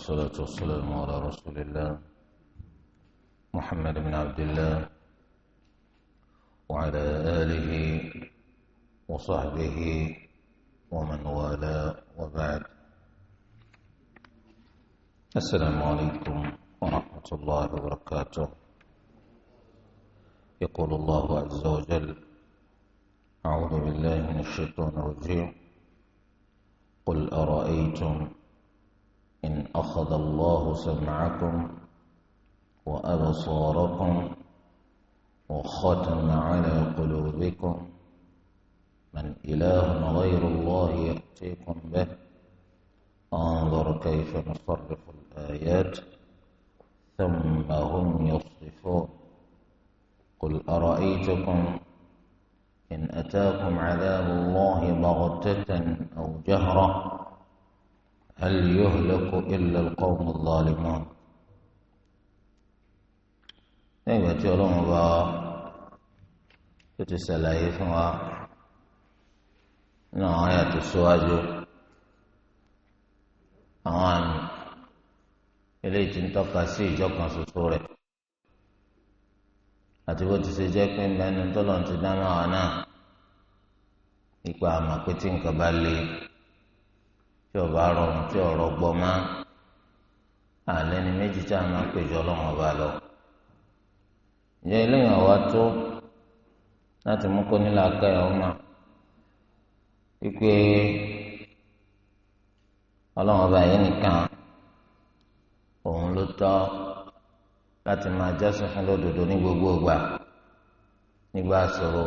والصلاة والسلام على رسول الله محمد بن عبد الله وعلى آله وصحبه ومن والاه وبعد السلام عليكم ورحمة الله وبركاته يقول الله عز وجل أعوذ بالله من الشيطان الرجيم قل أرأيتم إن أخذ الله سمعكم وأبصاركم وختم على قلوبكم من إله غير الله يأتيكم به انظر كيف نصرف الآيات ثم هم يصفون قل أرأيتكم إن أتاكم عذاب الله بغتة أو جهرة هل يهلك إلا القوم الظالمون nígbà tí ọlọ́run bá tó ti ṣàlàyé fún wa nínú àwọn àyà tó síwájú àwọn àmì eléyìí tí ń tọ́ka sí ìjọkan ṣoṣo rẹ̀ àti bó ti ṣe jẹ́ pé ń bẹnu tọ́lọ́run ti dáná àwọn náà nípa àmọ́ pé tí nǹkan bá le. tí ọba rọrùn tí ọrọ gbọ má àlẹ́ ni méjì tí a máa péjọ ọlọ́run ọba lọ. ìjẹ́ eléyàn wa tó láti mú kó nílà ká ẹ̀ ọ́ mà wípé ọlọ́run ọba yìí nìkan òun ló tọ́ láti máa jọ́sìn fún lódodo ní gbogbo ìgbà nígbà ṣòro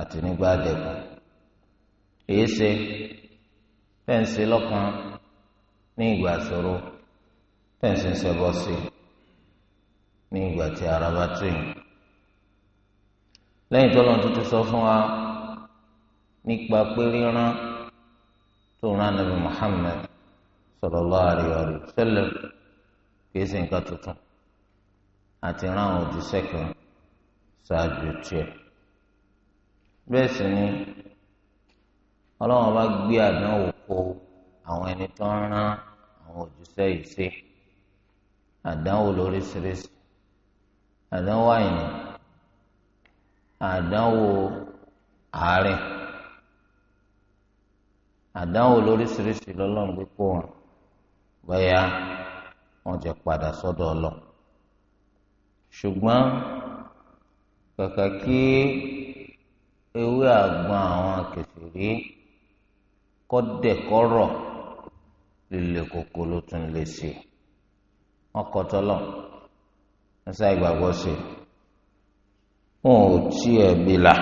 àti nígbà dẹ̀kùn èyí ṣe. tẹ̀sí lọ́kàn ní ìgbà ṣòro tẹ̀sí ń ṣẹbọ́ sí ní ìgbà tí ara bá tó yìí. lẹ́yìn tó lọ́n tuntun sọ fún wa nípa pé ríran tó rán nàbì kìí ni ọlọ́run bá gbé àdánwò tako àwọn ẹni tó ń rán àwọn òjíṣẹ́ yìí sí àdánwò lóríṣiríṣi àdánwò àyìn àdánwò àárẹ̀ àdánwò lóríṣiríṣi lọ́lọ́run gbé kó wọn bóyá wọn jẹ padà sọ́dọ̀ ọlọ ṣùgbọ́n kàkà kí ewé àgbọn àwọn kẹfìrí kọ́dẹ̀ kọ́rọ̀ líle koko ló tún lè ṣe wọn kọ́ tọ́lọ̀ wọn sá ìgbàgbọ́ ṣe wọn ò tí ẹ̀ bìlà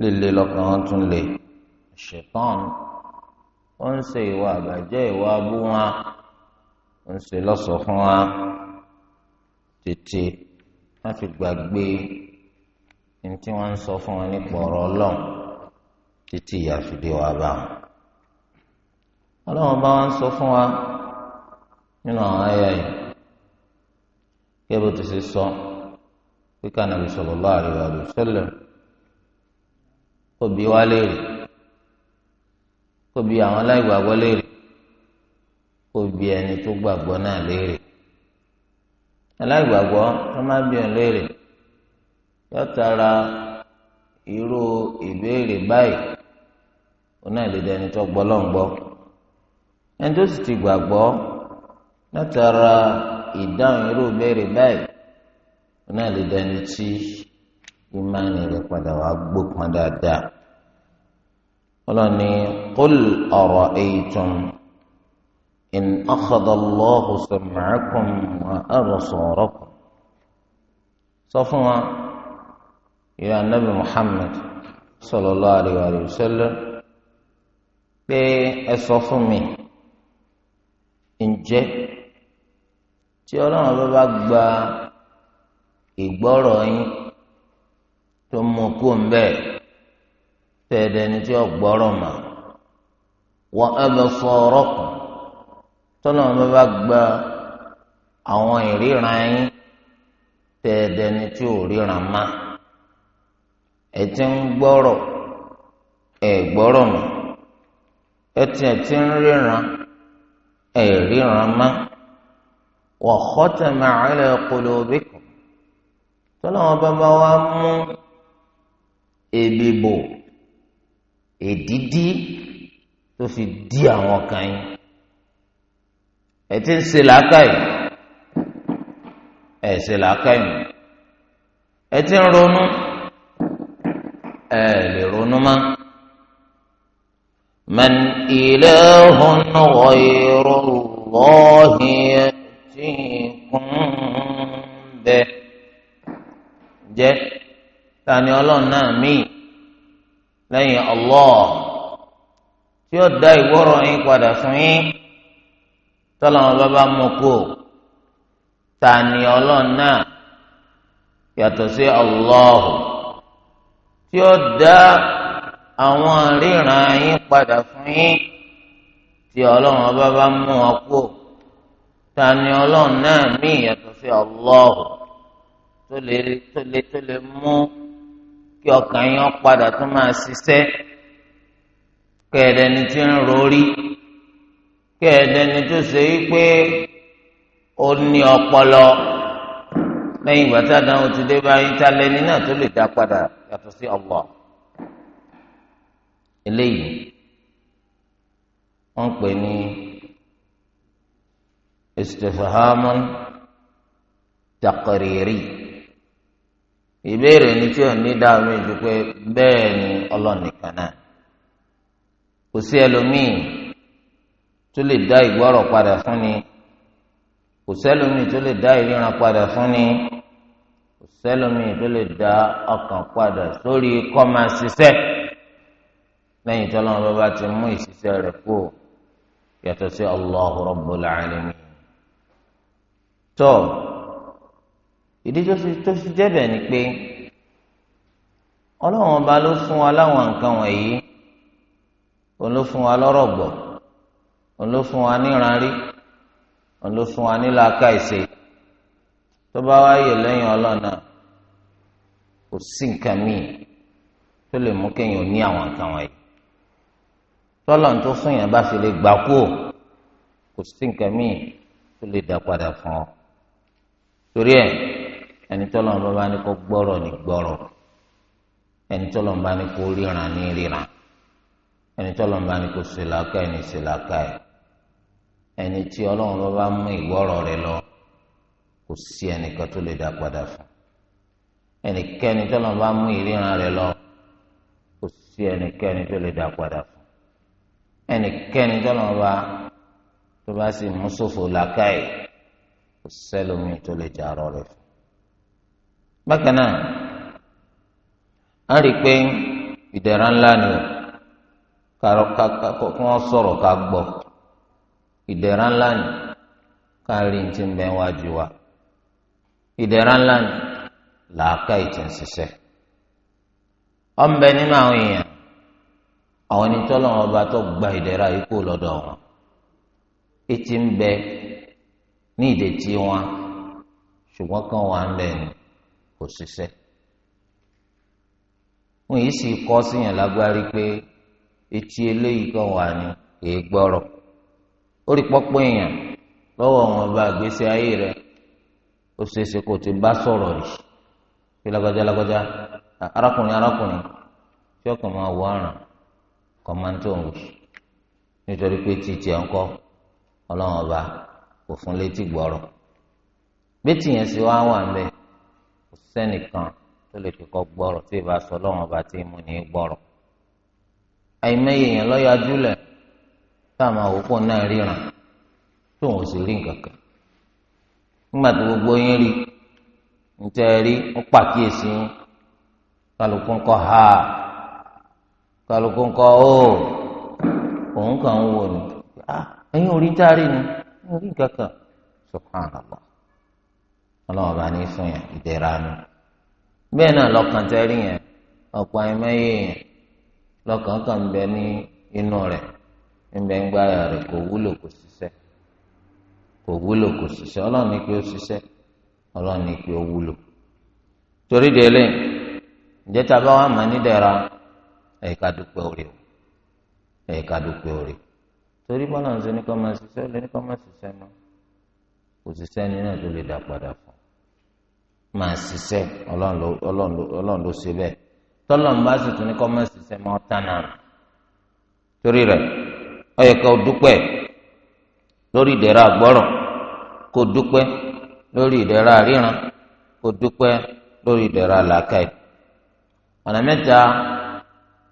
líle lọ́kàn wọn tún lè ṣetán wọn ń ṣe ìwà àbàjẹ́ ìwà abú wọn ń ṣe lọ́sọ̀ fún wa tètè wọn gbàgbé ní tí wọn ń sọ fún wọn nípa ọ̀rọ̀ ọlọ́run títí àfìdé wa bá wọn ọlọ́run bá wa ń sọ fún wa nínú àwọn ayé yìí kí ẹbí ṣe sọ pé ká nàbí sallallahu alaihi wa sallam kó bi wá léèrè kó bi àwọn aláìgbàgbọ́ léèrè kó bi ẹni tó gbàgbọ́ náà léèrè aláìgbàgbọ́ wọn máa bí òun léèrè yóò irú ìbéèrè báyìí òun náà lè dẹni tó gbọ́ lọ́ngbọ́ ẹni tó sì ti gbàgbọ́ látara ìdáhùn irú béèrè báyìí òun náà lè dẹni tí ìmánì rẹ̀ padà wá gbópọn dáadáa ọlọ́ni qul ara'aytum in akhadha Allahu sam'akum wa absarakum sọ fún wa ìyá anabi Muhammad sallallahu alayhi wa sallam pé ẹ sọ fún mi ǹjẹ́ tí ọlọ́run bá bá gba ìgbọ́rọ̀ yín tó mú kó ń bẹ́ẹ̀ tẹ̀dẹ̀ tí ó gbọ́rọ̀ mà wa absarakum tọ́lọ́run bá bá gba àwọn ìríran yín tẹ̀dẹ̀ ni tí ò ríran má ẹ ti ń gbọ́rọ̀ ẹ gbọ́rọ̀ mà ẹtì ẹtì ń ríran ẹ ríran má wa khatama ala qulubikum tọ́lọ́wọ́n bàbá wa mú èbìbò èdìdí tó fi dí àwọn kan yín ẹtì ń ṣe làákàyè ẹ ṣe làákàyè ẹtì ń ronú ẹ lè ronú má. من إله غير الله يأتيكم به jẹ́ tani ọlọ́run náà míì lẹ́yìn Allah tí ó da ìwọ́rọ̀ yín padà fún yín tọ́lọ́run bàbá mú kó tani ọlọ́run náà yàtọ̀ sí Allah tí ó da àwọn ríran yín padà fún yín tí ọlọ́run ọba bá mú ọ kú ta ni ọlọ́run náà mí ìyàtọ̀ sí ọlọ́ọ̀hù tó lè tó lè tó lè mú kí ọkàn yín padà tó máa ṣiṣẹ́ kẹ̀ẹ́dẹ́ni tí ń rorí ni tó ṣe é pé ó ní ọpọlọ lẹ́yìn ìgbà tí àdáhùn ti dé báyìí tá lẹ́ni náà tó lè dá padà yàtọ̀ sí ọlọ́ọ̀hù. eléyìí wọ́n pè ní istifhamun taqriri ìbéèrè ni tí ò ní dáhùn mi pé bẹ́ẹ̀ ni ọlọ́nìkan náà kò sí ẹlòmíì tó lè dá ìgbọ́rọ̀ padà fún ni kò sẹ́lòmíì tó lè dá ìríran padà fún ni kò lẹ́yìn tí ọlọ́run bá bá ti mú ìṣiṣẹ́ rẹ̀ kú yàtọ̀ sí Allahu Rabbul Alamin. tó ìdí tó fi jẹ́bẹ̀ ni pé ọlọ́run ọba ló fún wa láwọn nǹkan wọ̀nyí òun ló fún wa lọ́rọ̀ gbọ́ òun ló fún wa níranrí òun ló fún wa nílàákà ìṣe tó bá wáyè lẹ́yìn ọlọ́nà kò sí nǹkan míì tó lè mú kéèyàn ní àwọn nǹkan wọ̀nyí tọ́lọ̀ tó fún yẹn bá fi lè gbà kú ò kò sí nǹkan míì tó lè dá padà fún ọ torí ẹ ẹni tọ́lọ̀ bá bá ní kó gbọ́rọ̀ ní gbọ́rọ̀ ẹni tọ́lọ̀ bá ní kó ríran ní ríran ẹni tọ́lọ̀ bá ní kó ṣèlàkà ẹni ṣèlàkà ẹ ẹni tí ọlọ́run bá bá mú ìgbọ́rọ̀ rẹ lọ kò sí ẹnìkan tó lè dá padà fún ẹnikẹ́ni tọ́lọ̀ bá mú ìríran rẹ lọ kò sí ẹnikẹ́ni tó lè dá padà fún. ẹnikẹ́ni tọ́lọ́mọ bá tó bá sì mú sófò làákàyè kò sẹ́lómi tó lè jà rọ rẹ̀ bákan náà a rí i pé ìdẹ̀ra ńlá ni kí wọ́n sọ̀rọ̀ ká gbọ́ ìdẹ̀ra ńlá ni ti ń àwọn ẹni tó lọ́wọ́ ọba tó gba ikú yìí kó lọ́dọ̀ wọn etí ń bẹ ní ìdẹ̀tí wọn ṣùgbọ́n kan wà ń bẹ̀ ni kò ṣiṣẹ́ wọn yìí sì kọ́ síyàn lágbárí pé etí eléyìí kan wà ní èé gbọ́rọ̀ ó rí pọ́pọ́ èèyàn lọ́wọ́ gbèsè ayé rẹ̀ ó ṣeéṣe kó ti bá sọ̀rọ̀ rí kọ́mántò ń wì nítorí pé títí ẹ̀ ń kọ́ ọlọ́run ọba kò fún létí gbọ́rọ̀ bí tìyẹn sì wá wà ńbẹ kò sẹ́nìkan tó lè fi kọ́ tí ìbá sọ ọlọ́run ọba tí mú ní gbọ́rọ̀ àìmọye èèyàn táwọn àwòkọ́ náà ríran sì gbogbo yín rí pàkíyèsí kálukú ń kọ́ kálukú ńkọ ó oh, òun kàn ń wò ní ah, ẹ̀yin orí dárí ni orí kankan subhanallah ọlọ́run bá ní fún yẹn ìdẹ̀ra nu bẹ́ẹ̀ náà lọ́kàn tẹ́rí yẹn ọ̀pọ̀ ẹ̀mẹ́yẹ yẹn lọ́kàn kan ń bẹ ní inú ń bẹ kò wúlò kò kò wúlò ẹ̀ka dúpẹ́ orí o ẹ̀ka dúpẹ́ orí torí bọ́lá ń sọ ní kọ́má ṣiṣẹ́ lé ní kọ́má ṣiṣẹ́ mọ́ kò ṣiṣẹ́ ní náà tó lè dá padà fún máa ṣiṣẹ́ ọlọ́run ló ṣe bẹ́ẹ̀ tọ́lọ̀ ń bá sì tún ní kọ́má ṣiṣẹ́ mọ́ tánà torí rẹ̀ ó dúpẹ́ lórí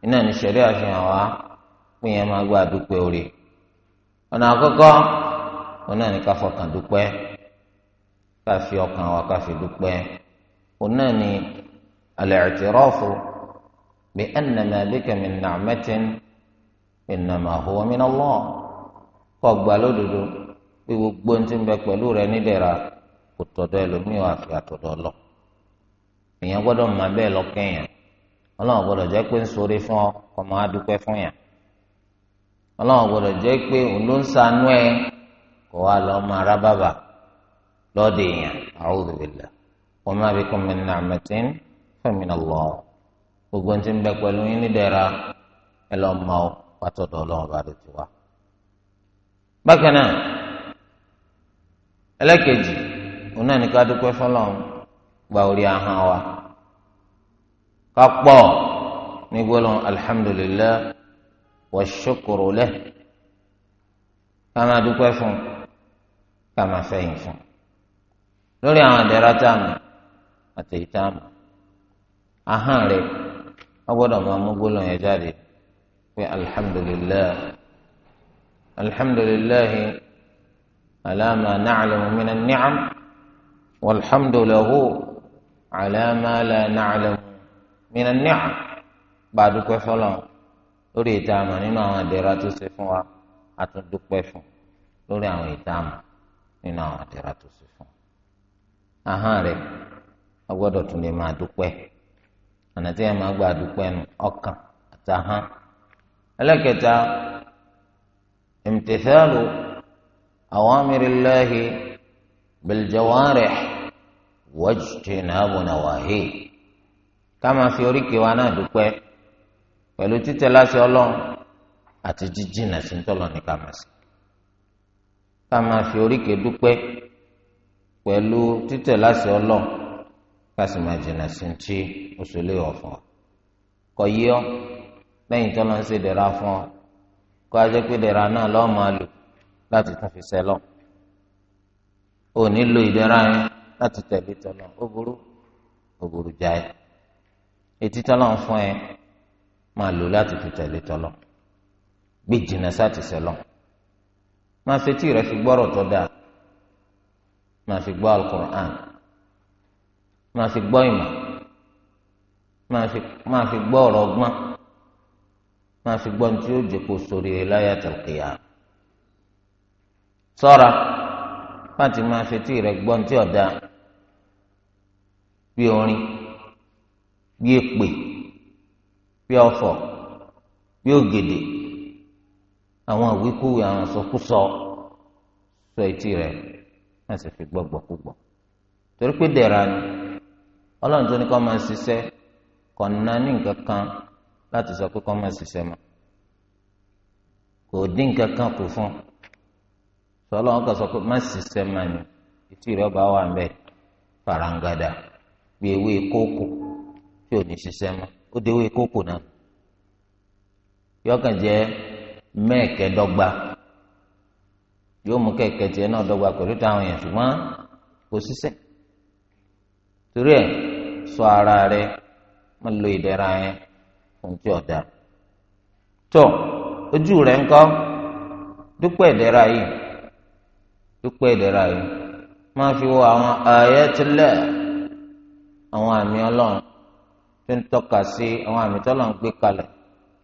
iná ní sẹ̀rí àfihàn wa pé yẹn máa gba àdúpẹ́ orí ọ̀nà àkọ́kọ́ ọ̀nà ní ká fọkàn dúpẹ́ ká fi ọkàn wa ká fi dúpẹ́ ọ̀nà ní ma bika min ni'matin innama kọ́ gba lódodo gbogbo ohun tí ń bẹ pẹ̀lú rẹ nídẹ̀ra kò tọ̀dọ̀ ẹlòmíràn àfi àtọ̀dọ̀ lọ gbọ́dọ̀ máa bẹ́ẹ̀ ọlọ́run gbọ́dọ̀ ah. jẹ́ pé ń sọre fún ọ kọ́ máa dúpẹ́ fún yàn ọlọ́run gbọ́dọ̀ jẹ́ pé òun ló ń sanú ẹ kó wá lọ́ọ́ máa rá bàbà lọ́ọ̀dẹ̀ èèyàn a'udhu billah wa ma bikum min ni'matin famin Allah gbogbo ti ń bẹ pẹ̀lú yín ẹ lọ́ọ́ máa pàtọ́dọ̀ ọlọ́run bá ti wá. bákan náà kápọ̀ ní gbólóhùn alhamdulilayi wa ṣukuru lɛ kama máa fún kama máa fẹ̀yìn fún lórí àwọn àdẹ́rà tá a mọ̀ tá ìta mọ̀ ahọ́n rẹ̀ wọ́n gbọ́dọ̀ máa mú gbólóhùn yẹn jáde pé alhamdulilayi alhamdulilayi alama naclamu mina nicam walhamdulahu alama la naclamu. mina ní à bá a lórí ìta nínú àwọn tó ṣe fún wa a fún lórí àwọn ìta nínú àwọn àdẹ̀rà tó ṣe fún wa. ahọ́n a tún lè máa dúpẹ́ ọ̀nà tí máa gbà dúpẹ́ nu ọkàn àtàhán. ẹlẹ́kẹta imtithalu awamirillahi ká máa fi oríkèé wa náà dúpẹ́ pẹ̀lú títẹ̀ láṣẹ Ọlọ́run àti jíjìnà sí tọ́lọ̀ ní ká máa sí ká máa fi oríkèé dúpẹ́ pẹ̀lú títẹ̀ láṣẹ Ọlọ́run ká sì máa jìnà sí tí oṣù lè wọ̀ fún ọ kọ yí ọ lẹ́yìn tọ́lọ́ ń ṣe dẹ̀ra fún ọ kó a jẹ́ pé dẹ̀ra náà lọ́ọ́ máa lò láti tún fi sẹ́lọ̀ ò ní lo ìdẹ̀ra yẹn láti tẹ̀lé tọ́lọ́ ó burú ó burú jáì etí tọ́lọ̀ ń fún ẹ máa lò láti fi tẹ̀lé tọ́lọ̀ gbé jìnnà sáti sẹ́lọ̀ máa fetí rẹ fi gbọ́rọ̀ tó dáa máa fi gbọ́ alukur'an máa fi gbọ́ ìmọ̀ máa fi gbọ́ ọ̀rọ̀ ọgbọ́n máa fi gbọ́ ní tí yóò jẹ́ kó sórí rẹ láyà tẹ̀lẹ́yà sọ́ra láti máa fetí rẹ gbọ́ ní tí ọ̀dà bí orin. bí èpè bí ọfọ bí ogede àwọn àwíkúwì àwọn àsọkúsọ sọ etí rẹ má sì fi gbọgbọ kúgbọ torí pé dẹ̀ra ni Ọlọ́run tó ní kó máa ṣiṣẹ́ kọ̀ọ̀nà ní nǹkan kan láti sọ pé kó máa ṣiṣẹ́ mọ́ kò dín nǹkan kan kù fún sọlọ sọ pé má ni etí rẹ ọba wà ń bẹ farangada bí ewé tí ò ní ṣiṣẹ́ mọ́ ó dé ewé kókò náà yọkàn jẹ́ mẹ́ẹ̀kẹ́ yóò mú kẹ̀kẹ́ tiẹ̀ náà dọ́gba pẹ̀lú táwọn yẹn ṣùgbọ́n kò ṣiṣẹ́ torí ẹ̀ sọ ara rẹ má lo ìdẹ̀ra yẹn fún tí ọ̀dà tó ojú yìí yìí máa fi wo àwọn ààyè tilẹ̀ àwọn àmì fi ń tọ́ka sí àwọn àmì tọ́lọ̀ ń gbé kalẹ̀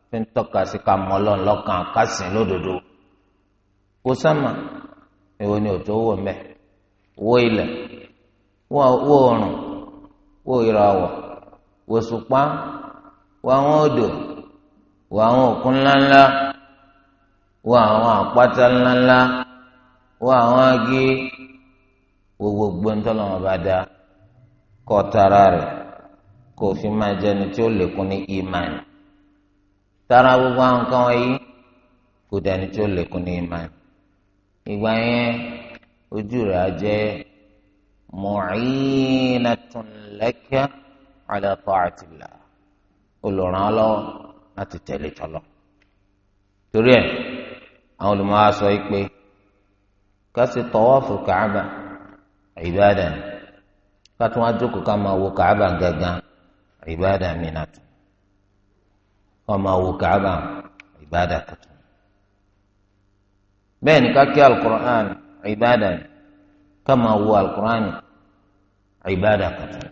fi ń tọ́ka sí ká mọ̀ Ọlọ́run lọ́kàn ká sìn lódodo wo sámà èwo ni òtó wò mẹ́ wo ilẹ̀ wo oòrùn wo ìràwọ̀ wo sùpá wo àwọn odò wo àwọn òkun ńláńlá wo àwọn àpáta ńláńlá wo àwọn agi wo gbogbo ńtọ́lọ́mọba dá kọ́ tara rẹ̀ kò fi máa jẹ ẹni tí ó lékún ní ìmáànì tara gbogbo àwọn nǹkan wọ̀nyí kò dẹni tí ó lékún ní ìmáànì ìgbà yẹn ojú rẹ̀ á jẹ́ mu'inatun laka ala ta'atillah olùrànlọ́wọ́ láti tẹ̀lé tọ́lọ́ torí ẹ̀ àwọn olùmọ̀ọ́ sọ pé kásì tawafu Kàábà ìbádà ni ká tún ká máa wo Kàábà gangan. ìbáàdà mìíràn ọ ọmọ awo kàába ìbáàdà tuntun bẹ́ẹ̀ ni kákí alukur'an ìbáàdà ni kàmá wo alukur'an ìbáàdà tuntun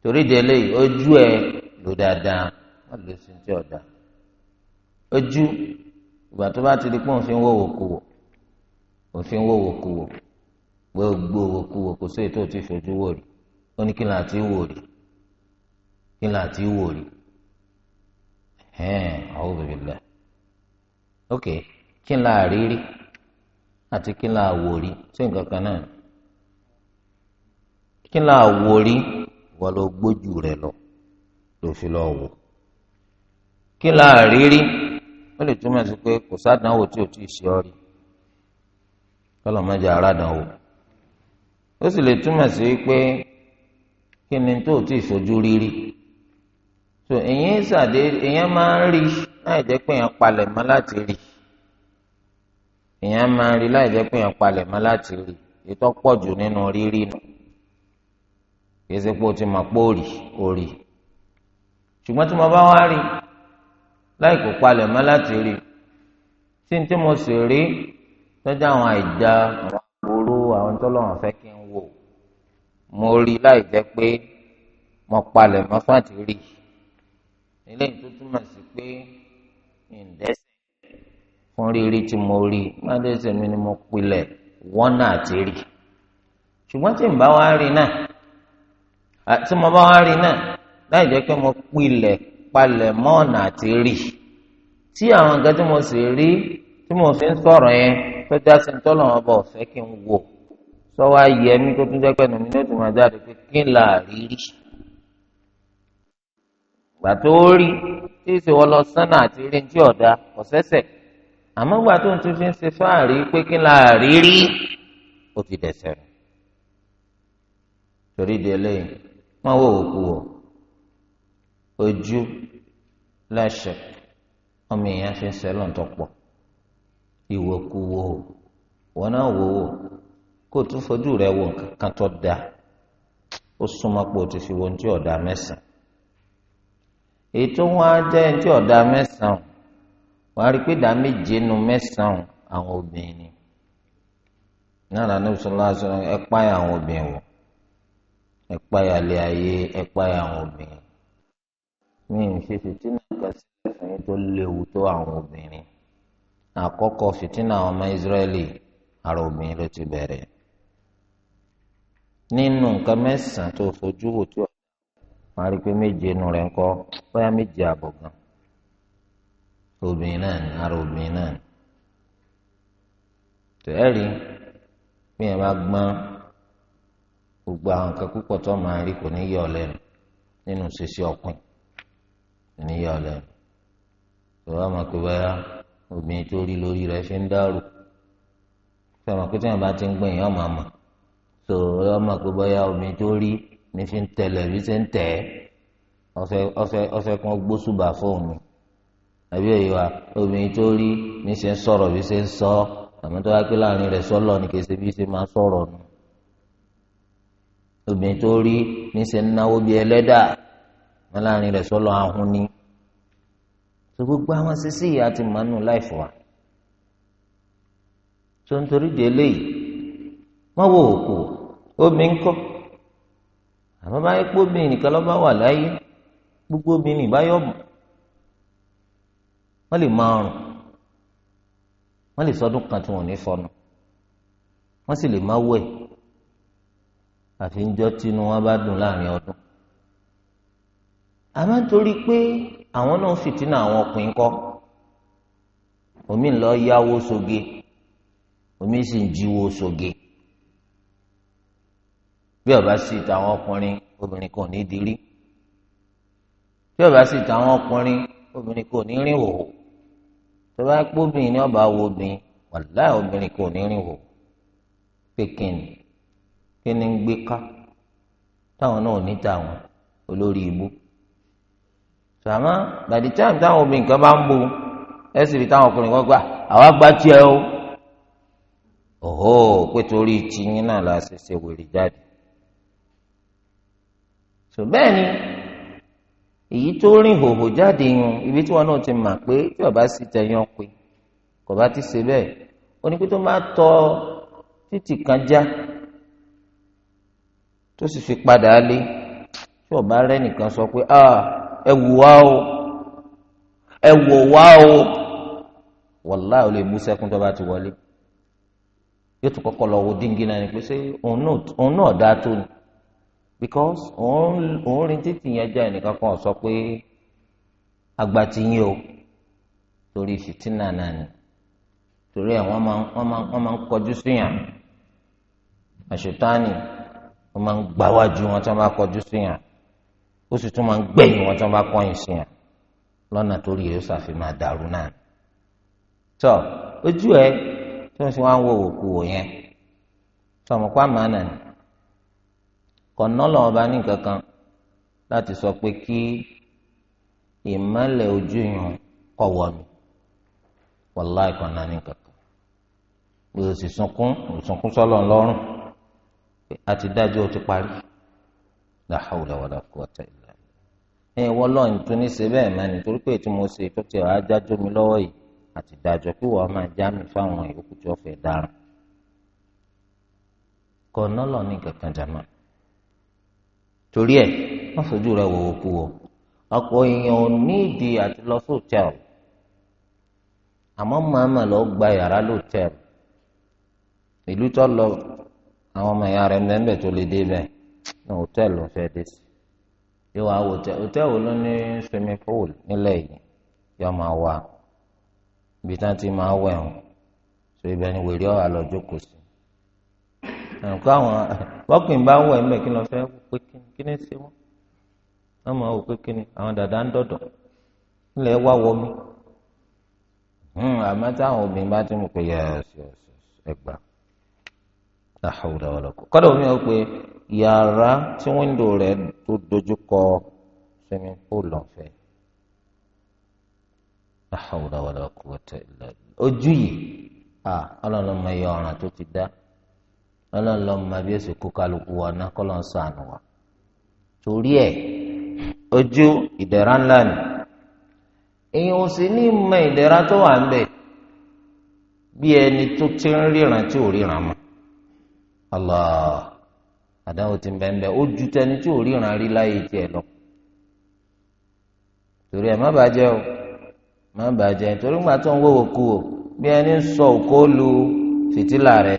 torí délé ojú ẹ lò dáadáa wọn lò sí ọ̀dà ojú ìgbà tó bá ti di pé òfin wò wò kú wò òfin wò wò gbogbo kò sí ètò fojú kí ni àti wò ok kí ni àti kí ni àwò nǹkan kan náà kí ni àwò lọ gbójú rẹ lọ ló fi lọ wò kí ni àárí rí lè túmọ̀ sí pé kò sádánwò tí ò ti ṣe ọ rí kọlọ́mọdé aládánwò ó sì so èyàn ṣàdé èyàn máa ń rí láì jẹ́ pé èyàn palẹ̀ mọ́ láti rí èyàn máa ń rí láì jẹ́ pé èyàn palẹ̀ mọ́ láti rí ètò pọ̀jù nínú rírí nù kìí ṣe pé o ti mọ̀ pé ó rí ó rí ṣùgbọ́n tí mo bá wá rí láì kó palẹ̀ mọ́ láti rí tí n tí mo sì rí tọ́jú àwọn àìjà àwọn àbúrò àwọn tọ́lọ́wọ́n fẹ́ kí n wò mo rí láì jẹ́ pé mo palẹ̀ mọ́ fún àti eléyìí tó túmọ̀ sí pé ìǹdẹ́sẹ̀ fún rírí tí mo rí mádẹ́sẹ̀ mi ni mo pilẹ̀ wọ́nà àti rí ṣùgbọ́n tí n bá wá rí náà àti mo bá wá rí náà láì jẹ́ pé mo pilẹ̀ palẹ̀ mọ́ ọ̀nà àti rí tí àwọn nǹkan tí mo sì rí tí mo fi ń sọ̀rọ̀ yẹn tó já sí ní tọ́lọ̀ wọn ọ̀fẹ́ kí n wò sọ wá yẹ mí tó tún jẹ́ pẹ́nu mi ní òtún máa jáde pé kí n là rí rí. gbà tó rí tí ìṣe wọn lọ sánà àti rí ní ọ̀dà ọ̀sẹ̀sẹ̀ àmọ́ gbà tó ń tún fi ń ṣe fáàrí pé kí n la rí rí ó ti dẹ̀sẹ̀ rẹ̀ torí di eléyìí wọn wò ó kú o ojú láṣẹ ọmọ èèyàn fi ń sẹlọ̀ ń tọpọ̀ ìwòkuwò wọn náà wò ó kó o tún fojú rẹ wò kankan kan tó da ó súnmọ́ pé o ti fi wo ohun tí ọ̀dà mẹ́sàn-án. èyí tó wọn á jẹ́ ẹni tí ọ̀dà mẹ́sàn-án wọ́n á rí i pé ìdá méje nu mẹ́sàn-án àwọn obìnrin ni náà lànà ìṣọlá sọ àwọn obìnrin wò ẹ páyà ayé ẹ àwọn obìnrin mi ara obìnrin ló ti bẹ̀rẹ̀ nínú nǹkan mẹ́sàn-án tó fojú wò wọn rí i pé méje inú rẹ̀ ń kọ́ bóyá méje àbọ̀ gan obìnrin náà ni ara obìnrin náà ni tó bí yẹn bá gbọ́n gbogbo àwọn nǹkan púpọ̀ tó máa rí kò ní yọ lẹ́nu nínú ṣíṣe ọ̀pìn kò ní yọ lẹ́nu tó máa báyà tó rí lórí rẹ̀ fi ti ń tó máa báyà obìnrin tó ní fi ń tẹlẹ bí ṣe ń tẹ ẹ ọfẹ ọfẹ ọfẹ kan gbósùbà fóun ni àbí òye wa obìnrin tó rí ní ṣe ń sọ̀rọ̀ bí ṣe ń sọ àmọ́ tó wá pé láàrin rẹ̀ sọlọ ni kì í ṣe bí ṣe máa sọ̀rọ̀ nù obìnrin tó rí ní ṣe ń náwó bí ẹlẹ́dà wọn láàrin rẹ̀ sọlọ ahun ni tó gbogbo àwọn sísí yìí àti màánù láìfọ wa tó ń torí di eléyìí wọn wò ó kù omi ń àmọ́ báyìí pé obìnrin nìkan ló bá wà láyé gbogbo obìnrin ìbáyọ̀ mọ̀ wọ́n lè máa rùn wọ́n lè sọdún kan tí wọ́n ní fọnù wọ́n sì lè máa wẹ̀ àfi ń jọ́ tínú wọn bá dùn láàrin ọdún àmọ́ nítorí pé àwọn náà fìtínà àwọn ọkùnrin kọ́ omi ń lọ yáwó soge omi sì ń jíwó soge bí ọba sì tàwọn ọkùnrin obìnrin kò ní dirí bí ọba sì tàwọn ọkùnrin obìnrin kò ní rìn wò tó bá pọ̀ obìnrin ní ọba wo obìnrin wàlá obìnrin kò ní rìn wò pé kíni kíni ń gbé ká táwọn náà ní tàwọn olórí ibú sàmá bàdí táwọn táwọn obìnrin kan bá ń bo ẹ sì rí táwọn ọkùnrin kan gbà àwa gba tiẹ̀ o òhò pé torí tiyín náà la ṣe wèrè jáde so bẹ́ẹ̀ ni èyí tó rìn hòhò jáde yun ibi tí wọn náà ti mà pé tí bàbá sì tẹyàn pé kò bá ti ṣe bẹ́ẹ̀ ó ní pé tó máa tọ títì kan já tó sì fi padà lé tí ọba rẹ nìkan sọ pé ah, ẹ wù wá o ẹ wù wá o wàláhì ò lè mú sẹ́kún tó bá ti wọlé yóò tún kọ́kọ́ lọ wo díngí náà ni pé ṣé òun náà dáa tó ni because òun òun rìn títì yẹn já ẹnìkan kan sọ pé àgbà ti yín o torí fìtínà náà ni torí ẹ wọn máa wọn máa wọn máa ń kọjú síyàn àṣetánì wọn máa ń gbáwájú wọn tí wọn bá kọjú síyàn ó sì tún máa ń gbẹ̀yìn wọn tí wọn bá kọ̀yìn síyàn lọ́nà torí ẹ ó ṣàfihàn máa náà tọ ojú ẹ tí wọn sì wá ń wo òkú wò yẹn tọmọpá màá nà ni kọ̀nà lọ́wọ́ bá ní kankan láti sọ pé kí ìmọ̀lẹ̀ ojú yàn kọ̀ wọ̀ mí wàláì kọ̀nà ní kankan bí o sì sunkún òsunkún sọ́lọ̀ ńlọ́rùn pé a ti dájú o ti parí la hawla wala quwwata illa billah ẹ wọ́n lọ́ọ̀ tún ní ṣe bẹ́ẹ̀ máa nítorí pé tí mo ṣe tó ti ọ̀ ajájú mi lọ́wọ́ yìí àti dájọ́ pé wọ́n máa já mi fáwọn ìyókù tí wọ́n fẹ́ dára kọ̀nà lọ́ọ̀ ní kankan jàmáà torí ẹ wọn fojú rẹ wò wòkú wò ọ̀pọ̀ èèyàn ò ní ìdí àti lọ sóòtẹ́ẹ̀l àmọ́ màmá lọ gba yàrá lóòtẹ́ẹ̀l ìlú tó lọ àwọn ọmọ ìyá rẹ mẹ́mbẹ́ tó lè dé bẹ́ẹ̀ ní hòtẹ́ẹ̀l ló fẹ́ dé sí yóò hòtẹ́ẹ̀l ló ní swimming pool nílẹ̀ yìí yóò máa wà ibi tí wọ́n ti máa wẹ̀ ọ́n so ibẹ̀ ni wèrè ọ̀ àlọ́ jókòó sí nǹkan àwọn wọ́pìn bá wọ̀ ẹ̀mẹ́ kí ni wọ́n fẹ́ wò pé kí ni ṣe wọ́n wọ́n máa wò pé kí ni àwọn dàda ń dọ̀dọ̀ nílẹ̀ wá wọ hmm, àmọ́ táwọn obìnrin bá ti mú pé ẹgbà kọ́dọ̀ pé yàrá tí wíńdò rẹ̀ tó pool ojú yìí ọlọ́run lọ́mọ máa bí èsì kó kálukú wa ná kọ́ lọ́n sànù wa. torí ẹ̀ ojú ìdẹ̀ra ńlá ni èèyàn ò sì ní mọ ìdẹ̀ra tó wà ń bẹ̀ bí ẹni tó ti ń ríran tí ò ríran mọ́ Allah àdáwò ti ń bẹ́ẹ̀ bẹ́ẹ̀ ojú tẹni tí ò ríran rí láyé tiẹ̀ lọ torí ẹ̀ má bàjẹ́ o má bàjẹ́ torí gbà tó ń wọ́wọ́ kú o bí ẹni ń sọ òkó lu fìtílà rẹ̀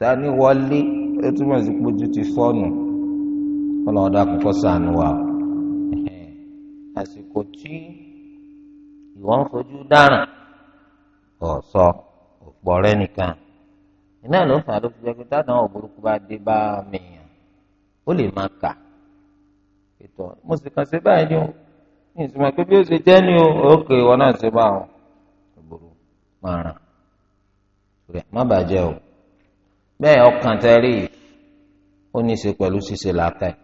ta ni wọlé ó túmọ̀ sí pójú ti fọ́ọ̀nù ọlọ́ọ̀dà kọ́kọ́ sànù wa àsìkò tí ìwọ ń fojú dáràn ọ̀sọ́ òpó ọ̀rẹ́ nìkan iná ló fà ló fi jẹ́ pé táwọn òbúrúkú bá dé bá mìíràn ó lè máa kà ètò mo sì kàn sí báyìí ni ó ní ìsúnmọ́ pé bí ó ṣe jẹ́ ni ó òkè ìwọ náà ṣe bá wọn òbúrú máa ràn má bàjẹ́ o. bẹ́ẹ̀ ọkàn tẹ́rí ó ní í ṣe pẹ̀lú ṣíṣe làákàyè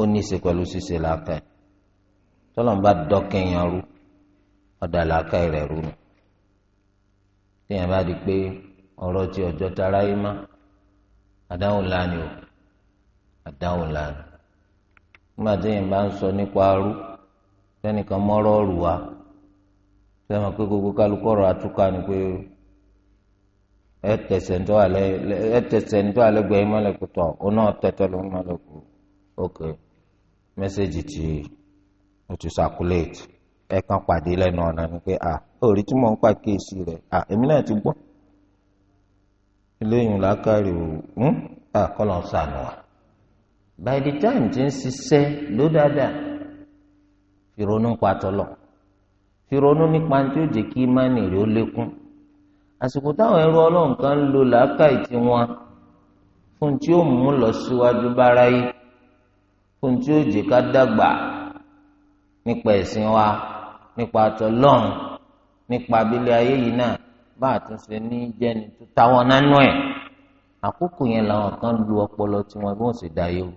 ó ní í ṣe pẹ̀lú ṣíṣe làákàyè tọ́lọ́n bá dọ́kẹ́yìn arú ọ̀dà rẹ̀ rú ni bá di pé ọ̀rọ̀ ọjọ́ tara yìí má àdáhùn lánì o àdáhùn lánì nígbà téèyàn bá ń sọ nípa arú fẹ́nìkan mọ́rọ́ ọ̀rù wa fẹ́ràn pé gbogbo kálukọ́rọ̀ àtúkà ni pé. ẹtẹsẹ ntọ alẹ ẹtẹsẹ alẹ gbẹ ẹmọ lẹ kutọ ọnà ọtẹtẹ lọ ẹmọ lẹ ok mẹsẹgì o ti circulate ẹ e kàn pàdé lẹ́nu ọ̀nà ni ah, ah, hmm? ah, a òòrì tí ń pa kéèsì rẹ a èmi náà ti gbọ́ eléyìí làákàrí o a sànù wa by the time ti ń ṣiṣẹ́ ló dáadáa ìrònú pa tọ́lọ̀ ìrònú nípa tí ó jẹ́ kí àsìkò táwọn ẹrú ọlọ́run kan ń lo làákàyè tiwọn fún tí ó mú lọ síwájú bára yìí fún tí ó jẹ́ ká dàgbà nípa ẹ̀sìn wa nípa àtọ̀lọ́run nípa abílẹ̀ ayé yìí náà bá àtúnṣe ní jẹ́ni tó táwọn nánú ẹ̀ àkókò yẹn làwọn kan lu ọpọlọ tiwọn bí wọ́n sì dáyé o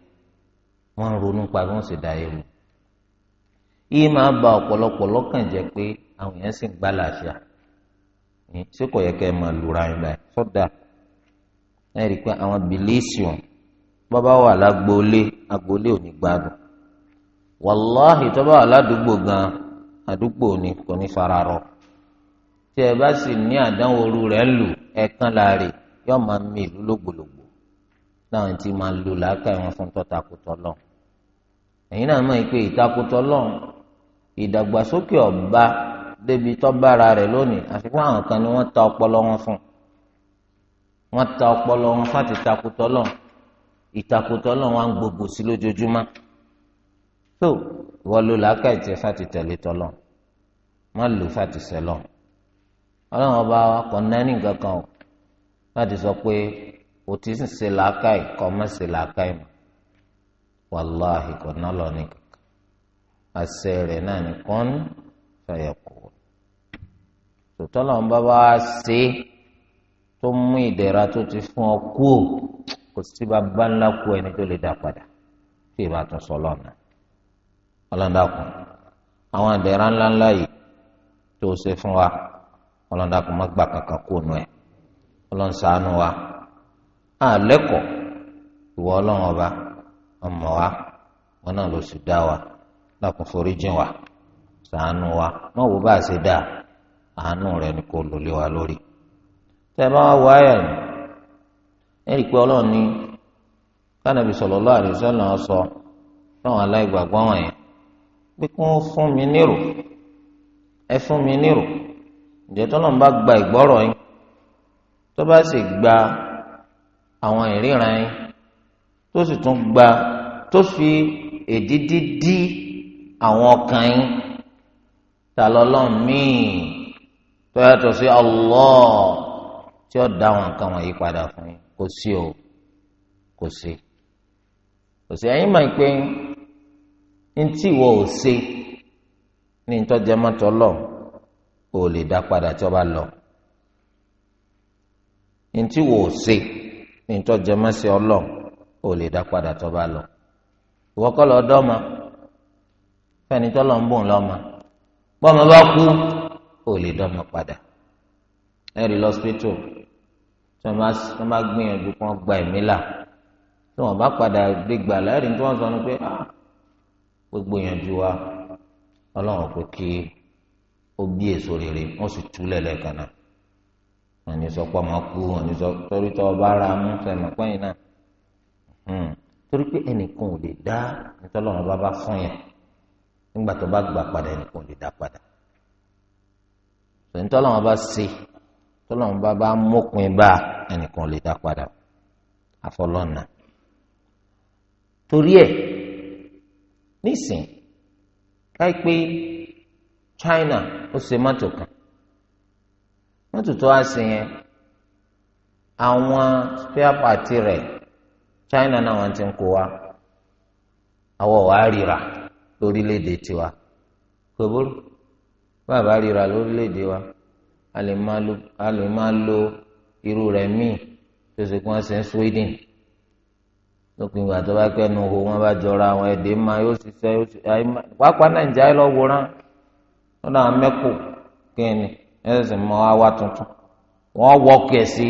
wọ́n ń ronú pa bí wọ́n sì dáyé o yìí máa ba ọ̀pọ̀lọpọ̀ lọ́kàn jẹ́ pé àwọn yẹn sì ń gbá làásìá. Hm? ṣé kò yẹ kẹ́ ẹ máa lura yín báyìí sọ́dà ẹ rí i pé àwọn bilisium bàbá wà lágboolé agboolé ò ní gbádùn wàláhì tó bá wà ládùúgbò gan àdúgbò kò bá sì ní àdánwò rẹ̀ lù láàrè yóò máa mi ìlú láwọn tí máa lù wọn fún lọ ẹ̀yin náà mọ̀ pé ìtakùtọ̀ lọ ìdàgbàsókè ọba débi tó bára rẹ̀ lónìí àfikún àwọn kan ni wọ́n ta ọpọlọ wọn fún wọ́n ta ọpọlọ wọn fáti takùtọ lọ ìtakùtọ lọ wọn gbogbo sí lójoojúmọ́ tó ìwọ ló làákàyè tiẹ̀ fáti tẹ̀lé tọlọ má lò fáti sẹlọ Ọlọ́run ọba kọ nání kankan o láti sọ pé o ti ń ṣe làákàyè kọ má ṣe làákàyè mọ́ wàláhì kọ lọ ní kankan àṣẹ rẹ̀ náà ní kọ́ni fẹ̀yẹ̀ kù tòtọ́lọ̀ ń bá wá ṣe é tó mú ìdẹ̀ra tó ti fún ọ kú ò kò sí bàbá ńlá kú ẹni tó lè dá padà tí ìbá tún sọ lọ́nà ọlọ́dàkùn àwọn ìdẹ̀ra ńláńlá yìí tó ṣe fún wa ọlọ́dàkùn má gbà kankan kú ònú ẹ̀ ọlọ́nsàánú wa á lẹ́kọ̀ọ́ ìwọ ọlọ́run ọba ọmọ wa wọn náà ló sì dá wa lákùn foríjìn wa ṣàánú wa má wo bá a ṣe dáa àánú rẹ̀ ni kò lò lé wa lórí tẹ́ bá wá wáyà yìí ẹ rí i pé ọlọ́run ní kánàbì sallallahu alaihi wasallam sọ fáwọn aláìgbàgbọ́ wọn yẹn pé kí wọ́n fún mi nírò ẹ fún mi nírò ìjẹ́ tó náà bá gba ìgbọ́rọ̀ yín tó bá sì gba àwọn ìríran yín tó sì tún gba tó fi èdídí dí àwọn ọkàn yín ta lọ́lọ́run míì tó sí Allah tí ó dá àwọn nǹkan wọ̀nyí padà fún yín kò sí o kò sí kò sí ẹ̀yin máa ń pè ń tí ìwọ ò ṣe ní ìtọ́jẹ mọ́tò lọ ò lè dá padà tí ó bá lọ ní tí ìwọ ò ṣe ní ìtọ́jẹ mọ́sẹ̀ ọlọ ò lè dá padà tí ó bá lọ ìwọ kọ́ lọ dọ́ ma fẹ́ni tọ́lọ̀ ń bùn lọ́ma bọ́ọ̀mọ bá kú kó lè dọ́mọ padà ẹ̀rí lọ́sítítù tí wọ́n bá gbìyànjú kí wọ́n gba ẹ̀mí là tí wọ́n bá padà dé gbà láàrí tí wọ́n sọ ni pé ah, gbogbo ìyànjú wa ọlọ́run kò kí ó bí èso rere wọ́n sì túlẹ̀ lẹ́ẹ̀kan náà wọ́n ní sọ pé ọmọ kú wọ́n ní sọ torí tọ́ ọba ara mú sẹ́mi pẹ́yìn náà hmm. torí pé ẹnìkan ò lè dá nítorí ọlọ́run bá bá fún yẹn nígbà tó bá gbà padà ẹnìkan ò lè dá padà. tọ́lọ́wọ́n bá ṣe tọ́lọ́wọ́n bá bá mópin bá ẹnìkan lè dá padà àfọlọ́nà torí ẹ nísìn káìpé China ó ṣe mọ́tò kan mọ́tò tó wá sí yẹn àwọn spare part China náà ti ń kó wa àwọn tiwa kò bàbá ríra lórílẹ̀‐èdè wa a lè máa lo irú rẹ̀ míì tó ṣe kí wọ́n Sweden lópin ìgbà tó bá kẹ́nu hó wọn bá jọra àwọn ẹ̀dẹ́ máa yóò ṣiṣẹ́ yóò ṣiṣẹ́ pápá nàìjíríà yìí lọ wòran lọ́dọ̀ àwọn mẹ́kò kẹ́ni ẹ̀sìn mọ́ àwa tuntun wọ́n wọ́ọ̀kì ẹ̀ sí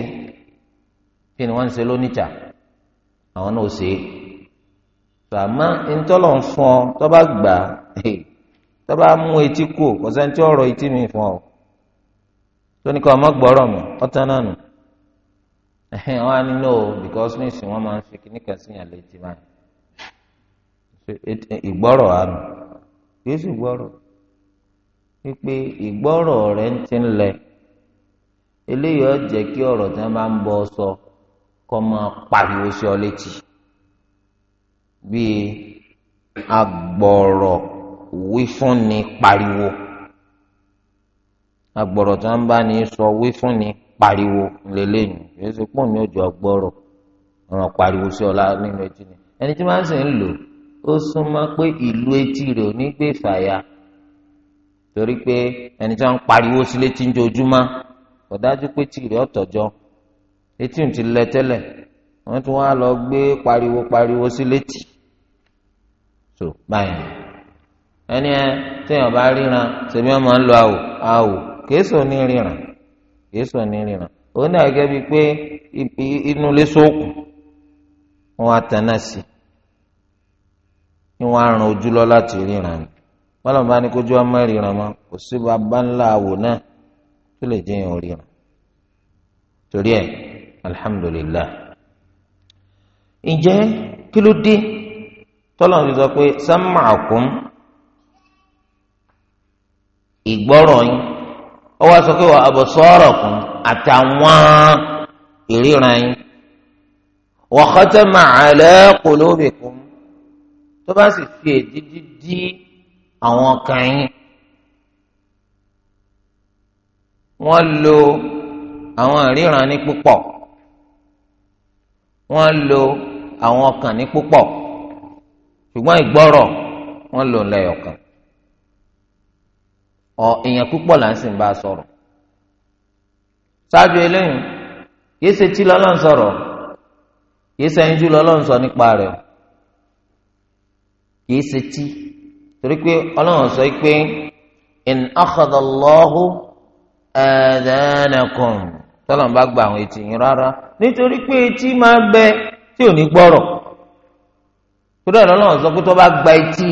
kí ni wọ́n ń ṣe lónìjà àwọn náà ṣe é tàmá ntọ́lọ̀ ń fún ọ tó bá gbà á tọ́ba mú etí kù kọ́sẹ́ntì ọ̀rọ̀ etí mi fún ọ tóní ọmọ gbọ́rọ̀ mọ́ ọ̀tán náà nù ẹ̀hìn wọn á ní no because wọn máa ń fi kíní kan síyàn létí báyìí ìgbọ́rọ̀ àmì kìí sì gbọ́rọ̀ wípé ìgbọ́rọ̀ rẹ̀ ń ti ń lẹ̀ eléyìí kí ọ̀rọ̀ tí wọ́n bá ń bọ́ kọ́ máa pariwo sí ọ létí bíi agbọ̀rọ̀ wífúnni pariwo agbọ̀rọ̀ tó ń bá ní sọ wífúnni pariwo lélẹ́yìn yóò ṣe pọ̀ ní ọjọ́ gbọ́rọ̀ ọ̀ràn pariwo sí ọlá nínú etí ni ẹni tí wọ́n sì ń lò ó súnmọ́ pé ìlú etí rẹ̀ ò ní gbé fàyà torí pé ẹni tí wọ́n ń pariwo sí létí ń jojúmọ́ kò dájú pé tí rẹ̀ ọ̀tọ̀jọ́ etí ń ti lẹ tẹ́lẹ̀ wọ́n tún wá lọ gbé pariwo pariwo sí létí so báyìí. ẹni ẹ téèyàn bá ríran ṣèbí wọn máa ń lo àwò àwò kéésù ní ríran kéésù ní ríran òun náà gẹ́gẹ́ pé inú ilé sóòkù wọn àtànà sí i wọn àrùn ojú lọ láti ríran ni wọn lọ bá ní kójú ọmọ ríran mọ kò sí bá ńlá àwò náà tó lè ìhàn torí ẹ alihamudulilayi ǹjẹ́ kí ló dé sọ ìgbọ́rọ̀ yín ó wá sọ pé wà absarakum àtàwọn ìríran yín wa khatama ala qulubikum tó bá sì fi èdídí dí àwọn kan yín wọ́n lo àwọn ìríran ní púpọ̀ wọ́n lo àwọn ọkàn ní púpọ̀ ṣùgbọ́n ìgbọ́rọ̀ wọ́n lò lẹ́yọ̀kan. ọ èèyàn púpọ̀ là ń sì bá a sọ̀rọ̀ ṣáájú eléyìí yìí ṣe tí lọ́lọ́ ń sọ̀rọ̀ yìí ṣe lọ́lọ́ ń sọ nípa rẹ̀ yìí ṣe tí torí pé ọlọ́run sọ pé in akhadha bá gba àwọn etí yín rárá nítorí pé etí máa bẹ tí ò ní gbọ́rọ̀ tó dẹ̀ gba etí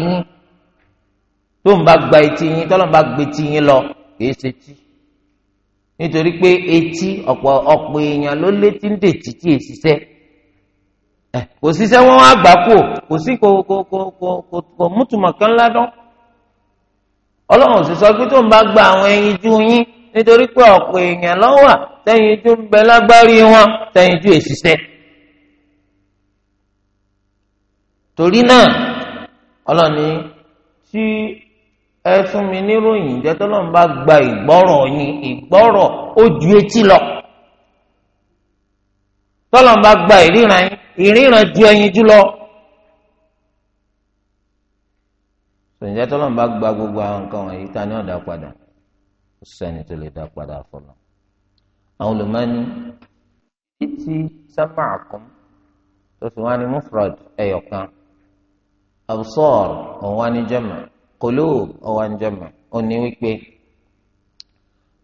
tó ń bá gba etí yín tọ́lọ́ ń bá gbé etí yín lọ kìí ṣe tí nítorí pé etí ọ̀pọ̀ ọ̀pọ̀ èèyàn ló létí ń dètí tí èsì sẹ́ kò síṣẹ́ wọn wá gbà kú kò sí kò kò kò kò kò kò mútùmọ̀ kan ládán ọlọ́run sì sọ pé tó ń bá gba àwọn ẹyin jú yín nítorí pé ọ̀pọ̀ èèyàn lọ́wọ́ tẹ́yin jú ń bẹ lágbárí wọn tẹ́yin jú èsì torí náà ọlọ́ni tí ẹ fún mi níròyìn ìjẹ́ tọ́lọ́run bá gba ìgbọ́rọ̀ yín ìgbọ́rọ̀ ó ju etí lọ tọ́lọ́run bá gba ìríran ìríran ju ẹyin jù lọ. sọ̀njẹ́ tọ́lọ́run bá gba gbogbo àwọn nǹkan wọ̀nyí ta ni ọ̀dà padà ó sẹ́ni tó lè dá padà fọlọ́. àwọn olùmọ́ni títí sábà kan tó fi wá ní mufrad ẹ̀yọ̀kan absor òun wá ní jẹ́mọ̀ qulub ọwọ́ àjọmọ òní wípé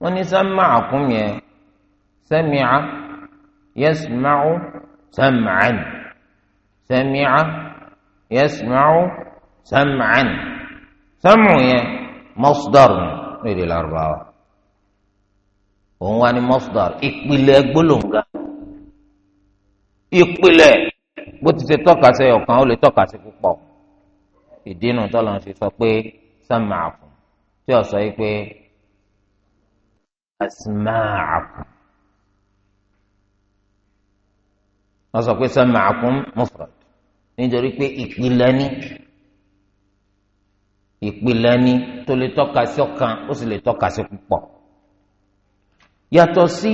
wọ́n ní sẹ́mà àkúnmí ẹ̀ sẹ́mìà yẹ́sìmáwó sẹ́mìàn sẹ́mìà yẹ́sìmáwó sẹ́mìàn sẹ́mù yẹn mọ́sídọ̀rù lórí Lárúbáwá òun wá ní mọ́sídọ̀rù ìpìlẹ̀ gbólóǹga ìpìlẹ̀ bó ti ṣe tọ́ka sí ó lè tọ́ka sí ìdínú tọ́lọ̀ fi sọ pé sàmàkùn tí ó sọ pé asmàkùn wọ́n sọ pé sàmàkùn mufrad nítorí pé ìpìlẹ̀ ni ìpìlẹ̀ ni tó lè tọ́ka sí ọ̀kan ó sì lè tọ́ka sí púpọ̀ yàtọ̀ sí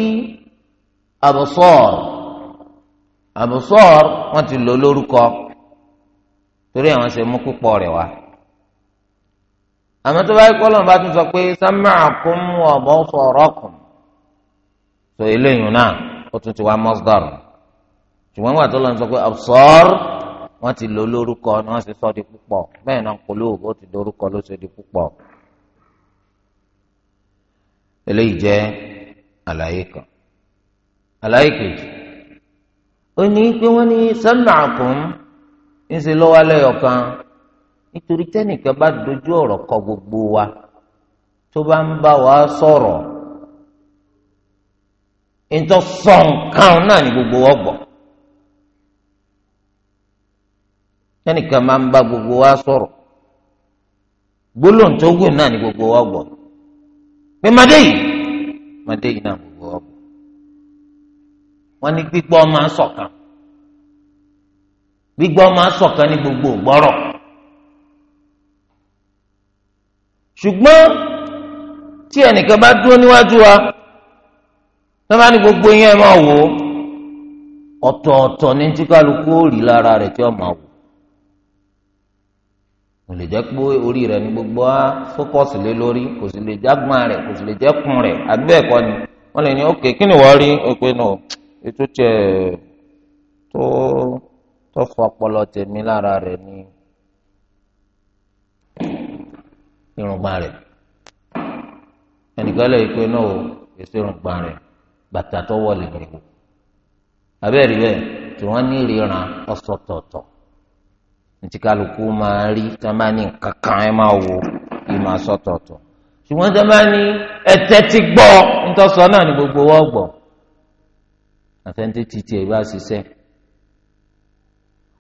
abosor abosor wọ́n ti lò lórúkọ. torí àwọn ṣe mú púpọ̀ rẹ̀ wá. àmọ́ tó bá yẹ kó bá tún sọ pé wa basarakum tó eléyìí náà ó tún ti wá ṣùgbọ́n wà tó sọ pé wọ́n ti lórúkọ ni wọ́n ṣe sọ di púpọ̀ bẹ́ẹ̀ náà ó ti dorúkọ ló ṣe di púpọ̀. eléyìí jẹ́ àlàyé kan àlàyé kejì ó ní pé wọ́n ńṣe lọ́wọ́ lẹ́yọ̀kan nítorí tẹ́nìkan bá dojú ọ̀rọ̀ kọ gbogbo wa tó bá ń bá wa sọ̀rọ̀ ìtọ́ sọ nǹkan náà gbogbo wa gbọ́ tẹ́nìkan máa ń gbogbo wa sọ̀rọ̀ gbólóhùn tó náà ní gbogbo wa gbọ́ pé madé yìí madé yìí náà gbogbo wa wọ́n ní pípọ́ máa ń sọ̀kan. gbígbọ́ máa sọ̀kan ní gbogbo gbọ́rọ̀ ṣùgbọ́n tí ẹnìkan bá dúró níwájú wa tó bá ní gbogbo yẹn máa wò ó ọ̀tọ̀ọ̀tọ̀ ní tí kálukú ó rí lára rẹ̀ tí ó máa wò kò lè jẹ́ pé orí rẹ̀ ní gbogbo á fókọ̀sì lé lórí kò sì lè jágbọ́n rẹ̀ kò sì lè jẹ́ kun rẹ̀ àbẹ́ẹ̀kọ́ ni wọ́n lè ní ókè kí ni wọ́n rí ó pé ètò tiẹ̀ tó. tó fọ ọpọlọ tèmi lára rẹ ní irùngbọ̀n rẹ ẹnìkan lè pe náà o èso irùngbọ̀n rẹ bàtà tó wọlé ní ìwò abẹ́rẹ́ bẹ́ẹ̀ tí wọ́n ní ìríran ọ̀sọ̀tọ̀ọ̀tọ̀ ntí kálukú máa rí tamani kankan ẹ máa wo ìmọ̀ ọ̀sọ̀tọ̀ọ̀tọ̀ ṣùgbọ́n tamani ẹ̀tẹ́ ti gbọ́ ntọ́sọ náà gbogbo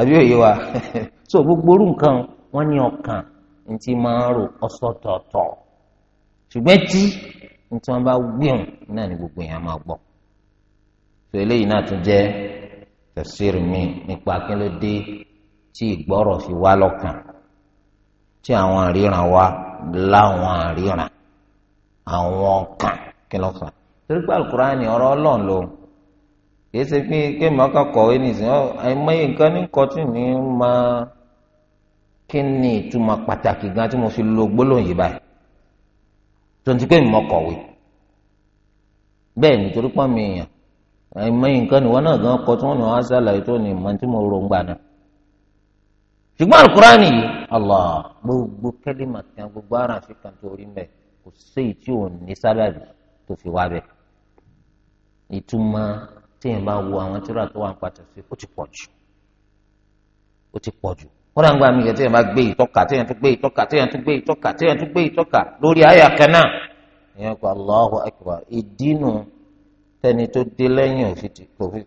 àbí òye wa so gbogbo orú nǹkan wọn ní ọkàn ntí máa ń rò ọsọtọọtọ ṣùgbọ́n tí ntí wọn bá gbìyàn náà ni gbogbo yẹn máa gbọ́ so eléyìí náà tún jẹ́ mi nípa akínlódé tí ìgbọ́rọ̀ fi wá lọ́kàn tí àwọn àríran wa láwọn àríran àwọn ọkàn kí ló fà kìí ṣe pé kéèmù ọkàn kọ̀wé nìsín àìmọye nǹkan ní kọtí ní máa kí ni ìtumọ̀ pàtàkì gan tí mo fi lo gbólóhùn yìí báyìí tó ń ti kéèmù bẹ́ẹ̀ nítorí pọ́n mi èèyàn àìmọye nǹkan nìwọ náà gan kọ tí ní á ṣàlàyé tó ní ìmọ̀ tí mo rò gbogbo kẹ́límà kan gbogbo ara àfi kan tó rí mẹ́ kò tí ò téèyàn bá wo àwọn tíra tó wà ń pàtó sí ó ti pọ̀ jù ó ti pọ̀ jù kódà ń gba mi kẹ téèyàn bá gbé ìtọ́ka téèyàn tó gbé ìtọ́ka téèyàn tó gbé ìtọ́ka téèyàn tó gbé ìtọ́ka lórí àyà kan náà ìyẹn kò Allahu akbar ìdínú tẹni tó dé lẹ́yìn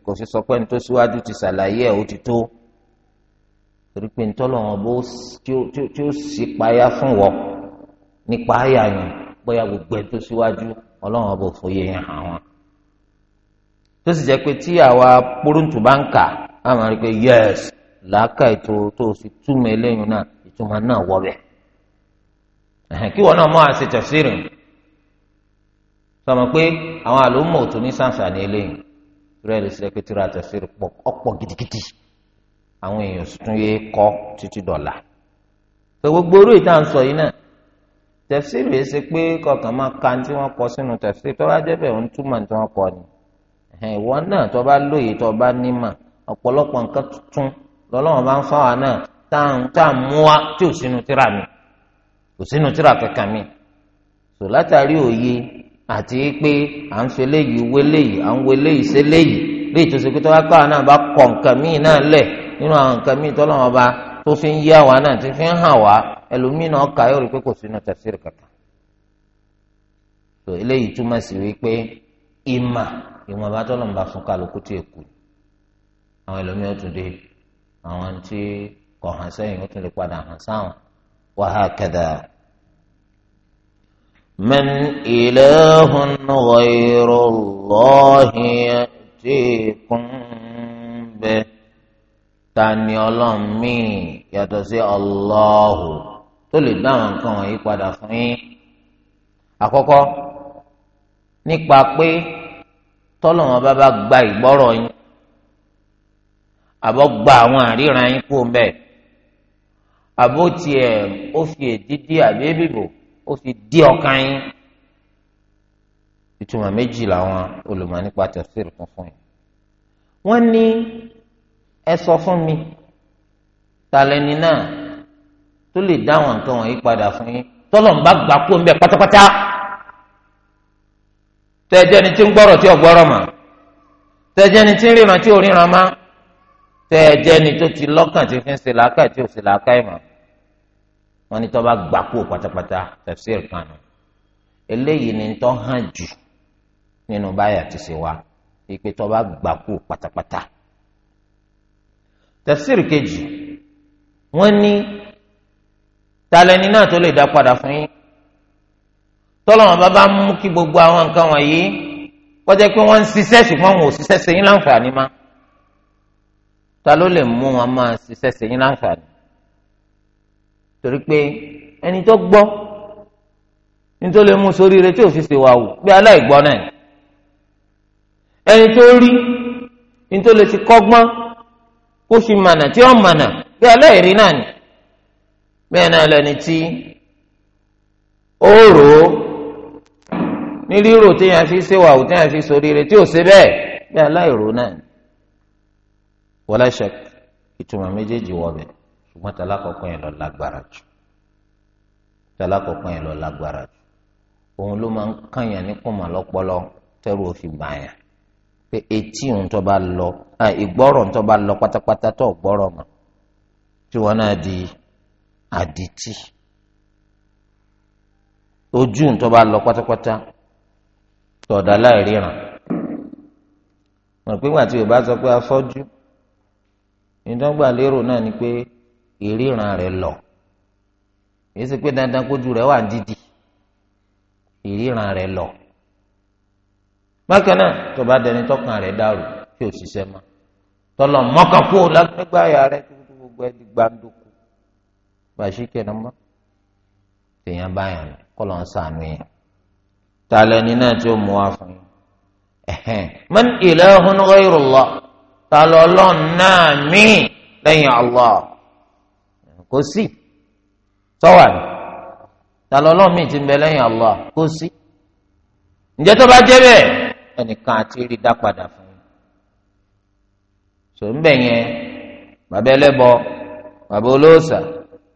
kò fi sọ pé ẹni tó síwájú ti ṣàlàyé ẹ̀ ó ti tó torí pé ntọ́lọ́wọ́n bó tí ó sì payá fún wọ nípa àyà yẹn bóyá gbogbo ẹ̀ tó síwájú ọlọ́wọ́n bó fòye yẹn hàn wọn tó sì jẹ́ pé tí àwa pọ́rọ́ǹtù bá ń kà á máa rí i pé yẹ́s làákà ètò tó o sì túmọ̀ eléyìí náà ìtumọ̀ náà wọ́ bẹ̀. kí wọn náà mọ àṣẹ tẹ̀síìrì sọmọ pé àwọn àlòmọ̀ ò tún ní sàǹfààní eléyìí rẹ̀ lè ṣe pé tíra tẹ̀síìrì pọ̀ ọ̀pọ̀ gidigidi àwọn èèyàn tuntun yé kọ́ títí dọ̀là. pé gbogbo orú ìta ń sọ yìí náà tẹ̀síìrì yìí ṣe pé kọkàn máa ka tí wọ́n kọ sínú tẹ̀síìrì tó jẹ́ bẹ́ẹ̀ ń túmọ̀ tí wọ́n kọ ni ìwọ náà tó bá lóye tó bá nímọ̀ ọ̀pọ̀lọpọ̀ nǹkan tuntun lọ́lọ́run bá ń fún wa náà tá à ń mú wa tí ò sínú tíra mi ò sínú tíra kankan mi látàrí òye àti pé à ń fi léyìí wé léyìí à ń léyìí sé léyìí léyìí tó pé tó bá náà bá lẹ̀ nínú àwọn nǹkan míì bá fi ń yá wa náà fi ń hàn wá ọkà yóò ìwọ̀n bá tọ́lọ̀ ń bá fún kálukú tí èkó àwọn ẹlòmíì ó tún dé àwọn tí kò hàn sẹ́yìn ó tún lè padà hàn sáwọn wa hakadha. من إله غير الله يأتيكم به tani ọlọ́run míì yàtọ̀ sí Allahu tó lè dá àwọn nǹkan wọ̀nyí padà tọ́lọ̀ wọn bá bá gba ìgbọ́rọ̀ yín àbọ̀ gba àwọn àríran yín kú bẹ́ẹ̀ àbó tiẹ̀ ó fi èdídí àbí bìbò ó fi dí ọkàn yín ìtumọ̀ méjì làwọn olùmọ̀ nípa tafsir funfun yìí wọ́n ní ẹ sọ fún mi tàlẹ́ni náà tó lè dá àwọn nǹkan wọ̀nyí padà fún yín tọ́lọ̀ bá gbà kú bẹ́ẹ̀ pátápátá tẹ́jẹ́ ni tí ń gbọ́rọ̀ tí ò gbọ́rọ̀ mọ́ tẹ́jẹ́ ni tí ń ríran tí ò ríran mọ́ tẹ́jẹ́ ni tó ti lọ́kàn tí fi ń ṣe làákàyè tí ò ṣe làákàyè mọ́ wọn ni tó bá gbà kú pátápátá tafsir kan nù eléyìí ni tó hàn jù nínú báyà ti ṣe wá ìpè tó bá pátápátá tafsir kejì wọn ní talẹ́ni náà tó lè dá padà fún yín tọ́lọ́wọ́n bá bá mú kí gbogbo àwọn nǹkan wọ̀nyí kọjá pé wọ́n ń ṣiṣẹ́ ṣùgbọ́n wọn ò ṣiṣẹ́ ṣe yín láǹfààní má ta ló lè mú wọn máa ṣiṣẹ́ ṣe yín láǹfààní torí pé ẹni tó gbọ́ nítorí lè mú sórí rẹ tí ò sì ṣe wà wù bí aláìgbọ́ náà ẹni tó rí nítorí lè ti kọ́gbọ́n kó sì mànà tí ó mànà bí aláìrí náà ni bẹ́ẹ̀ náà lẹni tí ó rò ó ní rírò téèyàn fi ṣe wàhù téèyàn fi ṣoríire tí ò ṣe bẹ́ẹ̀ bí aláìrò náà wọlé ṣẹk ìtumọ̀ méjèèjì wọbẹ̀ ṣùgbọ́n tàlákọ̀kọ́ yẹn lọ lágbára jù tàlákọ̀kọ́ yẹn lọ lágbára jù òun ló máa ń kànyàn ní kùmà lọ́pọlọ tẹ́rù òfin gbàyàn pé etí òun tó bá lọ ìgbọ́rọ̀ tó bá lọ pátápátá tó gbọ́rọ̀ mọ́ tí wọ́n náà di àdìtì ojú òun tó bá lọ pátápátá sọ̀dà láìríran mọ̀ pé wàtí yorùbá sọ pé afọ́jú ìdọ́gba lérò náà ni pé ìríran rẹ̀ lọ èyí sì pé dandan kójú rẹ̀ wà dídì ìríran rẹ̀ lọ bákan náà tó bá dẹni tọkàn rẹ̀ dàrú o ò ṣiṣẹ́ mọ́ tọlọ mọ́kàn kú lágbègbè àyà rẹ̀ tó tó gbogbo ẹni gbàǹdùkú bàṣíkẹ nàmbá tèèyàn báyà kọlọ ń sànú yẹn. t'ala náà tí ó mú wa fún yín ẹhẹn man ilahun ghayrullah talọ Ọlọ́run náà míì lẹ́yìn Allah kò sí sọwà ti ń bẹ lẹ́yìn Allah kò Nje ǹjẹ́ tó bá jẹ́ dapada.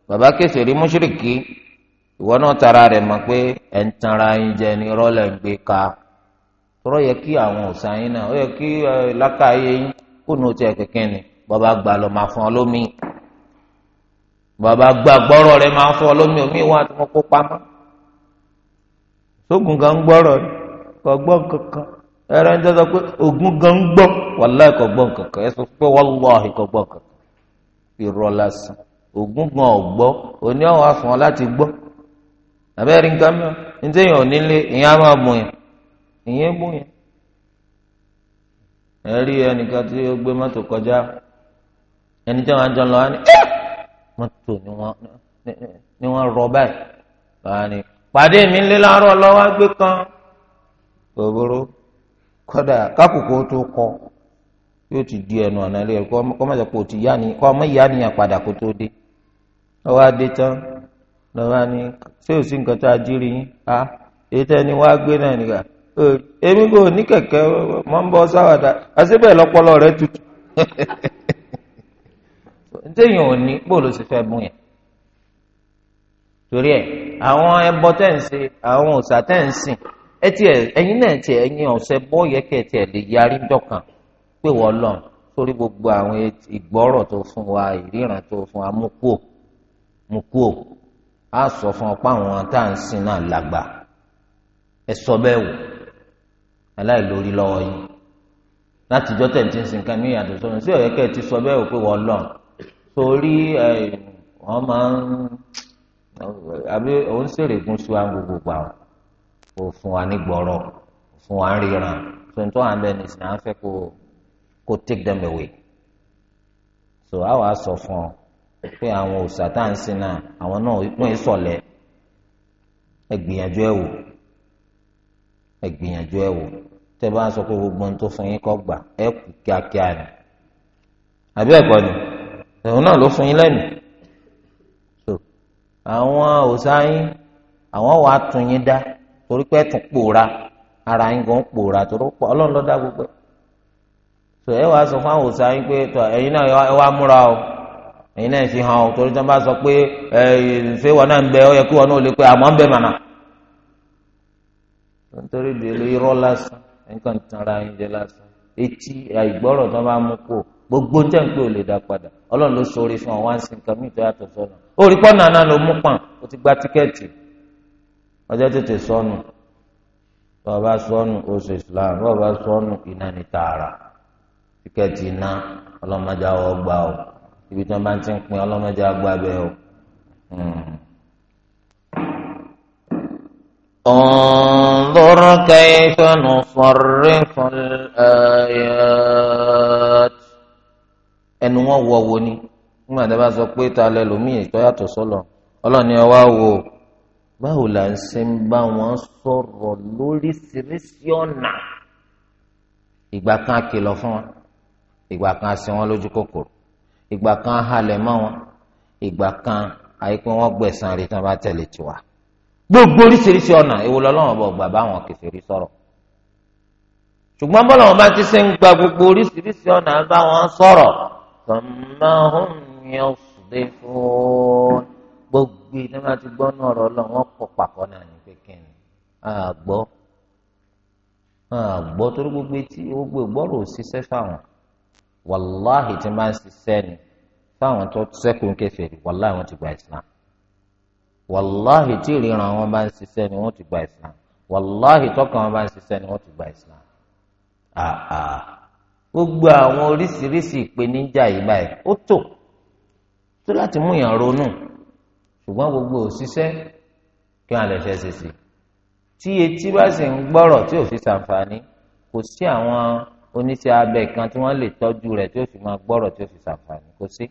bàbá bàbá ìwọ náà tara re pé ẹ̀ ń tanra yín jẹ ní gbé ka tọrọ yẹ kí àwọn òòsàn yín náà ó yẹ kí lákàáyé yín kó nu ti ni bàbá gbà lọ máa fún ọ lómi bàbá gbà máa fún ọ lómi omi kó sógun kò gbọ kankan ń sọ pé wàláì kò kankan ogun gan abẹ́rẹ́ nǹkan mọ́ níta èèyàn ò nílé èèyàn á máa bùn yẹn èèyàn bùn yẹn. ẹ rí ẹnìkan tí ó gbé mọ́tò kọjá ẹni tí wọ́n á jọ lọ ní mọ́tò ni wọ́n rọ báyìí pàdé mi ńlẹ́ láàárọ̀ lọ́wọ́ gbé kan gbogbooro kọ́dà kákòókò tó kọ yóò ti di ẹnu ọ̀nà ilé kọ́ ọmọ ìyá padà kó tó dé ọwọ́ adé tán. lọ́wọ́ ni ṣé ò sí nǹkan tá a jírí yín a èyí tẹ́ ni wá gbé náà nìkan èmi kò ní kẹ̀kẹ́ mọ́ ń bọ́ sáwàdà àṣebẹ̀ lọ́pọlọ rẹ tutù téèyàn ò ní bóòlù sì fẹ́ bùn yẹn torí ẹ àwọn ẹbọ tẹ́ ń ṣe àwọn òòṣà tẹ́ ń sìn ẹ náà tiẹ̀ ẹ̀yin ọ̀sẹ̀ bọ́ yẹ kẹ́ lè yarí dọ̀kan pé wọ́n lọ́n sórí gbogbo àwọn ìgbọ́rọ̀ tó fún wa ìríran tó fún wa mú kúò mú kúò á sọ fún ọ àwọn tá à ń sìn náà làgbà ẹ sọ bẹ́ẹ̀ wò aláìlórí lọ́wọ́ yìí láti ìjọ tẹ̀ ń ti ń sìn kan ní ìyàtọ̀ sọ́nà sí ọ̀yẹ́kẹ́ ti sọ bẹ́ẹ̀ wò pé wọ́n lọ́n torí wọ́n máa ń àbí òun ṣèrè gún sí wa gbogbo gbà ó fún wa ní gbọ́rọ̀ fún wa ń ríran tuntun àwọn abẹ́ni sìn á fẹ́ kó kó take them away so a wàá sọ fún ọ. pé àwọn òòṣà tá à ń sìn náà àwọn náà wọ́n ń sọ̀lẹ̀ wò sọ pé gbogbo ohun tó fún yín kọ́ gbà ẹ kú kíákíá ni àbí ẹ̀kọ́ ni ẹ̀hún náà ló fún yín lẹ́nu àwọn yín àwọn wàá tún yín dá ara yín gan pòórá torí pọ̀ ọlọ́run gbogbo ẹ̀ fún àwọn yín pé ẹ̀yin náà ẹ wá múra o. ẹ̀yin náà fi hàn torí tí wọ́n bá sọ pé ẹ ṣé wọn náà ń bẹ ọ yẹ kí wọn náà lè pé àmọ́ ń bẹ mànà. nítorí ìdílé irọ́ lásán nǹkan tanra lásán etí àìgbọ́rọ̀ bá gbogbo ń lè dá padà ọlọ́run ló sọrí fún àwọn àǹsìn kan mí tó náà ló mú gba tíkẹ́ẹ̀tì ọjọ́ tètè sọnù ibi tí wọ́n bá ti ń pin ọlọ́mọdé agbábẹ́ o. انظر كيف نصرف الآيات ẹnu wọn wọ wo ni nígbà tí a bá sọ pé ta lẹ lómìnir tó yàtọ̀ sọ́lọ̀ ọlọ́ni ẹ wá wo báwo là ń ṣe ń bá wọn sọ̀rọ̀ lóríṣiríṣi ọ̀nà ìgbà kan kìlọ̀ fún wọn ìgbà kan sí wọn lójú kòkòrò ìgbà kan halẹ̀ mọ́ wọn ìgbà kan àìpé wọn gbẹ̀sán rí tán bá tẹ̀lé tiwa gbogbo oríṣiríṣi ọ̀nà èwo lọ́lọ́wọ́n bọ̀ gbà báwọn kèfèrí sọ̀rọ̀ ṣùgbọ́n bọ́lá wọn bá ti ṣe ń gba gbogbo oríṣiríṣi ọ̀nà báwọn sọ̀rọ̀ tọ̀mọ́hún ni ó ṣùdé fún gbogbo ìdí wọn ti gbọ́ náà rọ̀ lọ́wọ́ kọ́ pàpọ̀ náà ní kékeré àgbọ́ àgbọ́ torí gbogbo etí ó gbé gbọ́rọ̀ wàláhì tí máa ń ṣiṣẹ́ ni fáwọn tó sẹ́kùn kèfèrí wàláhì wọ́n ti gba islam wàláhì tí ìríran wọn bá ń ṣiṣẹ́ ni wọ́n ti gba islam wàláhì tọkàn wọn bá ń ṣiṣẹ́ ni wọ́n ti gba islam àà gbogbo àwọn oríṣiríṣi ìpèníjà yìí báyìí ó tó tó láti mú yàn ronú ṣùgbọ́n gbogbo òṣìṣẹ́ kí wọ́n lè fẹ́ ṣe sí i tí etí bá sì ń gbọ́rọ̀ tí ò oníṣẹ́ abẹ kan tí wọ́n lè tọ́jú rẹ̀ tí ó fi máa gbọ́rọ̀ tí ó fi ṣàǹfààní kò sí.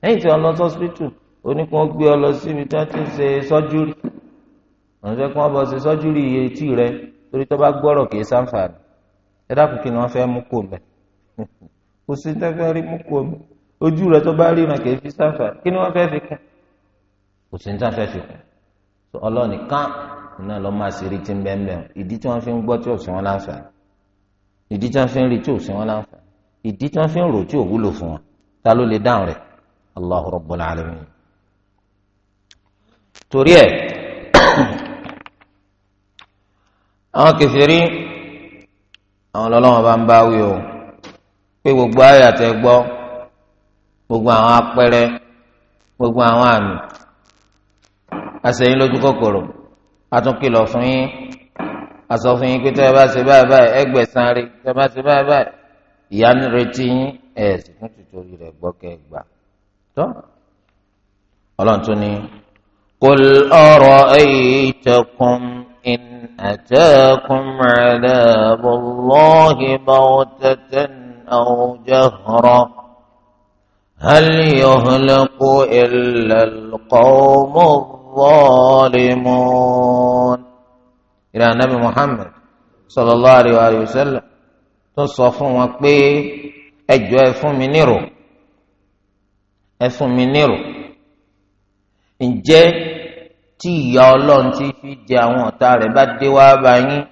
lẹ́yìn tí wọ́n lọ sọ́sìpítù oníkan gbé ọ lọ síbi tí wọ́n ti ń ṣe sọ́júrì wọ́n fẹ́ kí wọ́n bọ́ ṣe sọ́júrì etí rẹ̀ torí tó bá gbọ́rọ̀ kì í ṣàǹfààní. ẹ dákun kí ni wọ́n fẹ́ mú kó mẹ́ kò sí tó fẹ́ rí mú kó mẹ́ ojú rẹ̀ tó bá ríran kì í fi ṣàǹfààní kí ni wọ́n fẹ́ fi kún kò sí tó fẹ́ fi kún ọlọ́ọ̀nì kan iná lọ́ máa ṣe rí ti ń bẹ́ẹ̀ bẹ́ẹ̀ ìdí tí wọ́n fi ń gbọ́ tí ò ìdí tí wọ́n fi ń rí tí ò sí wọn láǹfààní ìdí tí wọ́n fi ń rò tí ò wúlò fún wọn ta ló lè dáhùn rẹ̀ Allahu Rabbul Alamin torí ẹ̀ àwọn kẹfìrí àwọn ọlọ́wọ́n bá ń bá wí o pé gbogbo àyà tẹ gbọ́ gbogbo àwọn àpẹẹrẹ gbogbo àwọn àmì àṣẹyìn lójú kòkòrò àtúnkìlọ̀ fún yín àsọ fún yín pé tẹ́ ẹ bá ṣe báyìí báyìí ẹgbẹ̀sán rí tẹ́ ẹ bá ṣe báyìí báyìí ìyá ń retí yín ẹ̀ sì fún tìtorí rẹ̀ gbọ́ kẹ́ ẹ gbà tó. ọlọ́run tún ní qul ara'aytakum in atakum 'adhabullahi baghtatan aw jahra hal yuhlaqu illa al-qawmu adh-dhalimun. ìrìn ànábì Muhammad sallallahu alayhi wa sallam tó sọ fún wọn pé ẹ jọ̀ọ́ ẹ fún mi nírò ẹ fún mi nírò ǹjẹ́ tí ìyà Ọlọ́run ti fi jẹ àwọn ọ̀tá rẹ̀ bá dé wá bá yín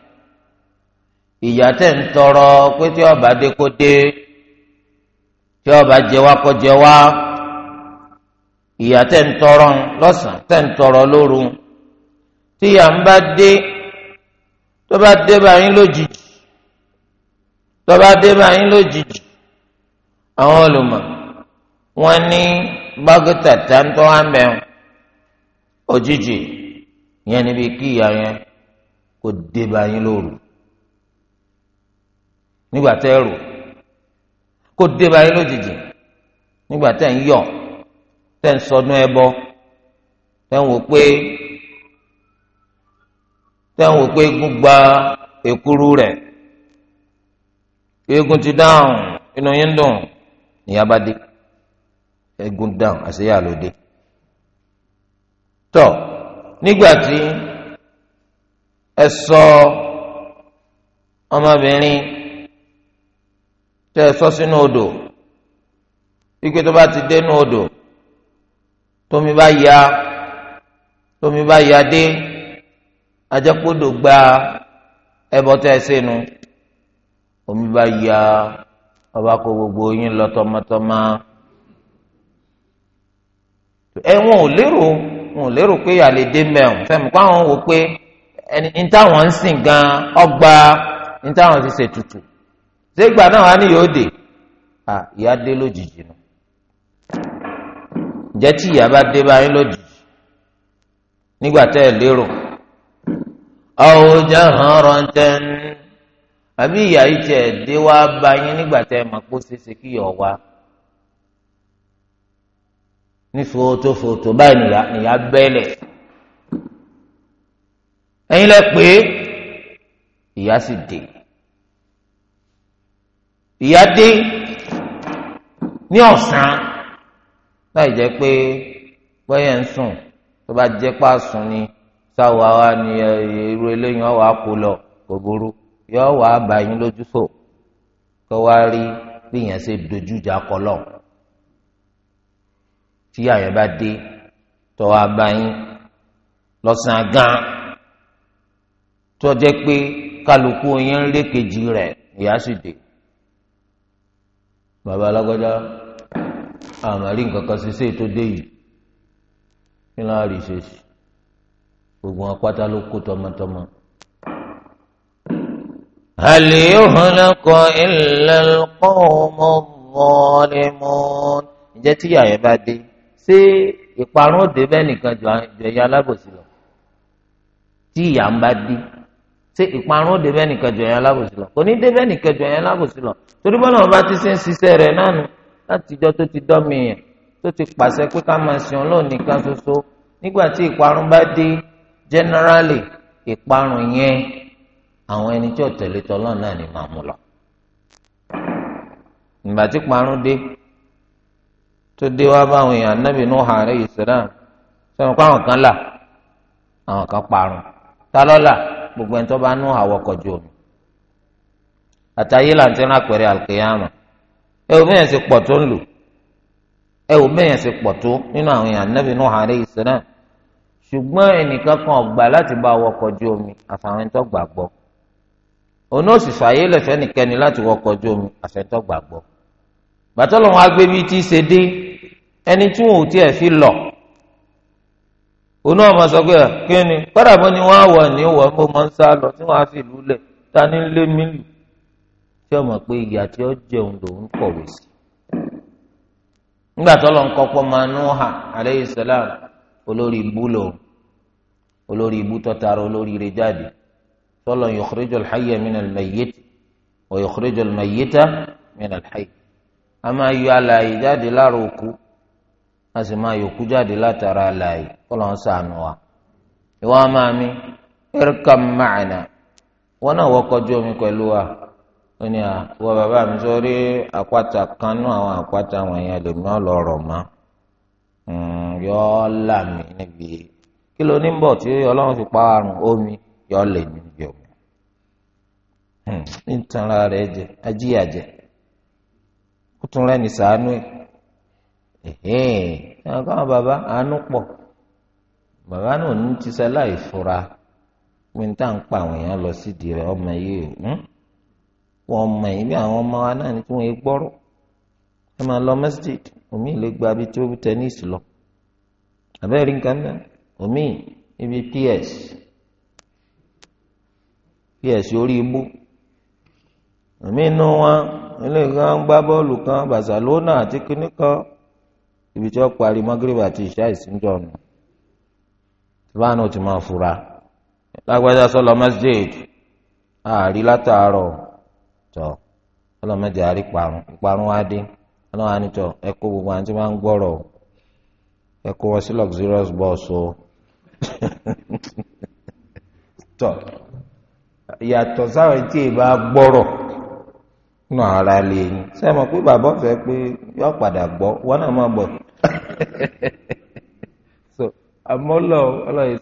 tẹ̀ ń tọrọ pé tí ọba dé kó dé tí ọba jẹ wá kó jẹ wá ìyà tẹ̀ ń tọrọ lọ́sàn tẹ̀ ń tọrọ lóru tí ìyà ń bá dé. tó bá dé bá yín lójijì tó bá dé bá yín lójijì àwọn olùmọ̀ wọ́n ní bágítà táńtọ́ wá ń bẹ̀rù òjijì yẹn níbi kí ìyá yẹn kò dé bá yín lóru nígbà tẹ́ ẹ̀rù kò dé yín lójijì nígbà tẹ́ ń yọ̀ tẹ́ ń sọdún ẹbọ tẹ́ ń wò pé tẹ́wọ̀n wò pé eégún gba èkúrú rẹ̀ eégún ti dáhùn inú yín dùn ìyá bá dé eégún dáhùn àṣeyà ló dé tọ́ nígbà tí ẹ sọ ọmọbìnrin tẹ́ ẹ sọ sínú odò wípé tó bá ti dénú odò tómi bá ya tómi bá ya dé ajakpodo gba ẹbọ tẹ ẹ sẹnu omi bá ya ọba kó gbogbo yín lọ tọmọtọmọ ẹ wọn ò lérò wọn ò lérò pé àlè dé mẹ́rin fẹ́mi kó àwọn wò pé ẹni ní táwọn ń sìn gan ọgbà ní táwọn ti ṣètùtù ṣégbà náà wà ní yóò dé ìyá dé lójijì nù jẹ́ tí ìyá bá dé báyìí lójijì nígbà tẹ́ ẹ lérò. aw jaharatan àbí ìyá yìí tiẹ̀ dé wá bá yín nígbà tẹ́ ẹ mọ̀ pé ó ṣe é ṣe kí yọ̀ wá ní fòtòfòtò báyìí nìyá nìyá bẹ́lẹ̀ ẹ̀yin lẹ pé ìyá sì dé ìyá ní ọ̀sán láì pé bọ́yẹ̀ ni. sáwọ́ wa ni irú eléyìí wọ́n wàá kó lọ kò burú yọ wàá bá yín lójú fò kó wá rí bí yẹn ṣe dojú ìjà kọ lọ tí àyẹ̀ bá dé tọ́wọ́ abáyín lọ́sàn-án gan tó jẹ́ pé kálukú yín ń lé kejì rẹ̀ ìyá sì dé bàbá alágbádá àmàlí nǹkan kan ṣe ṣe tó dé yìí kí ló rí ṣe sí gbogbo wọn pátá ló kó tọmọtọmọ. هل يهلك إلا القوم الظالمون ǹjẹ́ tí ìyà yẹn bá dé ṣé ìparun òde bẹ́ẹ̀ nìkan jọ ẹ̀yà alábòsí lọ tí ìyà ń bá dé ṣé ìparun òde bẹ́ẹ̀ nìkan jọ ẹ̀yà alábòsí lọ kò ní dé bẹ́ẹ̀ nìkan jọ ẹ̀yà alábòsí lọ torí bọ́lá wọn bá ti ṣe ń ṣiṣẹ́ rẹ̀ náà nù látijọ́ tó ti dọ́mi yẹn tó ti pàṣẹ pé ká máa ṣe jenerali ìparun yẹn àwọn ẹni tí ò tẹ̀lé tọ́lọ́ náà ni màá mú lọ. ìgbà tí parun dé tó dé wá báwọn èèyàn anábì Nuh alayhi salam sọ̀rọ̀ pé àwọn kan là àwọn kan parun ta lọ́la gbogbo ẹni tó bá nú àwọkọ̀jù omi àtàyè là ń tẹ́ ra pẹ̀rẹ́ àlùkìyàmà ẹ sì pọ̀ tó ń lò ẹ àwọn èèyàn anábì ṣùgbọ́n ẹnìkan kan ọ̀gbà láti bá wọkọ̀ ojú omi àfàwọn ẹni tó gbàgbọ́ òun ó sì fàyè lẹ̀fẹ́ nìkẹ́ni láti wọkọ̀ ojú omi àfẹ́ni tó gbàgbọ́ gbàtọ́lọ̀ wọn agbé tí í ṣe dé ẹni tí wọn ò tiẹ̀ fi lọ òun náà máa sọ pé kí ni kọ́dà bó ni wọ́n á wọ̀ ní wọ́n mo máa ń sá lọ tí wọ́n á fi ìlú lẹ̀ ta ni lé mílì tí ọmọ pé ìyá tí ó jẹun lòun kọ̀wé sí nígbà tọ́lọ̀ ń kọ́kọ́ máa nú hà alayhi salam olórí ibú olórí ibú tọ́tara olórí rẹ jáde tọ́lọ̀ yukhrijul hayya minal mayyit wa yukhrijul mayyita minal hayy a máa yọ alààyè jáde lára òkú a sì máa yòókù jáde látara alààyè tọ́lọ̀ ń sànù wa ìwọ máa mi irkam ma'ana wọn náà wọkọ̀ omi pẹ̀lú wa ó ní àwọn bàbá mi sọrí àpáta kan nú àwọn àpáta wọ̀nyẹn lèmi náà lọ rọ̀ mọ́ hmm, yọ ọ́ là mí níbi kí ló ní bọ̀ tí ọlọ́run fi pa àrùn omi yọ lè ní ibi omi hmm, nítanra rẹ jẹ ajíyàjẹ ó tún rẹ́ni sàánú ẹ̀ ẹ̀hìn káwọn bàbá àánú bàbá náà ní ti sẹ́lá ìfura pé níta pa àwọn èèyàn lọ sídìí rẹ ọmọ yìí hmm? wọn bí àwọn lọ omi omi ibi ps ps orí ibú omi inú wọn eléyìí kan ń gbá bọ́ọ̀lù kan Barcelona àti ibi tí wọ́n parí magreba àti ìṣá ìsìnjọ́ ọ̀nà báwọn ò ti máa fura lágbájá sọlọ masjid àárí látàárọ̀ tọ ọlọmọdé àárí parun parun wá dé ọlọmọdé àánitọ ẹ kó gbogbo àti máa ń ẹ tọ yàtọ̀ sáwọn tí ì bá gbọ́rọ̀ nù ara lè yín ṣe mọ̀ pé bàbá ọ̀fẹ́ pé yọ padà wọn náà máa so àmọ́ lọ ọlọ́yin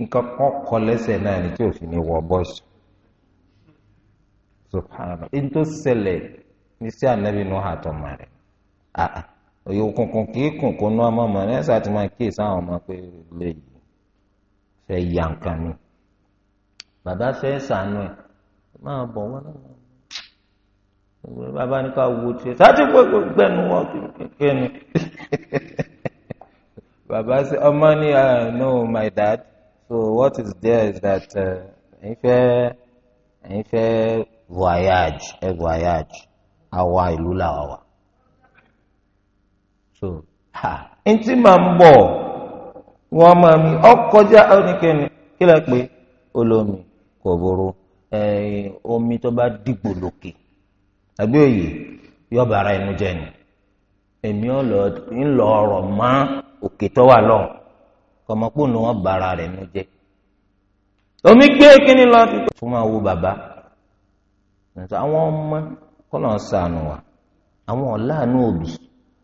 nǹkan kan kọ náà ni tí òfin wọ bọ́ọ̀sì so ní tó ṣẹlẹ̀ ní sí òye òkùnkùn kì í kùn kó ná ọmọ ọmọ ẹ ṣáà ti máa kíyè sáwọn ọmọ pé lè fẹ́ ya nǹkan mi bàbá fẹ́ sànú ẹ̀ máa bọ̀ wọ́n náà bàbá ní ká wo tiẹ̀ sáàtì gbogbo gbẹ̀nu wọn kékeré ni bàbá ṣe ọmọ ní know, my dad so what is there is that eh, ẹ̀yin fẹ́ ẹ̀yin fẹ́ voyage ẹ̀ voyage àwa ìlú làwa wà. so ha ntí máa ń bọ̀ wọ́n máa mi ọkọjá oníkẹ́ni kí lè pé olómi omi tó bá dìgbò lókè àbí òye yọ bàrà ẹnu jẹ ni èmi ńlọ òkè tó wà lọ kọmọpọ wọn bàrà rẹ ẹnu jẹ omi gbé kíni lọ sí. tó máa wo bàbá àwọn ọmọ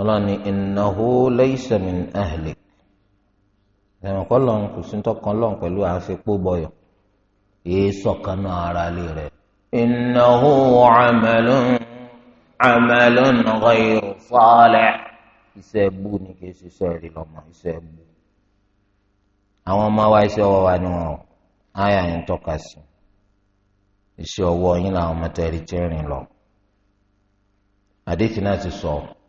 ọlọ́ni innahu laysa min ahlik ẹ̀wọ̀n kọ́ lọ́n kò sí tọkàn lọ́n pẹ̀lú àfikún bọ̀yọ̀ èé sọ̀kan náà ara lè rẹ̀ innahu amalun amalun ghayru salih iṣẹ́ bú ni kì í ṣiṣẹ́ rí lọ́mọ iṣẹ́ bú àwọn ọmọ wa iṣẹ́ ọwọ́ wa ni wọn ò áyà yẹn tọ́ka sí iṣẹ́ ọwọ́ yín làwọn ọmọ tẹ̀lé jẹ́rìn lọ àdéhìí náà ti sọ ọ́.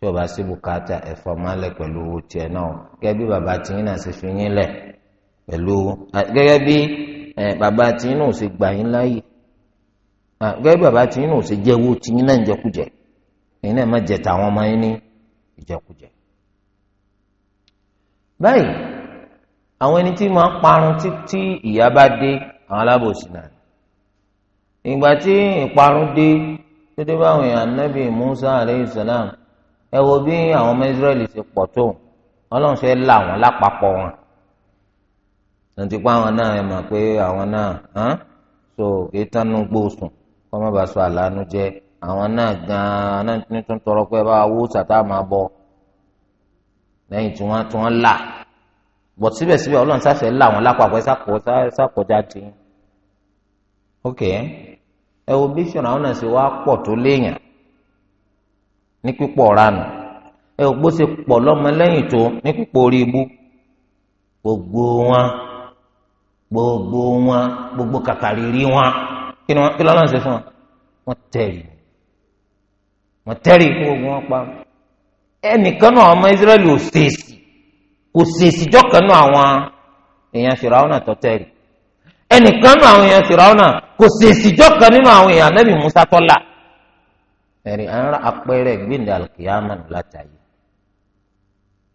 tí o bá sí bùkátà ẹ̀fọ́ máa lẹ̀ pẹ̀lú owó tiẹ̀ náà gẹ́gẹ́ bí bàbá tìyín náà ṣe fi yín lẹ̀ pẹ̀lú gẹ́gẹ́ bí bàbá tìyín náà ṣe gbà yín láàyè gẹ́gẹ́ bí bàbá tìyín náà ṣe jẹ́ owó tìyín náà ń jẹkújẹ ẹ̀yin náà má jẹ tàwọn ọmọ yín ní ìjẹkújẹ. báyìí àwọn ẹni tí máa parun títí ìyá bá dé àwọn alábòsí náà ìgbà tí ìparun dé dédé báwọn èèyàn Musa aleyhi salam ẹ wo bí àwọn ọmọ Israẹli ṣe pọ tó Ọlọ́run ṣe la wọn lápapọ̀ wọn àti pé àwọn náà ẹ mọ̀ pé àwọn náà hàn so kì í tánú gbóòsùn kọ́ má bàa sọ àlànà jẹ àwọn náà gan náà ní tọrọ pé bá wó sàtá máa bọ̀ lẹ́yìn tí wọ́n tí wọn ok ẹ wo bí sọ̀rọ̀ ní pípọ̀ ranù ẹ ò gbóse pọ̀ tó ní pípọ̀ orí ibú gbogbo wọn gbogbo wọn gbogbo wọn kí ni wọn kí lọ́lọ́run fún wọn wọn tẹ̀lé wọn tẹ̀lé kí gbogbo wọn ọmọ Ísírẹ́lì ò kò náà àwọn èèyàn tẹ̀lé ẹnìkan náà àwọn èèyàn kò nínú ẹ̀rìn ara apẹ̀rẹ̀ gbẹ̀ndẹ̀ alùkìyàmọ̀ látàyè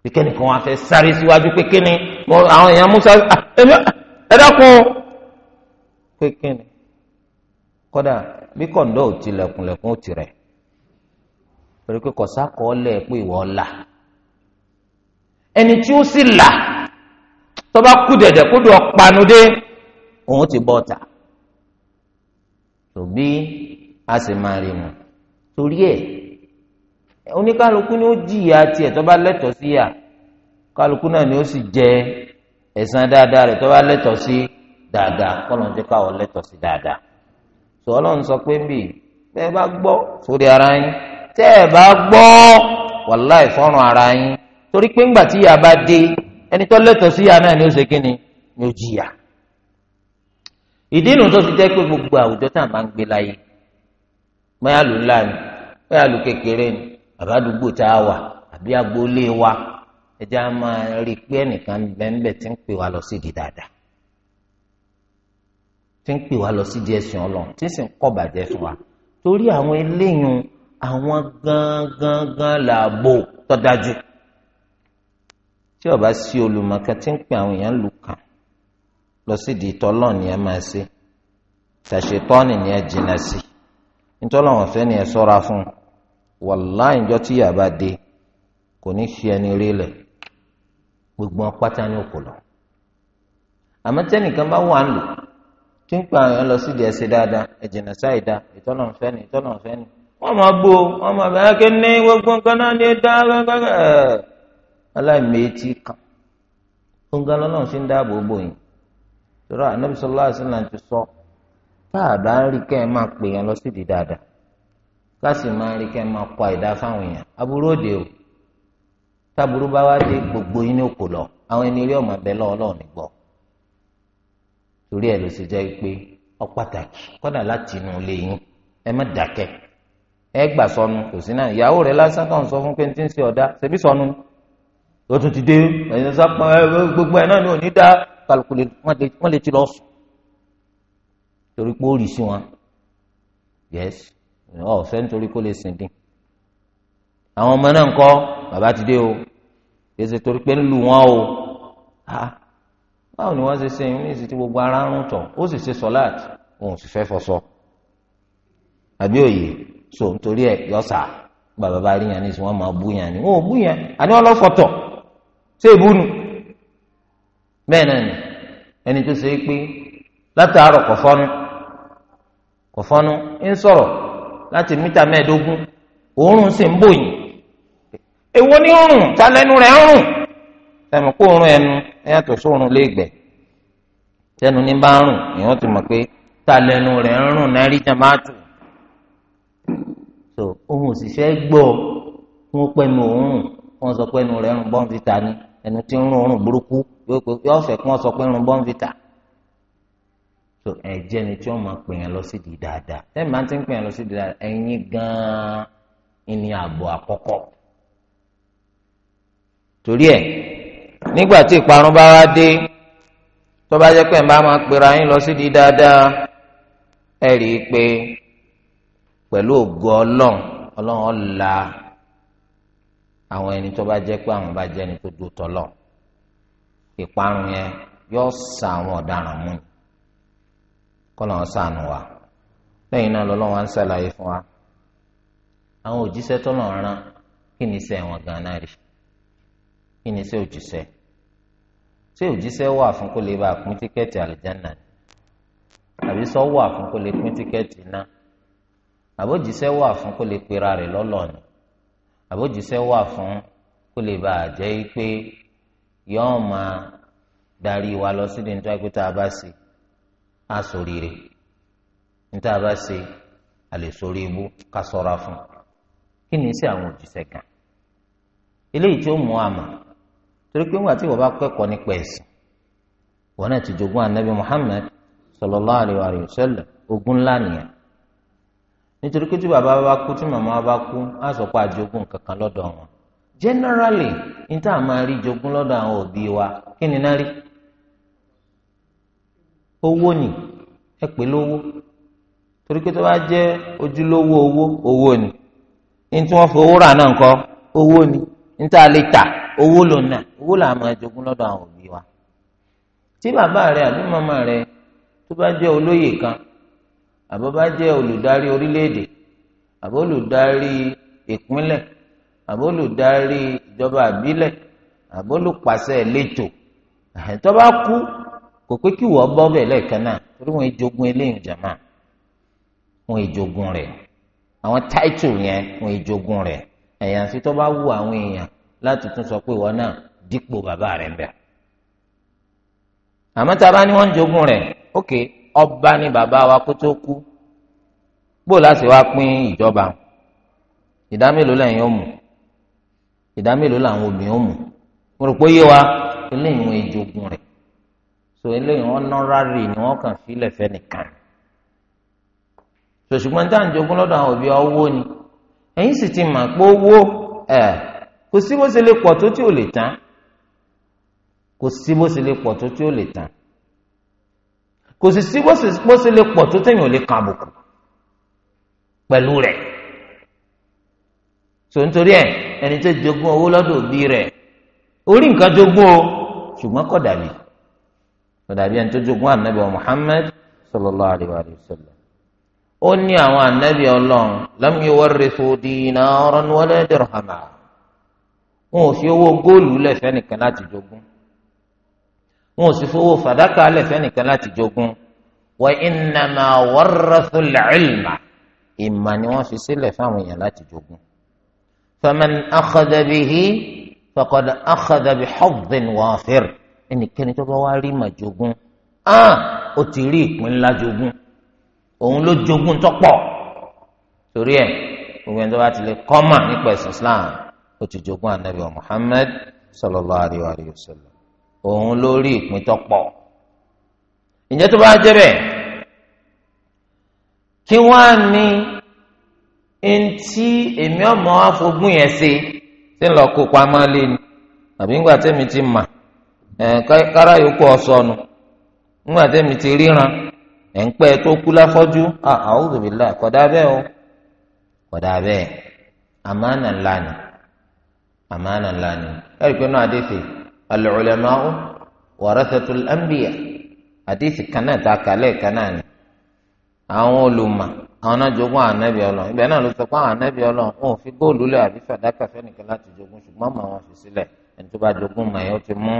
kíkẹ́ni kan wá fẹ́ sáré síwájú pé kíni àwọn èèyàn musa ẹ dákun pé kíni bí kọ̀ǹdọ̀ ò ti lẹ̀kùnlẹ̀kùn ó ti rẹ̀ pẹ̀lú pé kọ̀sákọ̀ọ́lẹ̀ pé ìwọ ọ̀la ẹni tí ó sì kú dẹ̀dẹ̀ kó dùn ti a sì máa rí wọn. torí ẹ oníkálukú ni ó jìyà tiẹ̀ tó bá lẹ́tọ̀ọ́ sí yà kálukú náà ni ó sì jẹ ẹsan dáadáa rẹ̀ tó bá sí dáadáa kọ́lọ́n ti káwọ́ lẹ́tọ̀ọ́ sí dáadáa tó ọlọ́run sọ pé bì tẹ́ ẹ bá gbọ́ sórí ara yín tẹ́ ẹ bá gbọ́ wàláì fọ́rùn ara yín torí pé ńgbà tí bá dé ẹni tó sí náà ni ó ṣe kí ni ni ó jìyà ìdí inú tó fi pé gbogbo àwùjọ pé àlù kékeré ni àbádùgbò tá a wà àbí agboolé wa ẹjẹ a máa rí i pé ẹnìkan bẹ́ẹ̀nbẹ́ ti ń pè wá lọ sídìí dáadáa ti ń pè wá lọ sídìí ẹ̀sìn ọlọ́run tí ń sì ń kọ́ bàjẹ́ fún wa torí àwọn eléyìí àwọn gangan làbò tó dájú tí ó bá sí olùmọ̀ọ́ká tí ń pè àwọn èèyàn lù kàn lọ sídìí tọ́lọ́ ni ẹ máa ṣe tàṣetọ́ọ̀nì ni ẹ jìnnà sí i. nítorí àwọn ọ̀fẹ́ ni ẹ sọ́ra fún tí yà bá dé kò ní fi ẹni rí gbogbo wọn ni ní òkú lọ. àmọ́ wà lò tí ń pa àwọn lọ sídìí ẹsẹ̀ dáadáa ẹ̀jìnà sáìdá ìtọ́nà ọ̀fẹ́ ni ìtọ́nà ọ̀fẹ́ ni wọ́n máa wọ́n máa bẹ̀rẹ̀ kí ní ẹ̀ kan tá a bá rí kẹ́ ẹ máa pè yẹn lọ sí di dáadáa ká sì máa rí kẹ́ ẹ máa kọ àìdá fáwọn èèyàn aburú òde o táburú bá wá dé gbogbo yín ní òkò lọ àwọn ẹni rí ọmọ abẹ lọ́ọ̀lọ́ọ̀ ní gbọ́ torí ẹ̀ ló ṣe jẹ́ pé ọ pàtàkì kọ́dà láti inú ilé yín ẹ má dákẹ́ ẹ gbà sọnù kò sí náà ìyàwó rẹ lásán kan sọ fún pé tí ń ṣe ọ̀dà ṣebí sọnù ó tún ti dé ẹ̀yin sápọn gbogbo ẹ̀ náà ni ò ní dá kálukú wọ́n lè ti lọ sùn torí pé ó rì sí wọn yes ọ̀fẹ́ nítorí kó lè sìn dín àwọn ọmọ náà ń kọ́ bàbá ti dé o èsì torí pé ń lu wọn o ha báwo ni wọ́n ṣe ṣe ìrìn èsì tí gbogbo ara ń rún tọ̀ ó sì ṣe sọ́láàt òun sì fẹ́ fọṣọ àbí òye so nítorí ẹ̀ yọ̀sà bàbá bá rí yàn ní ìsìn wọn máa bú yàn ni wọn ò bú yàn àní wọn lọ fọtọ̀ ṣé ìbúnu bẹ́ẹ̀ náà ni ẹni tó ṣe é pé látàárọ̀ kọ̀ fọ́nù ọ̀fọ́nú ń sọ̀rọ̀ láti mítà mẹ́ẹ̀ẹ́dógún òórùn sì ń bòyìn èwo ni òórùn ta lẹ́nu rẹ̀ ń rùn ẹ̀mí kó òórùn ẹnu ẹ̀yàtọ̀ sóòórùn léègbẹ́ tẹnu ní bá ń rùn èèyàn ti mọ̀ pé ta lẹ́nu rẹ̀ ń rùn náírà jamaatu so ohun òṣìṣẹ́ gbọ́ wọn pẹ̀lú òórùn wọn sọ pé ẹnu rẹ̀ ń rùn bọ́ǹfìtà ni ẹnu ti ń rùn òórùn burúkú yóò fẹ́ kí wọ́n sọ pé ń rùn bọ́ǹfìtà so ẹ̀jẹ̀ ni tí wọ́n máa pè yẹn lọ sí di dáadáa ẹ̀yìn máa ti ń pè yẹn lọ sí di dáadáa ẹ̀yin gan-an ìní ààbò àkọ́kọ́ torí ẹ̀ nígbà tí ìparun bá wá dé tó bá jẹ́ pé ẹ̀ bá máa pera yín lọ sí di dáadáa ẹ̀ rí i pé pẹ̀lú ògo ọlọ́run ọlọ́run ọ̀la àwọn ẹni tó bá jẹ́ pé àwọn bá jẹ́ ẹni tó dúró tọ́lọ̀ ìparun yẹn yóò sa àwọn ọ̀daràn mú ni kọ́nà sànù wa lẹ́yìn náà lọ́lọ́wọ́ ń ṣàlàyé fún wa àwọn òjíṣẹ́ tó lọ́n rán kí ni iṣẹ́ wọn gan-an rí kí ni iṣẹ́ òjíṣẹ́ ṣé òjíṣẹ́ wà fún kó lè bá pín tíkẹ́ẹ̀tì àlùjáná ni àbí sọ wà fún kó lè pín tíkẹ́ẹ̀tì iná àbójíṣẹ́ wà fún kó lè pera rẹ̀ lọ́lọ́ ni àbójíṣẹ́ wà fún kó lè bá a jẹ́ pé yọ́ọ́ máa darí wa lọ sí ní nítorí pé tá a bá sí i a sóríire níta bá ṣe àlè sórí ibú ká sọ́ra fún kí ni sí àwọn òjíṣẹ́ kan eléyìí tí ó mú àmà torí pé ńgbà tí wọ́n bá kẹ́kọ̀ọ́ nípa ẹ̀sìn wọn náà ti jogún anabi Muhammad sallallahu alaihi wa sallam ogún ńlá nìyẹn nítorí pé tí bàbá kankan lọdọ wọn generally níta máa rí jogún lọdọ àwọn òbí wa kí owó ni ẹ pè lówó torí pé tó bá jẹ́ ojúlówó owó owó ni ní tí wọ́n fi owó rà náà ńkọ́ owó ni ní tá a lè tà owó ló ná owó là máa jogún lọ́dọ̀ àwọn òbí wa tí bàbá rẹ àbí màmá rẹ tó bá jẹ́ olóyè kan àbọ̀ bá jẹ́ olùdarí orílẹ̀-èdè àbọ̀ olùdarí ìpínlẹ̀ àbọ̀ olùdarí ìjọba àbílẹ̀ àbọ̀ olùpàṣẹ ìletò tó bá kú kò pé kí wọ́n bọ́ bẹ̀ lẹ́ẹ̀kan náà torí wọn ìjogun eléyìí jàmá wọn ìjogun rẹ̀ àwọn táìtù yẹn wọn ìjogun rẹ̀ ẹ̀yàn sí tó bá wù àwọn èèyàn láti tún sọ pé wọn náà dípò bàbá rẹ̀ ń bẹ̀. àmọ́ tá a bá ní wọ́n ń jogun rẹ̀ ókè ọba ni bàbá wa kó tó kú gbó láti wá pín ìjọba ìdá mélòó lẹ́yìn ó mú ìdá mélòó làwọn obìnrin ó mú mo rò pé yé wa eléyìí wọn ìjogun rẹ̀ so eléyìí wọn nọrarì ni wọn kàn sílẹ̀ fẹ́nìkan so ṣùgbọ́n tá à ń àwọn òbí ni ẹ̀yin sì ti mà pé owó ẹ̀ kò sí bó ṣe lè tó tí ò lè tán kò sí bó ṣe lè tó tí ò lè tán kò sì sí bó ṣe lè tó ò lè kàn àbùkù so nítorí ẹni tó owó dàbí. tọ́dàbí ẹni tó jogún ànábì wa Muhammad sallallahu alayhi wa sallam. ó ní àwọn ànábì ọlọ́run lam yuwarrithu dinaran wala dirhama wọn ò fi owó góòlù lẹ̀fẹ́ nìkan láti jogún wọn ò sì fowó fàdákà lẹ̀fẹ́ nìkan láti jogún wa innama warrathu al ìmà ni wọ́n fi sílẹ̀ fáwọn èèyàn láti jogún. faman akhadha bihi faqad akhadha bi hazzin ẹnikẹ́ni tó bá wá rí mà jogún ah ó ti rí ìpín ńlá jogún òun ló jogún tó pọ̀ torí ẹ̀ gbogbo ẹni tó bá ti lè kọ́mà nípa ẹ̀sìn Islam ó ti jogún anabi Muhammad sallallahu alayhi wa sallam òun ló rí ìpín tó pọ̀ ǹjẹ́ tó bá jẹ́ bẹ́ẹ̀ kí wọ́n á ní ntí èmi ọmọ afogún yẹn ṣe ṣé ń lọ kó pamọ́ lé ni àbí ńgbà tẹ́mi ti mà ẹ kára yòókù ọsọnù ńgbà tẹmí ti ríran ẹ ń pẹ tó kú láfọjú mi bẹ́ẹ̀ o kódà bẹ́ẹ̀ àmàna ńlá ni àmàna ńlá ni ẹ rí i pé náà àdéhìí al-ulama'u warathatul àdéhìí kan náà ta kálẹ̀ kan náà ni àwọn olùmọ̀ àwọn náà jogún ànábì Ọlọ́run ibẹ̀ náà ló sọ pé àwọn ànábì Ọlọ́run wọn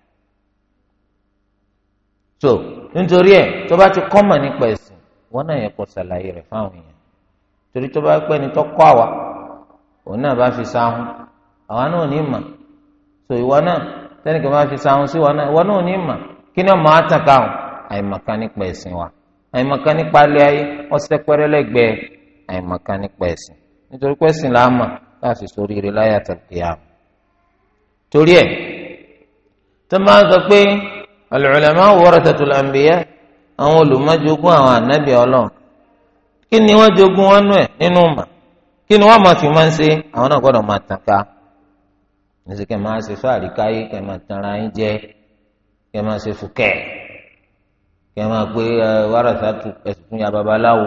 so nítorí ẹ tó bá ti kọ́mọ̀ nípa ẹ̀sìn wọn náà yẹ kó ṣàlàyé rẹ̀ fáwọn èèyàn torí tó bá pẹ́ ni tó kọ́ àwa òun náà bá fi sáhùn àwa náà ní so ìwọ náà bá fi sáhùn sí ìwọ náà ìwọ náà ní mà kí ni ọmọ àtàn àìmọ̀kan nípa ẹ̀sìn wa àìmọ̀kan nípa alẹ́ ayé ọ̀sẹ̀ pẹ́rẹ́lẹ́gbẹ̀ẹ́ àìmọ̀kan nípa ẹ̀sìn nítorí pé ẹ̀sìn mà láti al-ulama warathatul anbiya àwọn olùmọ̀jogún àwọn ànábì ọlọ́run kí ni wọ́n jogún wọn nú ẹ̀ nínú mà kí ni wọ́n máa fi máa ń ṣe àwọn náà gbọ́dọ̀ máa tàn ká níṣẹ́ kẹ́ máa ṣe fáàrí káyé kẹ́ máa tanra yín jẹ kẹ́ máa ṣe fúkẹ́ kẹ́ máa gbé warathatu ẹ̀sùn fún ya babaláwo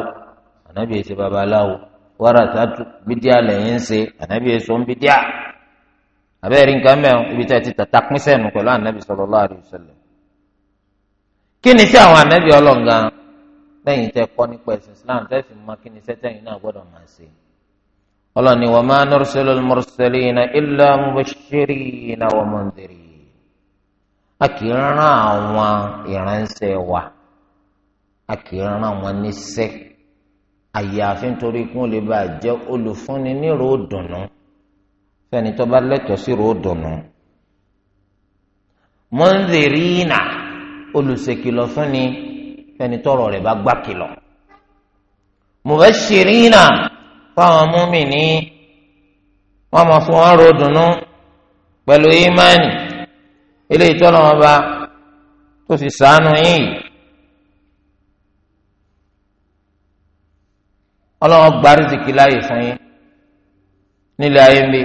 ànábì èsì babaláwo warathatu bídíà lẹ́yìn ń ṣe ànábì èso ń bídíà àbẹ́rẹ́ nǹkan mẹ́rin ibi tí a ti tàtà pín sẹ́nu pẹ̀lú ànábì sallallahu alaihi wasallam kí ni sí àwọn ànábì ọlọ́ǹgá lẹ́yìn tẹ́ kọ́ nípa ẹ̀sìn islam tẹ́sí mọ́ kí ni sẹ́tẹ̀yìn náà gbọ́dọ̀ máa ṣe. ọlọ́ni wa ma nursilul mursalina illa mubashshirina wa mundhirin. a kì í rán àwọn ìránṣẹ́ wa a kì í rán wọn níṣẹ́ àyàfi nítorí kí wọ́n lè bá a jẹ́ olùfúnni ní ròódùnú fẹ́ni tó bá lẹ́tọ̀ọ́ sí ròódùnú. mundhirina olùṣèkìlọ̀ fún ni fẹni tọrọ rẹ̀ bá gbà kìlọ̀ mubashirina fáwọn múmìnì wọn máa fún wọn ro dùnú pẹ̀lú ìmánì eléyìí tọ́nà wọn bá tó fi sànù yìí ọlọ́wọ́n gba rìsìkì láàyè fún yín nílẹ̀ ayé ń bí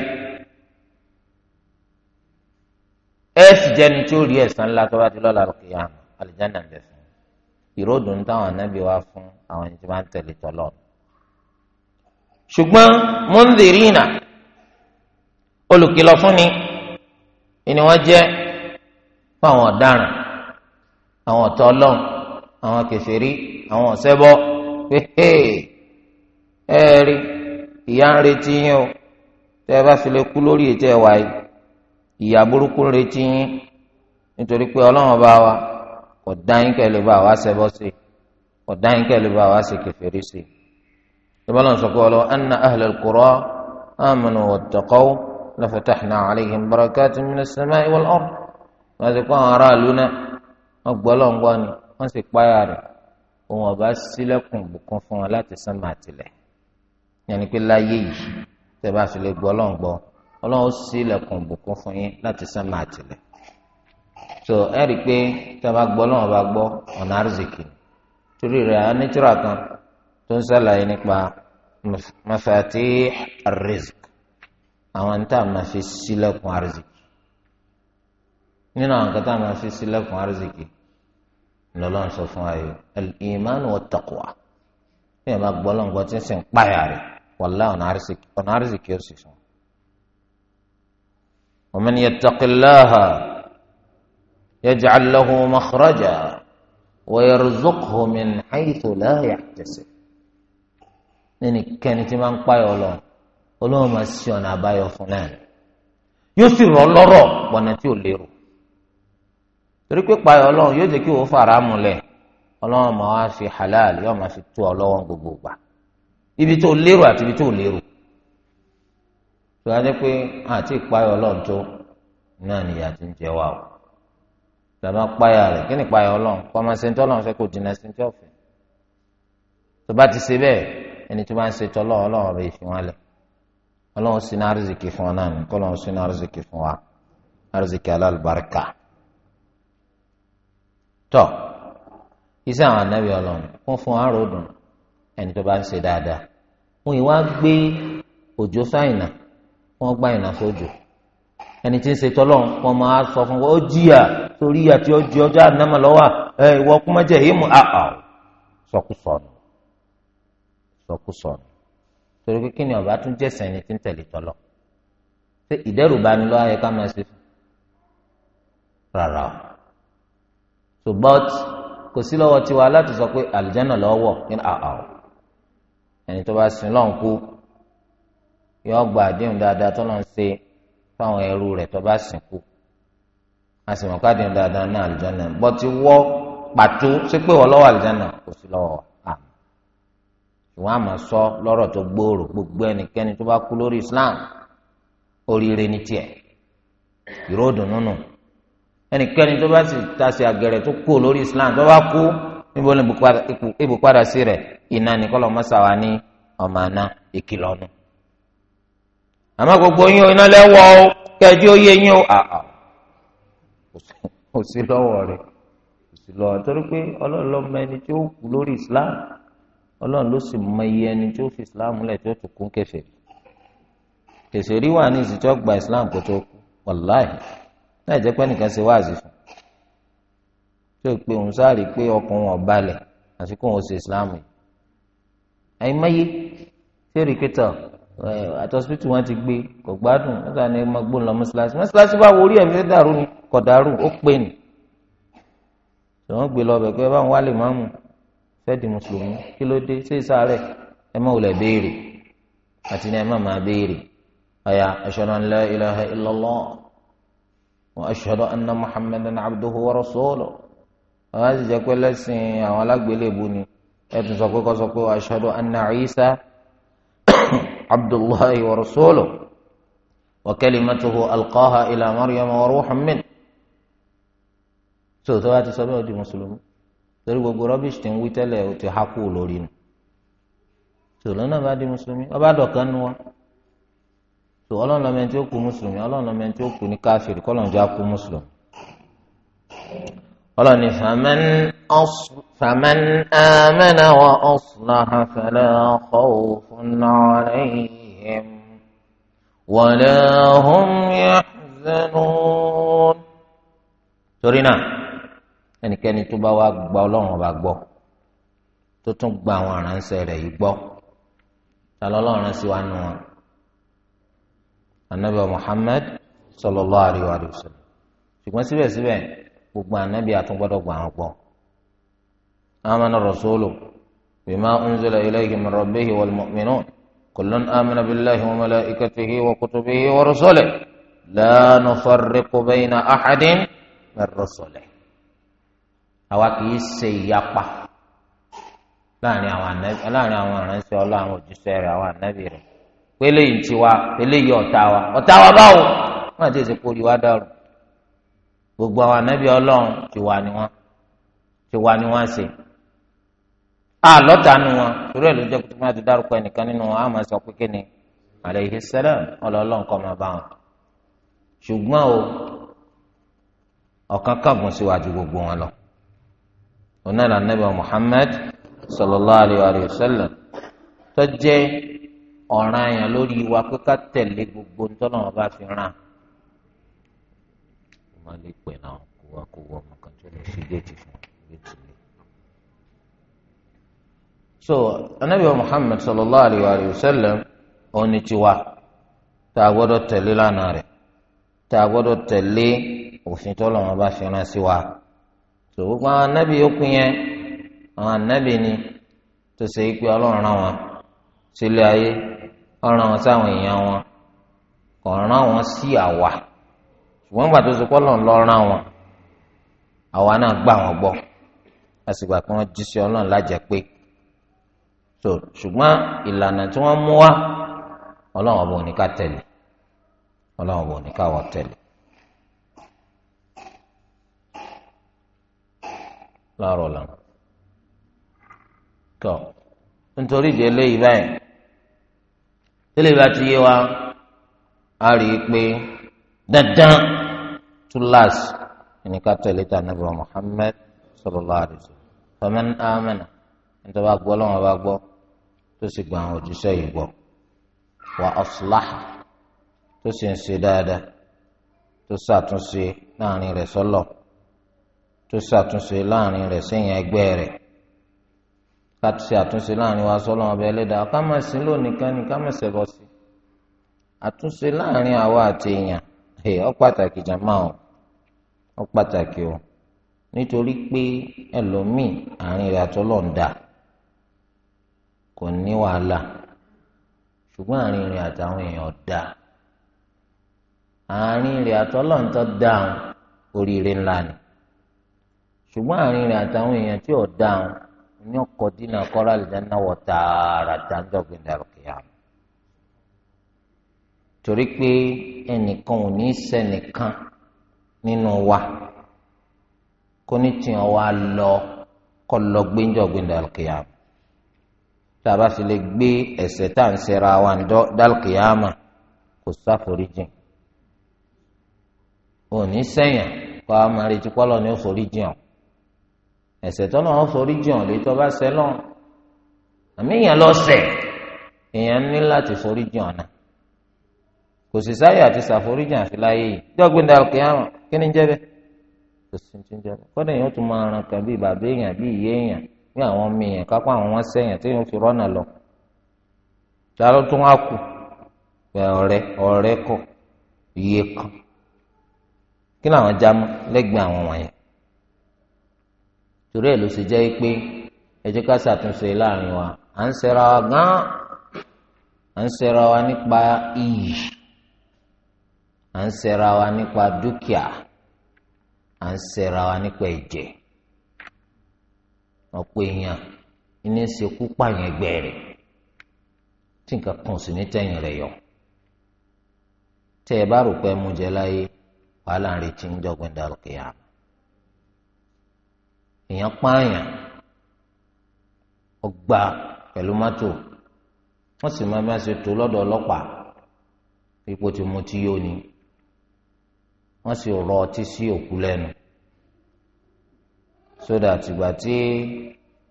ẹ sì jẹ́ni tí ó rí ẹ̀san ńlá tó bá ti lọ́la rògbìyàn àlìjáná bẹ fún ìròdùn táwọn anábì wá fún àwọn ẹni tí wọ́n tẹ̀lé tọlọ ṣùgbọ́n mundhirina olùkìlọ̀ fúnni ni wọ́n jẹ́ fún àwọn ọ̀daràn àwọn ọ̀tọ̀ Ọlọ́run àwọn kèfèrí àwọn ọ̀ṣẹbọ pé ẹ rí ìyà ń retí yín o tẹ ẹ bá fi kú lórí ètò ẹwà yìí ìyà burúkú ń retí yín nítorí pé Ọlọ́run bá wa ọ̀dá yín kẹlẹ́ bá wa ṣẹbọ sí ọ̀dá yín kẹlẹ́ bá wa ṣe kèfèrí sí. ìbálòun sọ pé ọlọ́wọ́ anna ahlẹ̀ kúrọ́ amanu wattaqaw lafatahna alayhim barakatun minas samai wal ard wọ́n ti kọ́ àwọn aráàlú náà wọ́n gbọ́ lọ́ngbọ́n ni wọ́n sì páyà rẹ̀ òun ọba sílẹ̀kùn bùkún fún wọn láti sánmà àtìlẹ̀ yẹn pé láyé yìí tẹ́ bá fi lè gbọ́ lọ́ngbọ́n ọlọ́run sílẹ̀kùn bùkún fún yín láti sánmà àtìlẹ̀ so ẹ rí i pé tí a bá gbọ́ lọ́wọ́ bá gbọ́ ọ̀nà àrùsìkì torí rẹ̀ á ní tírà kan tó ń sàlàyé nípa mafatih ar-rizq àwọn ní tá a máa fi sílẹ̀kùn àrùsìkì nínú àwọn kan tá máa fi sílẹ̀kùn àrùsìkì lọ́lọ́run sọ fún ayò al-iman wa taqwa bí ẹ̀ máa gbọ́ lọ́wọ́ gbọ́ tí ń sìn páyà rẹ̀ wàlá ọ̀nà àrùsìkì ó sì fún un. يجعل له مخرجا ويرزقه من حيث لا يحتسب ẹnikẹ́ni tí máa ń payọ̀ lọ Ọlọ́run máa ṣe ọ̀nà àbáyọ fún náà yóò sì rọ̀ lọ́rọ̀ gbọ̀nà tí ò lérò torí pé payọ̀ Ọlọ́run yóò jẹ́ kí wọ́n fara mulẹ̀ Ọlọ́run máa wá fi halal yóò máa fi tú ọ gbogbo gbà ibi tó lérò àti ibi tó lérò tó a jẹ́ pé àti ìpayọ̀ Ọlọ́run tó náà nìyà ti ń jẹ wá o làmà páyà rẹ̀ kí ni páyà ọlọ́run kọ́mọ ṣe ń tọ́ lọ́run ṣe kò jìnnà sí ti ọ̀fẹ́ tó bá ti ṣe bẹ́ẹ̀ ẹni tó bá ń ṣe tọ́lọ́ ọlọ́run rẹ̀ fi wọn lẹ̀ ọlọ́run sínú àrísìkì fún ọ náà kọ́ lọ́run sínú àrísìkì fún wa àrísìkì alálùbáríkà tọ́ iṣẹ́ àwọn anábì ọlọ́run fún fún àròdùn ẹni tó bá ń ṣe dáadáa wọn ìwà gbé òjò fáìnà wọn gbá ìnà sójò ẹni tí ń ṣe tọ́lọ̀ wọn máa sọ fún wọn ó jìyà torí ìyà tí ó jẹ ọjọ́ ànámà lọ́wọ́ ẹ ìwọ kúmọ́jẹ́ yìí mú àà ah, ah. sọkúsọnù sọkúsọnù torí pé kí ni ọba tún jẹ́sẹ̀ ẹni tí ń tẹ̀lé tọ́lọ̀ ṣé ìdẹ́rùbà ni lọ́wọ́ yẹ ká máa ṣe fún rárá o ṣùgbọ́n kò sí lọ́wọ́ tiwa láti sọ pé àlùjáná lọ́wọ́ ní ah, àà o ẹni tó bá sin lọ́nkú yọ gba àdéhùn dáadáa tó lọ́n ṣe fáwọn ẹrú rẹ̀ tó bá sìnkú a sì mọ̀ káàdì dáadáa náà àlùjáná bọ́ ti wọ́ pàtó sípè lọ́wọ́ àlùjáná kò sí lọ́wọ́ ìwọ́n sọ lọ́rọ̀ tó gbòòrò gbogbo ẹnikẹ́ni tó bá kú Islam oríire ní tiẹ̀ ìró dùnú ẹnikẹ́ni tó bá sì tasẹ̀ àgẹ̀rẹ̀ tó kú lórí Islam tó bá kú níbo ni ibùpadà sí rẹ̀ ìnáni kọ́lọ́ mọ́sàwá ní ọmọ àná àmọ́ gbogbo yín iná lẹ́wọ́ o oye ó yé yín o si kò sí lọ́wọ́ rẹ̀ kò sí lọ́wọ́ torí pé ọlọ́run ló mọ ẹni tí islam ọlọ́run ló sì mọ iye ẹni tí ó fi islam lẹ̀ tí ó tún kún kẹfẹ́ kẹsẹ̀ rí wà ní ìsìtọ́ gba islam kó tó kú wàláhì náà jẹ́ pé nìkan ṣe wáàzì fún tí ó pe òun sáré pé ọkùnrin ọ̀balẹ̀ àti kóun ó ṣe islam yìí àtọ́sítù wọn ti gbé kò gbádùn nígbà ní gbóhùn lọ mọ́ṣáláṣí mọ́ṣáláṣí bá wo orí ẹ̀ fẹ́ dàrú ni kò dàrú ó pè ní. wọ́n gbé lọ bẹ̀ pé ẹ bá wọn wá lè máàmù fẹ́ di mùsùlùmí kí ló dé ṣé ìsàárẹ̀ ẹ má wulẹ̀ béèrè àti ní ẹ má máa béèrè. ọ̀yà ashhadu an la ilaha illallah wa ashhadu anna muhammadan abduhu wa rasuluhu. àwọn àti jẹ́ pé lẹ́sìn àwọn alágbélébùú ni عبد الله ورسوله وكلمته ألقاها إلى مريم وروح منه tó tó bá ti sọ bẹ́ẹ̀ ó di mùsùlùmí torí gbogbo rọ́bìṣì tí ń wí tẹ́lẹ̀ ó ti há kú lórí nu tó lọ́nà bá di mùsùlùmí ọba dọ̀kan nu wọn tó ọlọ́run lọ́mọ ẹni tí ó kú mùsùlùmí ọlọ́run lọ́mọ ẹni tí ó kú ní káfíìrì kọ́lọ́run jẹ́ á kú mùsùlùmí ọlọ́ni fàmán amana wa aslaha fala khawfun alayhim wala hum yahzanun. torí náà ẹnikẹ́ni tó bá wá gba ọlọ́run ọba gbọ́ tó tún gba àwọn aránṣẹ́ rẹ̀ yìí gbọ́ ta lọ́lọ́run rán sí wa nù wọn. anabi muhammad sallallahu alayhi wa sallam ṣùgbọ́n síbẹ̀síbẹ̀ gbogbo anabi àtúngbọ́dọ̀ gbà wọn pọ̀ amana rasulu bima unzila ilayhi min rabbihi wal mu'minun kullun amana billahi wa malaikatihi wa kutubihi wa rusulihi la nufarriqu bayna ahadin min rusulihi àwa kìí ṣe ìyapa láàrin àwọn anabi láàrin àwọn aránṣẹ́ Ọlọ́run àwọn òjíṣẹ́ rẹ̀ àwọn anabi rẹ̀ pélé yìí tiwa pélé yìí ọ̀tá wa ọ̀tá wa báwo wọn àti èsì kórìí wa dàrú gbogbo àwọn ànábì ọlọ́run ti wà ní wọn ti wà ní wọn ṣe àlọ́tàánu wọn torí ẹ̀ ló jẹ́ kó má ti dárúkọ ẹnìkan nínú wọn á máa sọ pé kíni alayhi salam ọlọ́ọ̀lọ́n kọ́ máa bá wọn ṣùgbọ́n o ọ̀kan kàgùn síwájú gbogbo wọn lọ onáàlà ànábì Muhammad sallallahu alayhi wa sallam tó jẹ́ ọ̀ranyàn lórí wa pé ká tẹ̀lé gbogbo ntọ́nà wọn bá fi ràn án wọ́n lè pè náà kó wá kó wọ ọmọ kan tó lè ṣe géètì fún géètì lé. so anabi wa muhammad sallallahu alayhi wa sallam òun ni tiwa tá a gbọ́dọ̀ tẹ̀lé lánàá rẹ̀ tá a òfin tó lọ́wọ́ bá fi rán sí wa so gbogbo àwọn anabi yòókù yẹn àwọn anabi ni tó ṣe é pé ọlọ́run rán wọn sílé ayé ọ̀ràn wọn sáwọn èèyàn wọn kò rán wọn sí àwa. Si ṣùgbọ́n nígbà tó ṣe kọ́ lọ́n lọ́ rán wọn àwa náà gbà wọn gbọ́ a sì gbà pé wọ́n jí sí ọlọ́run lájẹ́ pé so ṣùgbọ́n ìlànà tí wọ́n mú wá ọlọ́run ọba òníkà tẹ̀lé ọlọ́run ọba òníkà wọ́n tẹ̀lé. láàárọ̀ làwọn tọ nítorí ìdí eléyìí báyìí eléyìí bá ti yé wa a rí i pé dandan tulaas ẹnìkan tẹ̀lé ta nàbẹ wa Muhammad sallallahu alaihi wasallam faman amana nítorí wàá gbọ́ lọ́wọ́ bá gbọ́ tó sì gba àwọn òjíṣẹ́ yìí gbọ́ wa aslaha tó sì ń ṣe dáadáa tó ṣàtúnṣe láàrin rẹ̀ sọ́lọ̀ tó ṣàtúnṣe láàrin rẹ̀ sẹ́yìn ẹgbẹ́ rẹ̀ ká ṣe àtúnṣe láàrin wa sọ́lọ̀ ọbẹ̀ ẹlẹ́dàá ká má sí lónìí kan ní ká má ṣẹ̀bọ̀ sí àtúnṣe láàrin àwa àti èèyàn ẹ ọ pàtàkì jama o ọ pàtàkì o nítorí pé ẹlòmíì àárín kò ní wàhálà ṣùgbọ́n àárín rẹ̀ àtàwọn èèyàn dà àárín oríire ńlá ni ṣùgbọ́n àárín rẹ̀ àtàwọn èèyàn tí ò dáhùn ní ọkọ̀ dínà kọ́ra lè dáná torí pé ẹnìkan ò ní sẹ́nìkan nínú wa kó ní tiẹ̀ wá lọ kọ́ lọ gbẹ́njọ́ gbẹ́ndà kìyàm tá a bá sì lè gbé ẹ̀ṣẹ̀ tá à ń ṣẹra wa ń dálkìyàmà kò sáforíjìn ò ní sẹ́yìn kó a máa retí pọ́lọ́ ní òforíjìn ọ̀ ẹ̀ṣẹ̀ tọ́lọ́ òforíjìn ọ̀ lè tọ́ bá sẹ́lọ̀ àmì èèyàn lọ́sẹ̀ èèyàn ní láti foríjìn ọ̀nà. kò sì sáyè àti ṣàforíjì àfi láyé yìí dọ́gbìn dàrú kìámà kí ni jẹ́ bẹ́ẹ̀ kò sí ti jẹ́ bẹ́ẹ̀ kọ́dà èèyàn tún máa ran kàn bí bàbá èèyàn bí ìyá èèyàn bí àwọn ọmọ èèyàn kápá àwọn wọn sẹ́yìn tí èèyàn fi rọ́nà lọ. sàrò tún wá kù kọ iye kan kí làwọn já mọ́ lẹ́gbẹ̀ẹ́ àwọn wọ̀nyẹn. torí ẹ̀ ló jẹ́ pé à ń ṣẹ̀ra wa nípa dúkìá à ń ṣẹ̀ra wa nípa ẹ̀jẹ̀ ọ̀pọ̀ èèyàn ní ṣekú pààyàn ẹgbẹ́ rẹ̀ tí nǹkan kan sì ní tẹ̀yìn rẹ̀ yọ tẹ́ ẹ bá rò pé mú jẹ láyé wàhálà ń retí ń dọ́gbìn dàrúkẹ́ yá èèyàn pààyàn ọgbà pẹ̀lú mọ́tò wọ́n sì máa mo ti yóò ni wọ́n sì rọ ọtí sí òkú lẹ́nu sódà tìgbà tí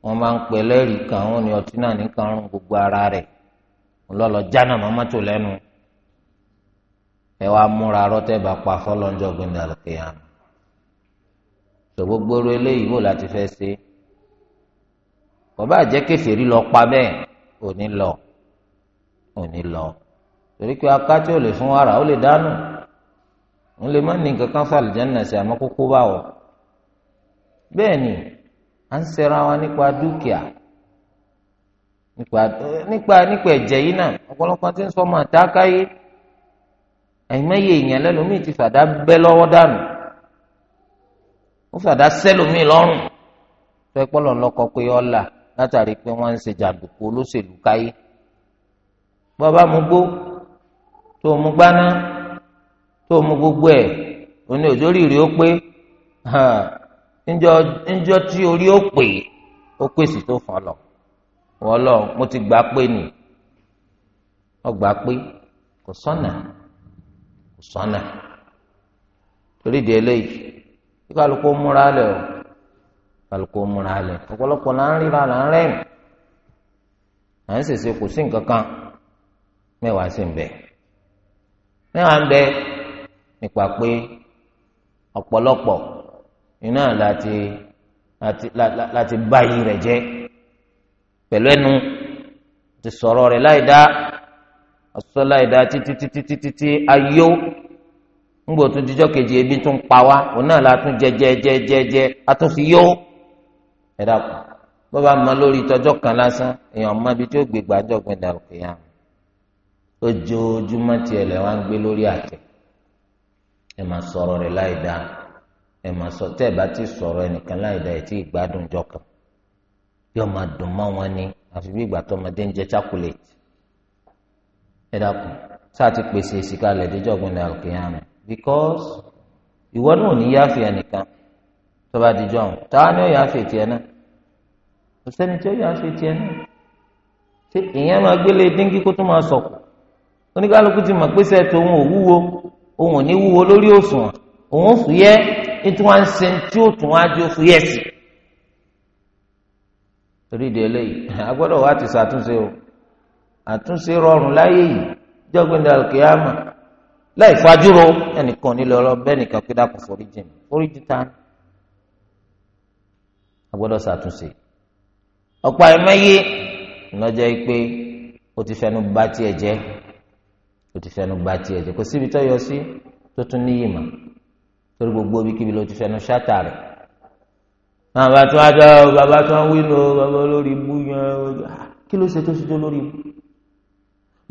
wọ́n máa ń pè lẹ́rìí kan wọ́n ní ọtí náà nìkan rún gbogbo ara rẹ̀ lọ́lọ́ jánà mọ́mọ́tò lẹ́nu ẹ wá múra rọ́tẹ́ bá pa fọ́lọ́njọ́ gbẹ̀ndàlọ́ kẹyàmù gbogbo ro eléyìí wò láti fẹ́ ṣe bàbá àjẹ́ kèfèrí lọ pa bẹ́ẹ̀ òní lọ òní lọ torí pé akátí ò lè fún wàrà ó lè dánù òun lè má ní nǹkan kan fà lìjánà sí àmọ́ kókó bá wọ̀ bẹ́ẹ̀ ni à ń ṣẹra wa nípa dúkìá nípa nípa nípa ẹ̀jẹ̀ yìí náà ọ̀pọ̀lọpọ̀ tí ń sọ ọmọ àtàkáyé àìmọye èèyàn lẹ́lòmíì ti fàdá bẹ́ lọ́wọ́ dànù ó fàdá sẹ́lòmíì lọ́rùn tó ẹpọ́ lọ́kọ pé ọ̀la látàrí pé wọ́n ń ṣe jàǹdùkú olóṣèlú káyé bọ́ bá mú gbó tó mú gbáná. tó mú gbogbo ẹ òní òjò rírì ó pé ńjọ́ tí orí ó pè ó pèsè tó t'o lọ wọ́n lọ mo ti gbà pé nì pé kò kò torí di eléyìí kí múra lẹ o kálukú múra lẹ ọ̀pọ̀lọpọ̀ là ń ríra là ń rẹ́rìn à ń sèse kò sí nǹkan kan mẹ́wàá sí ń bẹ ń bẹ. nípa pé ọ̀pọ̀lọpọ̀ iná láti láti láti báyìí rẹ̀ jẹ́ pẹ̀lú ẹnu ti sọ̀rọ̀ rẹ̀ láì dá ọ̀sọ́ láì dá títí títí títí tí ayó ńgbò tó kejì ebi tó pa wá òun náà la tún jẹ jẹ jẹ jẹ a tún fi yó ẹ dàpọ̀ bó bá mọ lórí kan lásán èèyàn mọ ibi tí ó gbé gbàjọ́ dàrú kìyà ojoojúmọ́ tiẹ̀ gbé lórí àtẹ̀ ẹ máa sọ̀rọ̀ rẹ̀ láì dáa ẹ máa sọ tẹ́ ẹ bá ti sọ̀rọ̀ ẹnìkan láì dáa ẹ ti gbádùn jọkàn yóò máa dùn mọ́ wọn ni àfi bí ìgbà tó ọmọdé ń jẹ chocolate ẹ dákun sáà ti pèsè ìsìkalẹ̀ díjọ́gbìn ní alùpùpù because ìwọ náà ò ní yáfi ẹnìkan tó bá dijọ́ ọ̀hún táwa ni ó yáfi tiẹ̀ náà kò sẹ́ni tí ó yáfi tiẹ̀ náà ṣé ìyẹn máa gbélé díngí kó tó máa sọ̀kù oníkálukú ti mọ̀ pé sẹ́ẹ̀ tó ń òwúwo òun ò ní wúwo lórí òṣùwọ̀n òun ò fúyẹ́ nítorí wọn ń ṣe tí ó tún wá di ó fúyẹ́ sí. torí ìdí eléyìí a gbọ́dọ̀ wá ti ṣàtúnṣe o àtúnṣe rọrùn láyé yìí jọ́gbìndà kìámà láì fajúro ẹnìkan nílò ọlọ́bẹ nìkan pé dákun foríjì mi foríjì ta ni a ṣàtúnṣe ọ̀pọ̀ àìmọye ìnájẹ́ pé ó ti fẹnu bà tiẹ̀ jẹ́ o ti fẹnu gba tiẹ̀ jẹ kò síbi tó yọ sí tó tún níyì mà torí gbogbo ibikíbi ló ti fẹnu ṣáàtà rẹ̀ náà bá tún adá o bàbá tún wí lò ó bàbá olórí ibú yẹn o ah, kí ló ṣe tó ṣe tó lórí ibú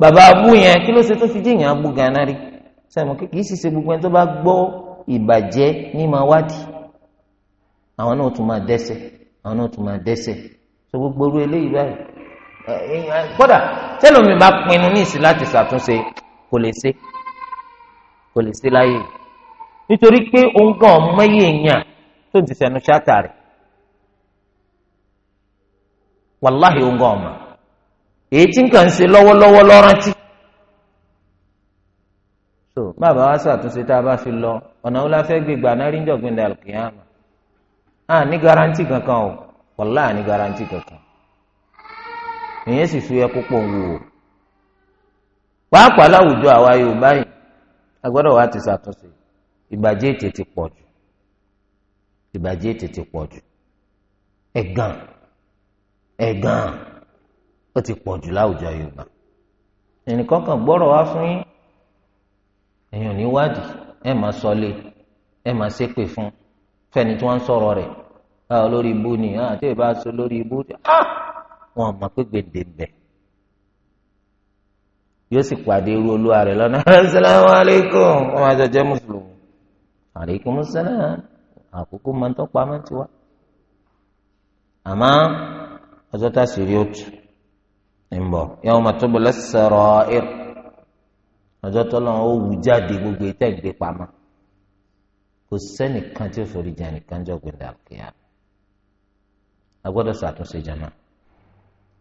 bàbá abú yẹn kí ló ṣe tó fi jíyàn abú ganan rí sẹ́mu kì í sì ṣe gbogbo ẹni tó bá gbọ́ ìbàjẹ́ ní máa wádìí àwọn náà tún máa dẹ́sẹ̀ àwọn náà tún máa dẹ́sẹ̀ tó gbogbo orú eléyìí báyìí kódà tẹ́lómi bá pinnu ní ìsìn láti ṣàtúnṣe kò lè ṣe kò lè ṣe láyè nítorí pé òun gan ọmọ yìí èèyàn tó ti sẹnu ṣáàtà rẹ̀ wàláhì òun gan ọmọ èyí tí nǹkan ń ṣe lọ́wọ́lọ́wọ́ lọ́rántí. so bàbá wa ṣàtúnṣe tá a bá fi lọ ọ̀nà wo la fẹ́ gbé gbà náà rí njọ̀gbìn dà kìíyàmà á ní garanti kankan o wàláhì ní garanti kankan èyí sì fi ẹ púpọ̀ wù o pàápàá láwùjọ àwa Yorùbá yìí agbọ́dọ̀ wa ti ṣàtúnṣe ìbàjẹ́ ètè ti pọ̀ jù ìbàjẹ́ ètè ti pọ̀ jù ẹ̀gàn ẹ̀gàn ó ti pọ̀ jù láwùjọ Yorùbá ẹnìkan kan gbọ́rọ̀ wá fún yín èèyàn níwádìí ẹ máa sọlé ẹ máa ṣépè fún fẹni tí wọ́n ń sọ̀rọ̀ rẹ̀ ah, ah, lórí ibú ni àti ìbá aṣọ ah! lórí ibú wọn mọ̀ pé gbèdé yóò sì pàdé irú olúwa rẹ̀ lọ́nà asalaamu aleykum wọ́n máa jẹ́ mùsùlùmí aleykum salaam àkókò máa ń tọ́pọ̀ àmọ́ tiwa àmọ́ ọjọ́ tá a sì rí òtù ń bọ̀ yawma tubla sarair ọjọ́ tọ́lọ́ ó wù jáde gbogbo ìtẹ́ ìgbé pamọ́ kò sẹ́nìkan tí ó forí jẹ nìkan jọ gbẹdẹ àkìyà a gbọ́dọ̀ ṣàtúnṣe jẹ náà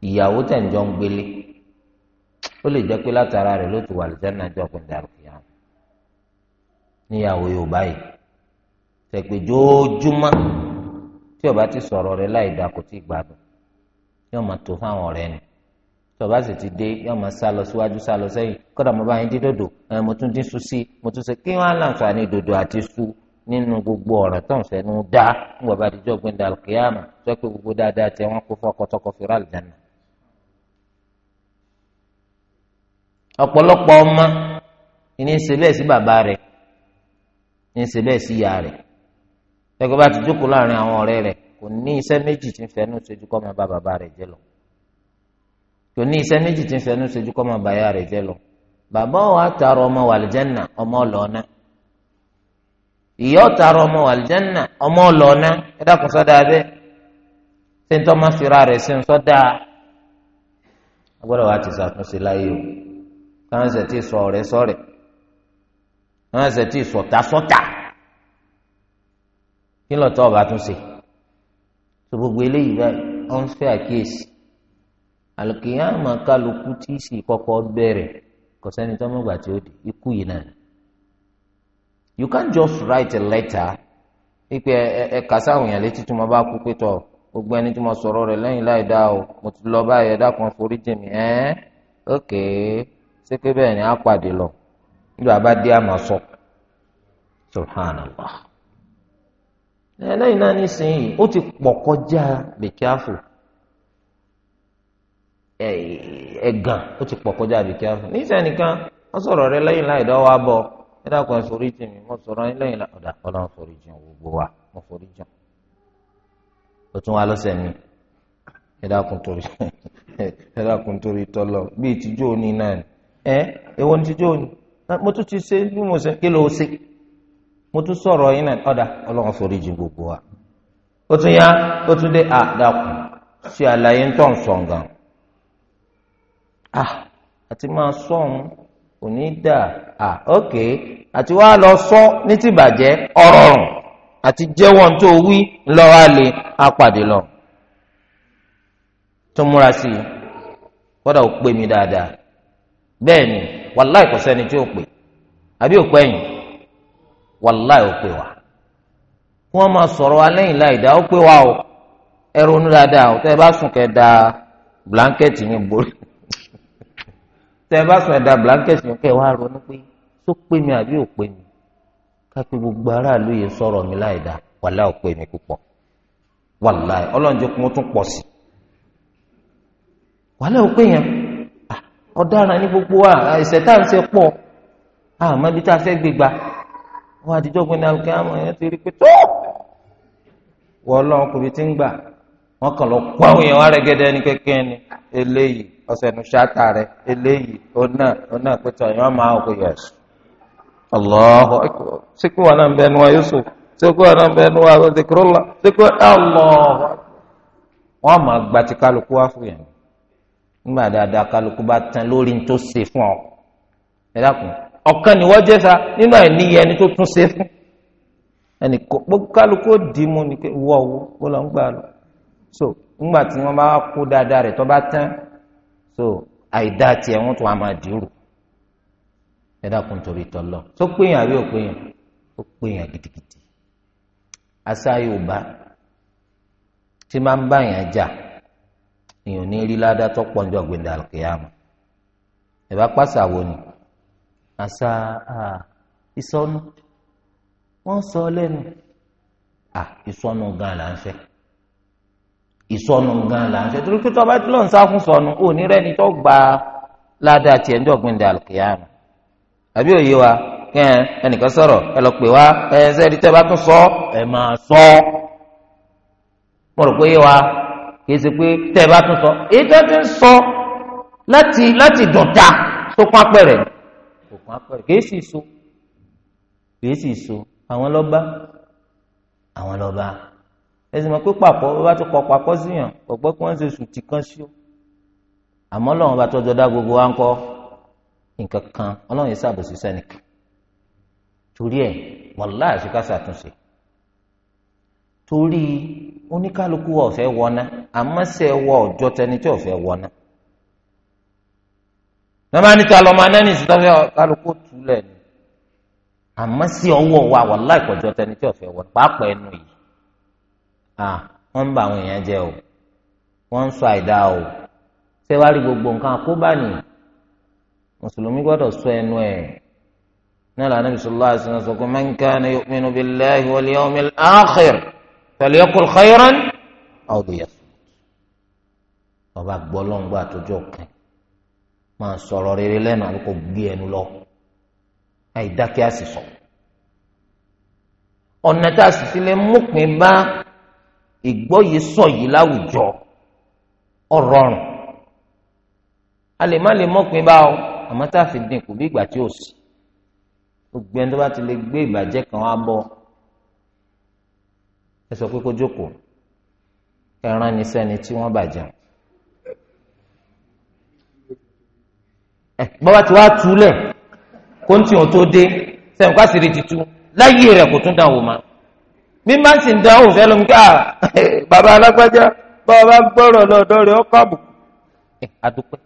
ìyàwó tẹ̀ ń jọ ń gbélé ó lè jẹ́ pé látara rẹ̀ ló ti wà lùjánà jọ pé dàrúkìá níyàwó yorùbá yìí tẹ̀pẹ́ jójúmọ́ tí ọba ti sọ̀rọ̀ rẹ̀ láì dá kò tí ì gbádùn yóò máa tó fáwọn ọ̀rẹ́ ni tí ọba sì ti dé yóò máa sá lọ síwájú sá lọ sẹ́yìn kódà mo bá yín dín dòdò mo tún dín su sí mo tún ṣe kí wọ́n á láǹfààní dòdò àti su nínú gbogbo ọ̀rọ̀ tó ń fẹnu dá ń wọ̀ bá dijọ́ gbẹ̀ndà kìámà tó yẹ pé gbogbo dáadáa tẹ wọ́n kó fọ́ kọ́tọ́kọ́ fi rà lìjánà ọpọlọpọ ọma, ìní ń ṣe bẹ́ẹ̀ sí bàbá rẹ̀ ìní ń sí ìyá bá ti jókòó láàrin àwọn ọ̀rẹ́ rẹ kò ní iṣẹ́ méjì tí ń fẹnu ṣojú kọ́ máa bá bàbá rẹ jẹ lọ kò ní iṣẹ́ méjì tí ń fẹnu ṣojú kọ́ máa lọ bàbá ọ̀ ọmọ wàlìjẹ́nà ọmọ ọlọ́ọ̀nà ìyá ọ̀tàrọ ọmọ wàlìjẹ́nà ọmọ káwọn ṣe ti sọ ọ̀rẹ́ sọ̀rẹ́ káwọn ṣe ti sọ̀tá sọ̀tá kí lọtọ ọba tún ṣe tó gbogbo eléyìí báyìí wọn ń fẹ́ àkíyèsí àlùkìyàmà kálukú tí ì sì kọ́kọ́ bẹ̀rẹ̀ kò sẹ́ni tó mọ̀gbà tí ó di ikú yìí náà you can't just write a letter ipe ẹ kà sáwọn èèyàn létí tí mo bá kú pé tọ gbogbo ẹni tí mo sọ̀rọ̀ rẹ̀ lẹ́yìn láì dá o mo ti lọ báyìí ẹ dákun forí jì mí ẹ ókèé. seke bẹ́ẹ̀ ni á pàdé lọ nígbà bá dé sọ subhanallah ẹlẹ́yìn náà nísìnyí ó ti pọ̀ kọjá ẹ̀gàn ó ti pọ̀ kọjá be careful nìkan wọ́n sọ̀rọ̀ rẹ lẹ́yìn láì abọ́ ẹ dákun ẹ jìn wọ́n sọ̀rọ̀ lẹ́yìn láì ọ̀dà jìn gbogbo wa wọ́n jìn tún wá lọ́sẹ̀ mi ẹ ẹ èwo ni jíjó ni mo tún ti ṣe bí mo ṣe kí ló ṣe mo tún sọ̀rọ̀ yín náà ọ̀dà ọlọ́run forí jì gbogbo wa ó tún yá ó tún dé à dàkùn ṣe àlàyé ń tọ̀ sọ̀ gan ah àti máa sọ̀ ń kò ní dà à ok àti wàá lọ sọ ní tìbàjẹ́ ọ̀rọ̀ rùn àti jẹ́wọ́ tó wí lọ́wọ́ àlè apàdé lọ tó múra sí i kódà ó pè mí dáadáa. bẹ́ẹ̀ ni wàláì kò sẹ́ni tí ó pè àbí òpè yìí wàláì ó pè wá máa sọ̀rọ̀ láì ó pè wá o ẹ ronú dáadáa o tẹ́ ẹ bá sùn kẹ́ da blanketi yín borí tẹ́ ẹ bá sùn blanketi kẹ́ wá ronú pé tó pè mí àbí òpè mí kápẹ́ gbogbo aráàlú yìí sọ̀rọ̀ mi mí púpọ̀ wàláì ọ̀daràn ní gbogbo wa ẹ̀ṣẹ̀ ah, tá à ń ṣe pọ̀ ah, tá a fẹ́ gbé gbà wọ́n àdìjọ́ náà kí ti rí pé tó kò fi ti ń gbà kàn lọ kó àwọn èèyàn wá ní ni eléyìí ọ̀sẹ̀ nu ṣáàtà rẹ̀ eléyìí ọ̀nà ọ̀nà pẹ̀tọ̀ èèyàn máa Allahu Yusuf wà náà ń wa gba kálukú wá nígbà dáadáa kálukú bá tán lórí ní tó ṣe fún ọ ẹ dákun ọ̀kan níwọ jẹ sa nínú ẹ níyẹ ẹni tó tún ṣe fún ẹnì kálukú dì mú ni pé wọ owó ó lọ ń gbà lọ so nígbà tí wọn bá kó dáadáa rẹ tó bá tán so àìdá tiẹ̀ wọn tún á máa dìrù ẹ dákun torí tọlọ tó péyàn àbí òpéyàn ó péyàn gidigidi àṣà Yorùbá tí máa ń báyàn jà èèyàn ní rí ládàá tó pọ̀ níjọ́ gbẹ̀ndà àlùkìyàmù ẹ̀bá pàṣà wo ni àṣà ìsọnù wọ́n sọ lẹ́nu ìsọnù gan là ń fẹ́ ìsọnù gan là ń fẹ́ torí pé tó bá ti lọ́n sá fún sọnù ò ní rẹ́ni tó gba ládàá tiẹ̀ níjọ́ gbẹ̀ndà àlùkìyàmù àbí òye wa ẹnìkan sọ̀rọ̀ ẹ lọ pè wá ẹ sẹ́ẹ̀dí tẹ́ bá tún sọ ẹ máa sọ mo rò pé yé wa kìí ṣe pé tẹ́ ẹ bá tún sọ èyí tó ti ń sọ láti láti dọ̀tà tó kún apẹ̀rẹ̀ kò kún apẹ̀rẹ̀ kìí sì so kìí sì so àwọn lọ́ba àwọn lọ́ba ẹsìn mọ̀ pé pàpọ̀ bá tún kọ pàpọ̀ síyàn pọ̀pọ̀ kí wọ́n ṣe sùtì kan sí o àmọ́ lọ́wọ́n bá tọ́jọ́ dá gbogbo wa ń kọ́ nǹkan kan ọlọ́run yìí ṣàbòsí sẹ́nìkan torí ẹ̀ wọ́n láàṣì ká ṣàtúnṣe torí oníkálukú wa ọ̀fẹ́ wọná àmọ́sẹ̀ wọ ọjọ́ tẹni tí ọ̀fẹ́ wọná. bàbá ní ta lọ́mọ anáni sí tọ́fẹ́ kálukú túlẹ̀ ni àmọ́sẹ̀ ọwọ́ wa wà láìkọjọ́ tẹni tí ọ̀fẹ́ wọná pàápàá ẹnu yìí. à wọ́n ń ba àwọn èèyàn jẹ́ o wọ́n ń sọ àìdá o ṣé wàá rí gbogbo nǹkan àkóbá ni mùsùlùmí gbọ́dọ̀ sọ ẹnu ẹ̀ náà lànà bisalòlá àti sinamu sọ pé man kana yu'minu billahi wal yawmil akhir falyaqul khayran aw liyasmut ọba gbọ́lọ́ngbà àtọ́jọ́ kan máa sọ̀rọ̀ rere lẹ́nu àbúkọ gbé ẹnu lọ àì dákẹ́ àsìsọ ọ̀nà tá a sì fi lè mópin bá ìgbọ́ yìí sọ yìí láwùjọ ọ̀rọ̀rùn a lè má lè mópin bá ọ àmọ́ tá a fi dín kù bí ìgbà tí ò sí gbogbo ẹni tó bá ti lè gbé ìbàjẹ́ kan wá bọ́ ọ ẹ sọ pé kó jókòó ẹran ni sẹ́ni tí wọ́n bàjẹ́ bọ́wá tí wàá túlẹ̀ kóńtì òun tó dé sẹ́yìn ká sì rí titun láyé rẹ̀ kò tún dàn wò ma bí má sì ń dán òun fẹ́ lómi ká ah, bàbá alágbájá bàbá gbọ́rọ̀ lọ́dọ̀ rẹ̀ ọkọ̀ àbùkù àdúpẹ́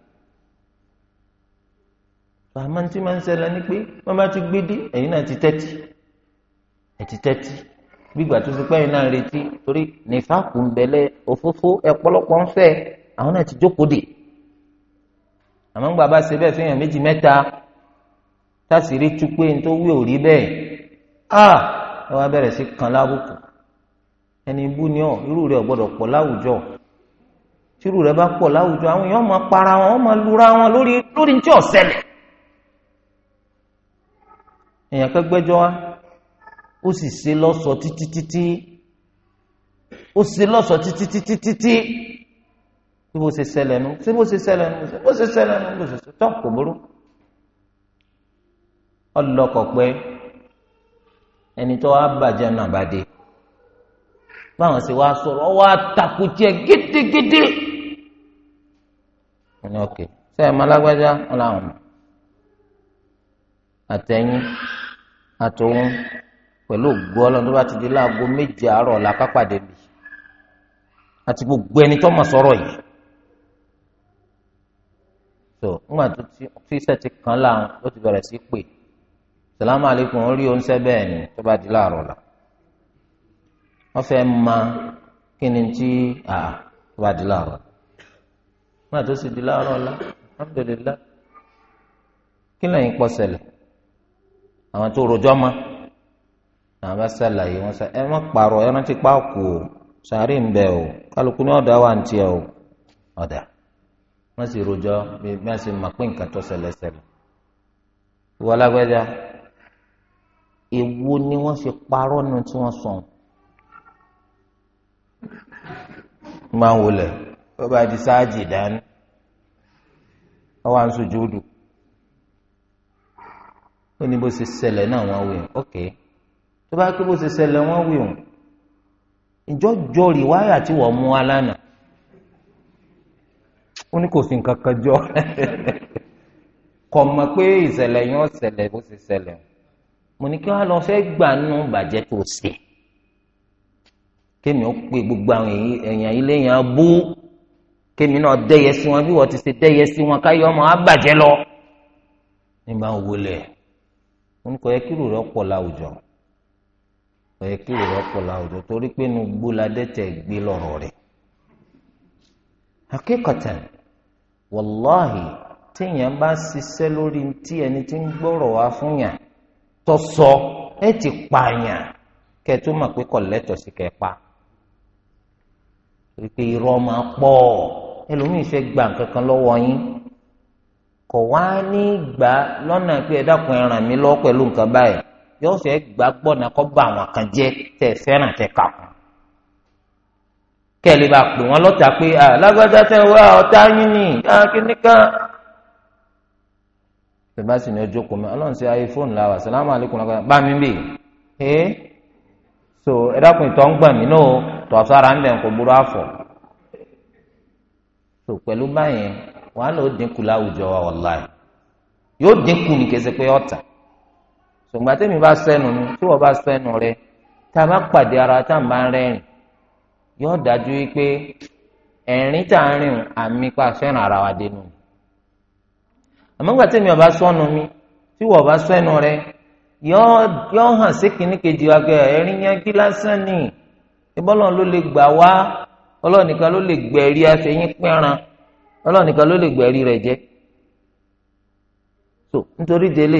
àmọ́ tí máa ń ṣẹlẹ̀ ni pé wọ́n ti gbé dé ẹ̀yin náà ti tẹ́tí ẹ̀ ti tẹ́tí gbígbà tó ti pẹ́yìn náà retí torí nífàkù ń bẹ̀lẹ̀ òfófó ẹ̀pọ̀lọpọ̀ ń fẹ́ àwọn náà ti jókòó dè àmọ́ ń bá ṣe bẹ́ẹ̀ fẹ́yàn méjì mẹ́ta rí tú pé n tó wí ò rí bẹ́ẹ̀ á ẹ wá bẹ̀rẹ̀ sí kan lábùkù ẹni bú ni ọ irú rẹ láwùjọ tírú rẹ bá láwùjọ àwọn para wọn lura wọn lórí lórí ní tí ò èèyàn ó sì ṣe lọ́sọ̀ títí títí ó ṣe lọ́sọ̀ títí títí títí bí bó ṣe ṣẹlẹ̀ nu ṣé bó ṣe ṣẹlẹ̀ nu bó ṣe ṣẹlẹ̀ nu bó ṣe ṣe tán kò burú ọlọ́kọ̀ pé ẹni tó wá bàjẹ́ náà bá dé báwọn ṣe wá sọ̀rọ̀ ọwọ́ àtàkùjẹ gidigidi ẹni ọ̀kẹ́ ṣe ẹ̀ malágbájá ọ̀làwọn àtẹ̀yìn àtòun pẹ̀lú ògbó ọlọ́run tó bá ti di láago méje àárọ̀ la pápádé mi àti gbogbo ẹni tó mọ̀ sọ̀rọ̀ yìí tó ńgbà tó tí iṣẹ́ ti kàn láwọn ó ti bẹ̀rẹ̀ sí pè sàlámù alaykum ó rí oúnjẹ bẹ́ẹ̀ ni tó bá di láàárọ̀ la wọ́n fẹ́ ma kí ni tí a tó bá di láàárọ̀ ńgbà tó sì di láàárọ̀ la alhamdulilayi kí lẹ́yìn pọ̀ sẹlẹ̀ àwọn tó rojọ́ máa. àwọn bá ṣàlàyé wọn sá ẹ má pààrọ̀ ẹ rántí páàkù o sàárì ń bẹ o kálukú ní ọ̀dà wà ń o wọ́n sì rojọ bí wọ́n sì mọ̀ pé nǹkan tó ṣẹlẹ̀ ìwọ alágbẹ́dá ni wọ́n ṣe parọ nu tí wọn sọ̀n máa ń wọlé ó bá di sáájì dání ó ń ó ní bó ṣe náà wọ́n wí tó bá pé bó ṣe ṣẹlẹ̀ wọ́n wí òun ìjọ́jọ́ rìwáyà tí wọ́n mú wa lánàá ó ní kò sí nǹkan kan jọ kọ̀ mọ̀ pé ìṣẹ̀lẹ̀ yẹn ṣẹlẹ̀ bó ṣe ṣẹlẹ̀ mo ní kí wọ́n lọ fẹ́ gbà nù bàjẹ́ tó ṣe kémi ó pe gbogbo àwọn èèyàn ilé yẹn bú kémi náà dẹ́yẹ sí wọn bí wọ́n ti ṣe dẹ́yẹ sí wọn káyọ̀ ọmọ á bàjẹ́ lọ nígbà wọlé mo ní kò yẹ kí rò rẹ pọ̀ láwùjọ. ọ̀yẹ́ kí lè rọ́pò láwùjọ torí pé nu gbóládẹ́tẹ̀ gbé lọ́rọ̀ rẹ̀ akẹ́kọ̀tàn wàláhì téèyàn bá ṣiṣẹ́ lórí tí ẹni tí ń gbọ́rọ̀ wá fún yàn ẹ ti pààyàn pé kọ̀lẹ́tọ̀ wípé irọ́ gba lọ́wọ́ yín kọ̀ wá ní gbà lọ́nà pé ẹ dákun ẹ yóò fẹ́ gbàgbọ́ náà kọ́ bá àwọn kan jẹ́ tẹ̀ fẹ́ràn tẹ̀ kà kún kẹ́lẹ́ bá pè wọ́n lọ́tà pé alágbádá tẹ́ wá ọ̀tá yín ni kíní kan. bàbá sì ní ọjọ́ kò mí ọlọ́run ṣe ayé fóònù làwà sàlámù alaykum lágbádá bá mi bì í. so ẹ dákun ìtọ́ ń gbà mí náà tọ̀sára ń bẹ̀ ń kó burú àfọ̀. so pẹ̀lú báyẹn wàhálà ó dínkù láwùjọ wa wàláì yóò dínkù ní kẹsẹ̀ pé ọ̀tà. ṣùgbọ́n tẹ́mi bá sẹ́nu ni tí wọ́n bá sẹ́nu rẹ tá a bá pàdé ara tá a máa rẹ́rìn yóò dájú wípé ẹ̀rín tá a rìn àmì pa ara wa àmọ́ ọba sọ́nu mi tí wọ́n bá sẹ́nu rẹ yóò hàn sí kìíní kejì wa gẹ ẹ̀rín yẹn kí lásán ni ìbọ́lọ̀ ló lè gbà wá ọlọ́ọ̀nìkan ló lè gbẹ̀rí afẹ́yín pẹ́ran ló lè gbẹ̀rí rẹ̀ jẹ́ so nítorí délé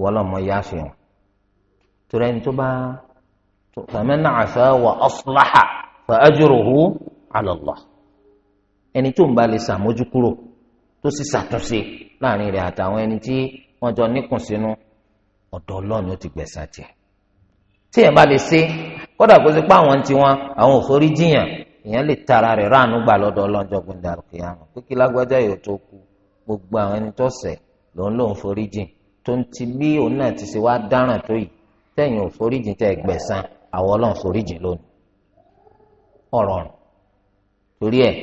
wọ́n lọ́ mọ yáàfin o torí ẹni tó bá fàmẹ́nà àṣà wà ọ́sùláhà fà ájúròhù ala Allah ẹni tó ń bá lè sàmójúkúrò tó sì ṣàtúnṣe láàrin rẹ̀ àtàwọn ẹni tí wọ́n jọ níkùn sínú ọ̀dọ̀ ọlọ́run ó ti gbẹ̀san tiẹ̀ tí ẹ̀ bá lè ṣe kódà kó sì pa àwọn tiwọn àwọn òfòrí jiyàn èèyàn lè tara rẹ̀ ráàánú gbà lọ́dọ̀ ọlọ́njọ́ gbẹ̀ndàrúkẹ́ àmọ́ pé kí lágbájá yóò tó kú gbogbo àwọn ẹni tó ṣẹ̀ lòun lòun forí jìn tó ń ti bí òun náà ti ṣe wá dáràn tó yìí tẹ̀yìn ò foríjì tẹ̀ gbẹ̀san àwọn ọlọ́run foríjì lónìí ọ̀rọ̀ ọ̀rùn torí ẹ̀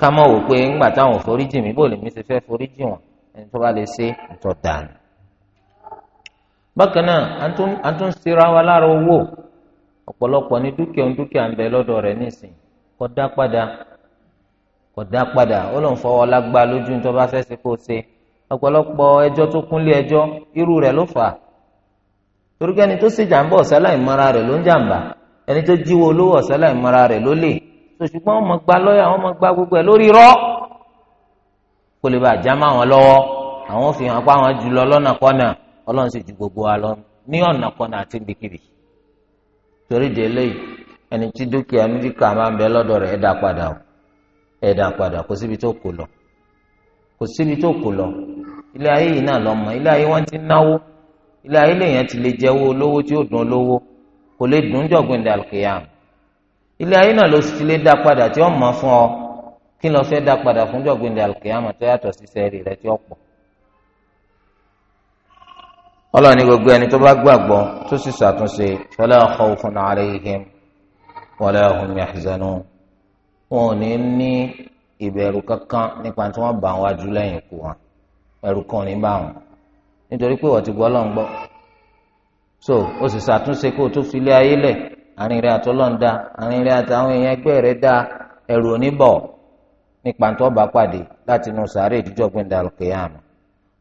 ká mọ̀ wò pé ńgbà táwọn foríjì mi bò lèmi ṣe fẹ́ foríjì wọn ẹni tó bá lè ṣe ìtọ̀ dànù. bákan náà a tún ṣera wa lára owó ọ̀pọ̀lọpọ̀ ní dúkìá ń dúkìá ń bẹ lọ́dọ̀ rẹ̀ nísìn kó padà kó padà ó lóun fọwọ́ lágbá lójú tó bá fẹ́ ṣe kó ṣe ọ̀pọ̀lọpọ̀ ẹjọ́ tó kúnlé ẹjọ́ irú rẹ̀ ló fà á torí kẹ́ni tó ṣe jàǹbá ọ̀sẹ́lá láì mọ́ra rẹ̀ ló ń jàǹbá ẹni tó olówó gba lọ́yà wọ́n gba gbogbo ẹ̀ lórí rọ́ kò lè bá àjá má wọn lọ́wọ́ àwọn fi hàn jù lọ gbogbo wa lọ ní ọ̀nà kọ́nà àti torí délé ẹni tí dúkìá máa ń bẹ lọ́dọ̀ rẹ̀ ẹ̀dá padà kò síbi tó kù lọ ilé ayé yìí náà lọmọ ilé ayé wọn ti náwó ilé ayé lèèyàn ti lè jẹwó olówó tí ó dùn olówó kò lè dùn jọgbìn dàlùkìyàm ilé ayé náà ló sì ti lè dá padà tí ó mọ fún ọ kí lọ fẹ́ dá padà fún jọgbìn dàlùkìyàm tó yàtọ̀ sí sẹ́ẹ̀rì rẹ tí ó pọ̀ ọlọ́ọ̀ni gbogbo ẹni tó bá gbàgbọ́ tó sì ṣàtúnṣe fala khawfun alayhim wala hum yahzanun wọn ò ní ní ìbẹ̀rù kankan nípa tí wọ́n bá wọn ajú lẹ́yìn ikú wọn ẹ̀rù kan ní bá wọn nítorí pé wọ́n ti gbọ́ lọ́n gbọ́ so ó sì ṣàtúnṣe kó o tó filé ayé lẹ̀ àárín rẹ̀ àtọ́lọ́n da àárín rẹ̀ àtàwọn èèyàn ẹgbẹ́ rẹ̀ da ẹ̀rù oníbọ̀ nípa tí wọ́n bá pàdé láti inú sàárè ìdíjọ́ gbẹ̀ndà al-qiyāmah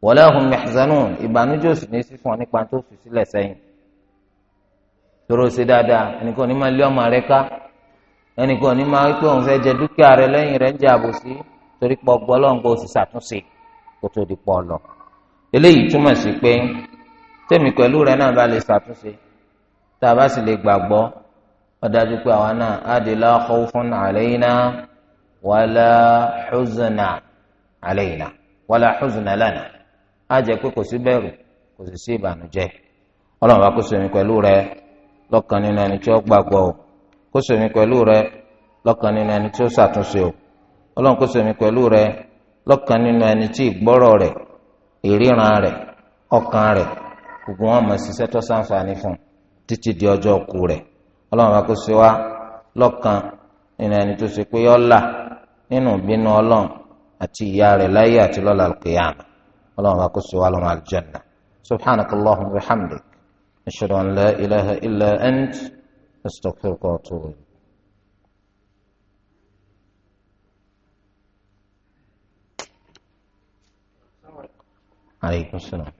wala hum yahzanūn ìbànújẹ́ òsì ní sí fún ọ nípa tó fi sílẹ̀ sẹ́yìn tóró ṣe dáadáa ẹnìkan ní ẹnìkan ní máa wípé òun fẹ́ jẹ dúkìá rẹ lẹ́yìn rẹ̀ ń jẹ àbòsí torí pọ̀ gbọ́ lọ́n kó o sì ṣàtúnṣe kó tó di pọ̀ lọ. eléyìí túmọ̀ sí pé tèmi pẹ̀lú rẹ náà bá lè ṣàtúnṣe tá a bá sì lè gbàgbọ́ ó dájú pé àwa náà á di la khawfun alayna wala huzna alayna wala huzna lana pé kò sí bẹ̀rù kò sì sí ìbànújẹ́ ọlọ́run bá kó sèmi pẹ̀lú rẹ lọ́kàn nínú ẹni tí ó gbàgbọ́ o. kó sèmi pẹ̀lú rẹ lọ́kàn nínú ẹni tí ó ṣàtúnṣe o ọlọ́run kó sèmi pẹ̀lú rẹ lọ́kàn nínú ẹni tí ìgbọ́rọ̀ rẹ ìríran rẹ ọkàn rẹ gbogbo wọn fún títí di ọjọ́ òkú rẹ ọlọ́run bá kó ṣe wá lọ́kàn nínú ẹni tó ṣe pé ọ̀la nínú ọlọ́run àti rẹ láyé àti lọ́la استغفرك واتوب اليك aleykum salaam.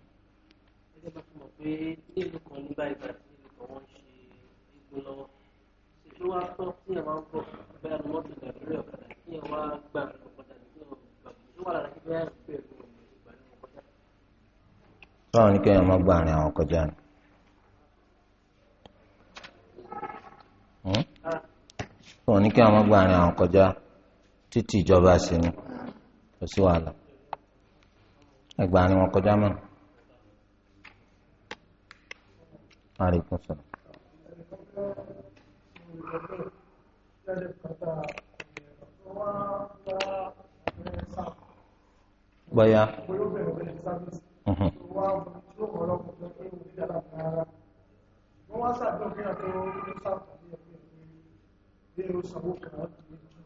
ẹgbẹ́ bá fún mọ̀ pé nílùú kan ni kí bẹ́ẹ̀ máa gbà àárín àwọn kọjá ni. Hmm? wọn ní kí àwọn gba àwọn kọjá títí ìjọba sí ni kò sí wàhálà ẹgbà àárín kọjá mọ. ó sanwó kan láti ní fún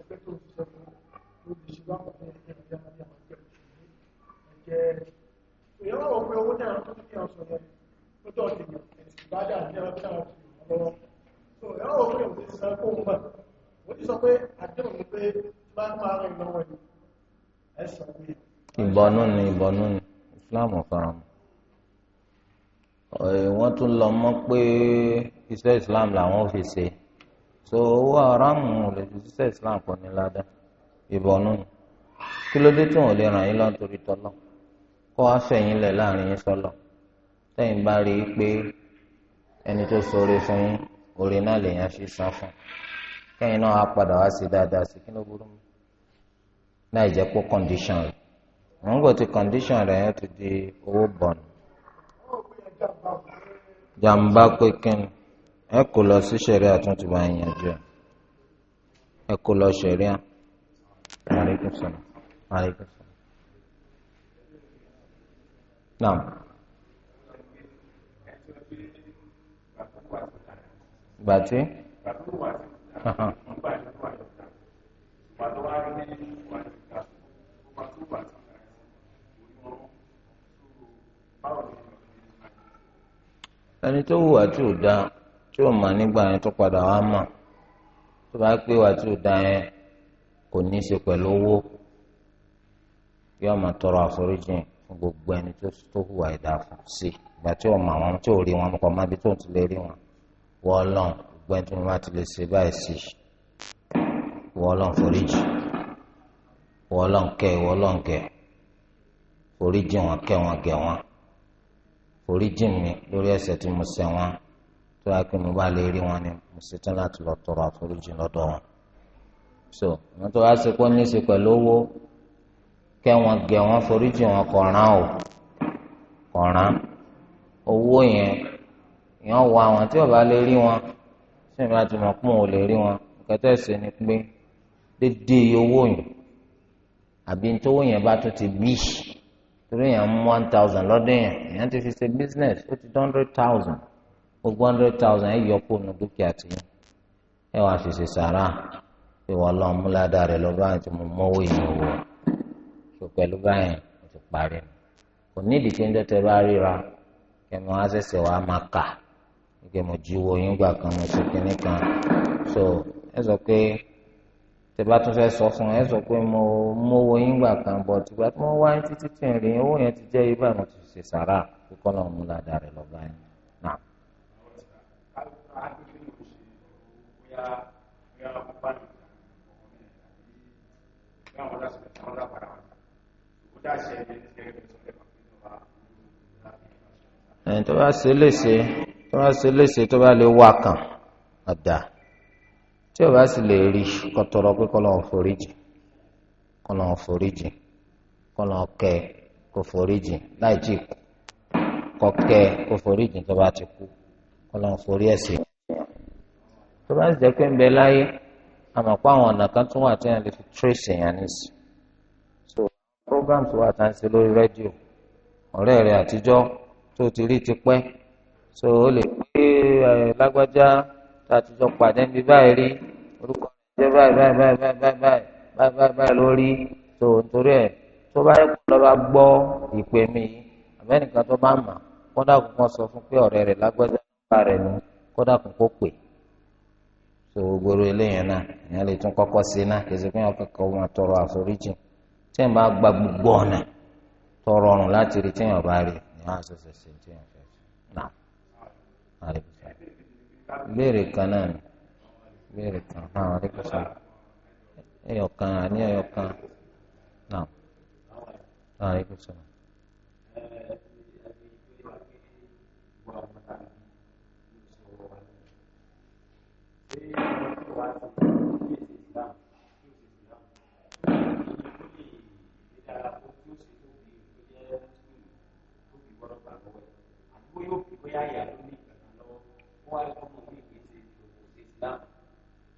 ẹgbẹ́ tó ń sọ fún ó lè ṣe báwọn ní ẹgbẹ́ ìjọba ní àwọn ẹgbẹ́ òṣèlú ẹgbẹ́ èèyàn rọ̀ pé owó náà tó ní ọ̀sán yẹn ó tọ̀ sí yàn ẹ̀sìn bá dà ní ọjọ́ àwọn ọlọ́wọ́ so èèyàn rọ̀ pé òun ti san kó ń bà ó ti sọ pé àdéhùn ni pé bá máa rìn lọ́wọ́ ni ẹ̀sán ni ìbọnú ni ìbọnú ni Islam ọ̀farahàn wọ́n tún lọ mọ́ pé iṣẹ́ Islam làwọn fi ṣe so owó aráàmù lè ju sísẹ islam pọ̀ ní ládàá ìbọnú kí ló dé tí wọn lè ràn yín lọ́n torí tọ́lọ̀ kó wá fẹ̀yìn lẹ̀ láàrin yín sọ́lọ̀ tẹ́yìn bá rí i pé ẹni tó ṣoore fún yín oore náà lèèyàn fi san fún kẹ́yìn náà á padà wá sí dáadáa sí kí ló burú mi láì jẹ́ pé condition rẹ̀ wọ́n gbọ́ ti condition rẹ̀ yẹn ti di owó bọ̀nù jàǹbá pé kí ẹ kò lọ sí sẹ̀ríà tó ti bá yẹn jẹ ẹ kò lọ sẹ̀ríà maaleykum salaam maaleykum salaam naam. gbàtí. ẹni tó hùwà tí ò dáa tí ó mọ̀ nígbà yẹn tó padà wá mọ̀ tó bá pé wà tí ó da yẹn kò ní í ṣe pẹ̀lú owó yóò máa tọrọ àforíjì fún gbogbo ẹni tó hùwà ìdá fún sí ìgbà tí ó mọ̀ àwọn tí ò rí wọn kọ̀ má bí tó ti lè rí wọn wọ́n lọ́n tí mo bá ti lè ṣe báyìí sí wọ́n foríjì wọ́n kẹ́ wọ́n gẹ̀ foríjì wọn kẹ́ wọn gẹ̀ wọn foríjì mi lórí ẹ̀ṣẹ̀ tí mo ṣẹ̀ wọn tó wá pé mo bá lè rí wọn ni mo ṣetán láti lọ tọrọ àforíjì lọ́dọ̀ wọn. so wọn tó wá ṣe pé ní í ṣe pẹ̀lú owó kẹ́ wọn gẹ̀ wọn foríjì wọn kọ̀ọ̀ràn o kọ̀ọ̀ràn owó yẹn èèyàn wọ àwọn tí ọba lè rí wọn tí ìgbà tí mo kún ò lè rí wọn nǹkan tẹ́ ṣe ni pé déédéé owó yẹn àbí ntòwó yẹn bá tó ti bí torí yẹn mú one thousand lọ́dún yẹn èèyàn ti fi ṣe business ó ti two hundred thousand gbogbo hundred thousand ẹ yọ kó nu dúkìá tí ẹ wàá fi ṣe sàrà pé wọn lọ mú ládàá rẹ lọ báyìí tó mú mọwó ìyẹn wọ tó pẹ̀lú báyìí ó ti parí kò nídìí kí n jọ tẹ bá ríra kẹ mọ àṣẹṣẹ wàá máa kà kí mo jíwó yín gbà kan mo ṣe kínní kan so ẹ sọ pé tẹ bá tún fẹ́ sọ fún ẹ sọ pé mo mọwó yín gbà kan bọ tìgbà tí wọn wá títí tì ń rìn owó yẹn ti jẹ ibà mo ti ṣe sàrà kíkọ́ náà mú ládàá rẹ lọ báyìí. tó bá ṣe léṣe tó bá ṣe léṣe tó bá lè wá kàn ọ̀dà tí o bá sì lè rí kọtọrọ pé kọ́ lọ́n foríjì kọ́ lọ́n foríjì kọ́ lọ́n kẹ́ kó foríjì láì jí kọ́ kẹ́ kó foríjì tó bá ti kú kọ́ lọ́n forí ẹ̀ṣẹ̀ tó bá sì jẹ́ pé ń bẹ láyé àmọ́ pé àwọn ọ̀nà kan tún wà tí wọ́n lè fi trace èèyàn nísì so programs wà tá à ń ṣe lórí rédíò ọ̀rẹ́ rẹ̀ àtijọ́ tó ti rí ti pẹ́ so o lè pé lágbájá tá a ti jọ pàdé níbi báyìí rí orúkọ jẹ́ báyìí báyìí báyìí báyìí báyìí báyìí báyìí báyìí lórí tó nítorí ẹ̀ tó bá yẹ kó lọ́ba gbọ́ ìpè mi àmẹ́nìkan tó bá mà kódà kó kàn sọ fún pé ọ̀rẹ́ rẹ̀ lágbájá nípa rẹ̀ ni kódà kó kó pè so gbogbo eléyìí náà ìyẹn lè tún kọ́kọ́ sí náà kì í ṣe pé wọn kọ́kọ́ wọn tọrọ àforíjì tí wọn bá gba gbogbo ọ̀nà tọrọ ọ̀run láti rí tí wọn bá rí i á ṣẹ̀ṣẹ̀ ṣe tí yẹn fẹ́ ṣe náà àríkùsà ìbéèrè kan náà ni ìbéèrè kan náà àríkùsà ẹyọkan àní ẹyọkan náà àríkùsà. Thank you. ṣáyà ló ní ìkànnà lọ́wọ́ ó wá lọ́wọ́ mọ̀ ní ìgbésẹ̀ ìdòwò ṣe islam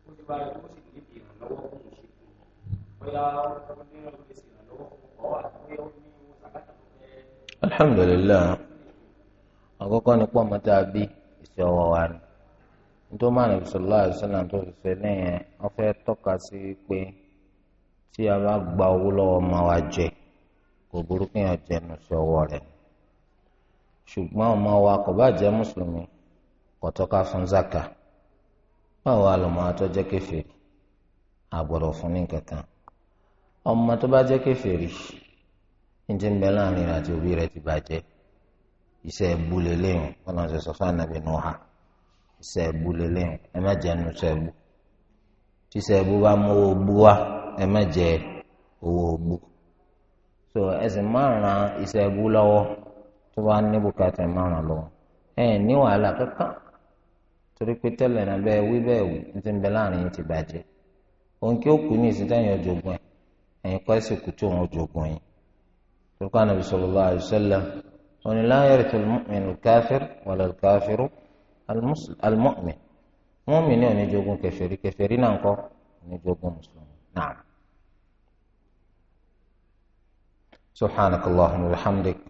ó ti bá rẹ̀ tó sì ní ìrànlọ́wọ́ fún òṣèlú bóyá ó ní ìrànlọ́wọ́ ìrànlọ́wọ́ fún ọ̀wọ́ àti bóyá ó ní sàkátà tó fẹ́. alhamdulilayi àkọ́kọ́ ni pọ́ọ́mọ tá a bí ìṣẹ́ ọwọ́ wa ni nítorí máa nàbì sọlá tó fi ṣe lẹ́yìn wọ́n tọ́ka sí pé tí a bá gba owó lọ́wọ́ ọmọ wa jẹ kò burúkú yẹn jẹnu sí ọwọ́ rẹ̀ ni. ṣùgbọ́n ọmọ wa kò bá jẹ́ mùsùlùmí kò fún zaka báwo a lọ máa tọ́ jẹ́ kèfèrí àgbọ̀dọ̀ fún ní kankan ọmọ tó bá jẹ́ kèfèrí ní ti ń bẹ láàrin àti òbí ti bàjẹ́ iṣẹ́ ẹ̀bù lélẹ́yìn wọn náà ṣe sọ fún ànàbì nùhà iṣẹ́ ẹ̀bù lélẹ́yìn ẹ má jẹ́ nu iṣẹ́ ẹ̀bù tí iṣẹ́ ẹ̀bù bá mú owó bú ẹ so tó bá ní bùkátà ẹ̀ máa ràn lọ́wọ́ ẹ̀ ní wàhálà kankan torí pé tẹ́lẹ̀ náà bẹ́ẹ̀ wí bẹ́ẹ̀ wí ní ti ń bẹ láàrin yìí ti bàjẹ́ òun kí ó kú ní ìsìn tẹ́yìn ọjọ́gbọ́n ẹ̀yìn kọ́ ẹ̀sìn kù tí òun ọjọ́gbọ́n yìí torí kan nàbì sallallahu alaihi wasallam òun ni la yarithul mu'minul kafir walal kafiru al mu'min mu'min òní jogún kèfèrí kèfèrí náà kọ́ òní jogún mùsùlùmí náà. subhanakallahumma wa bihamdik.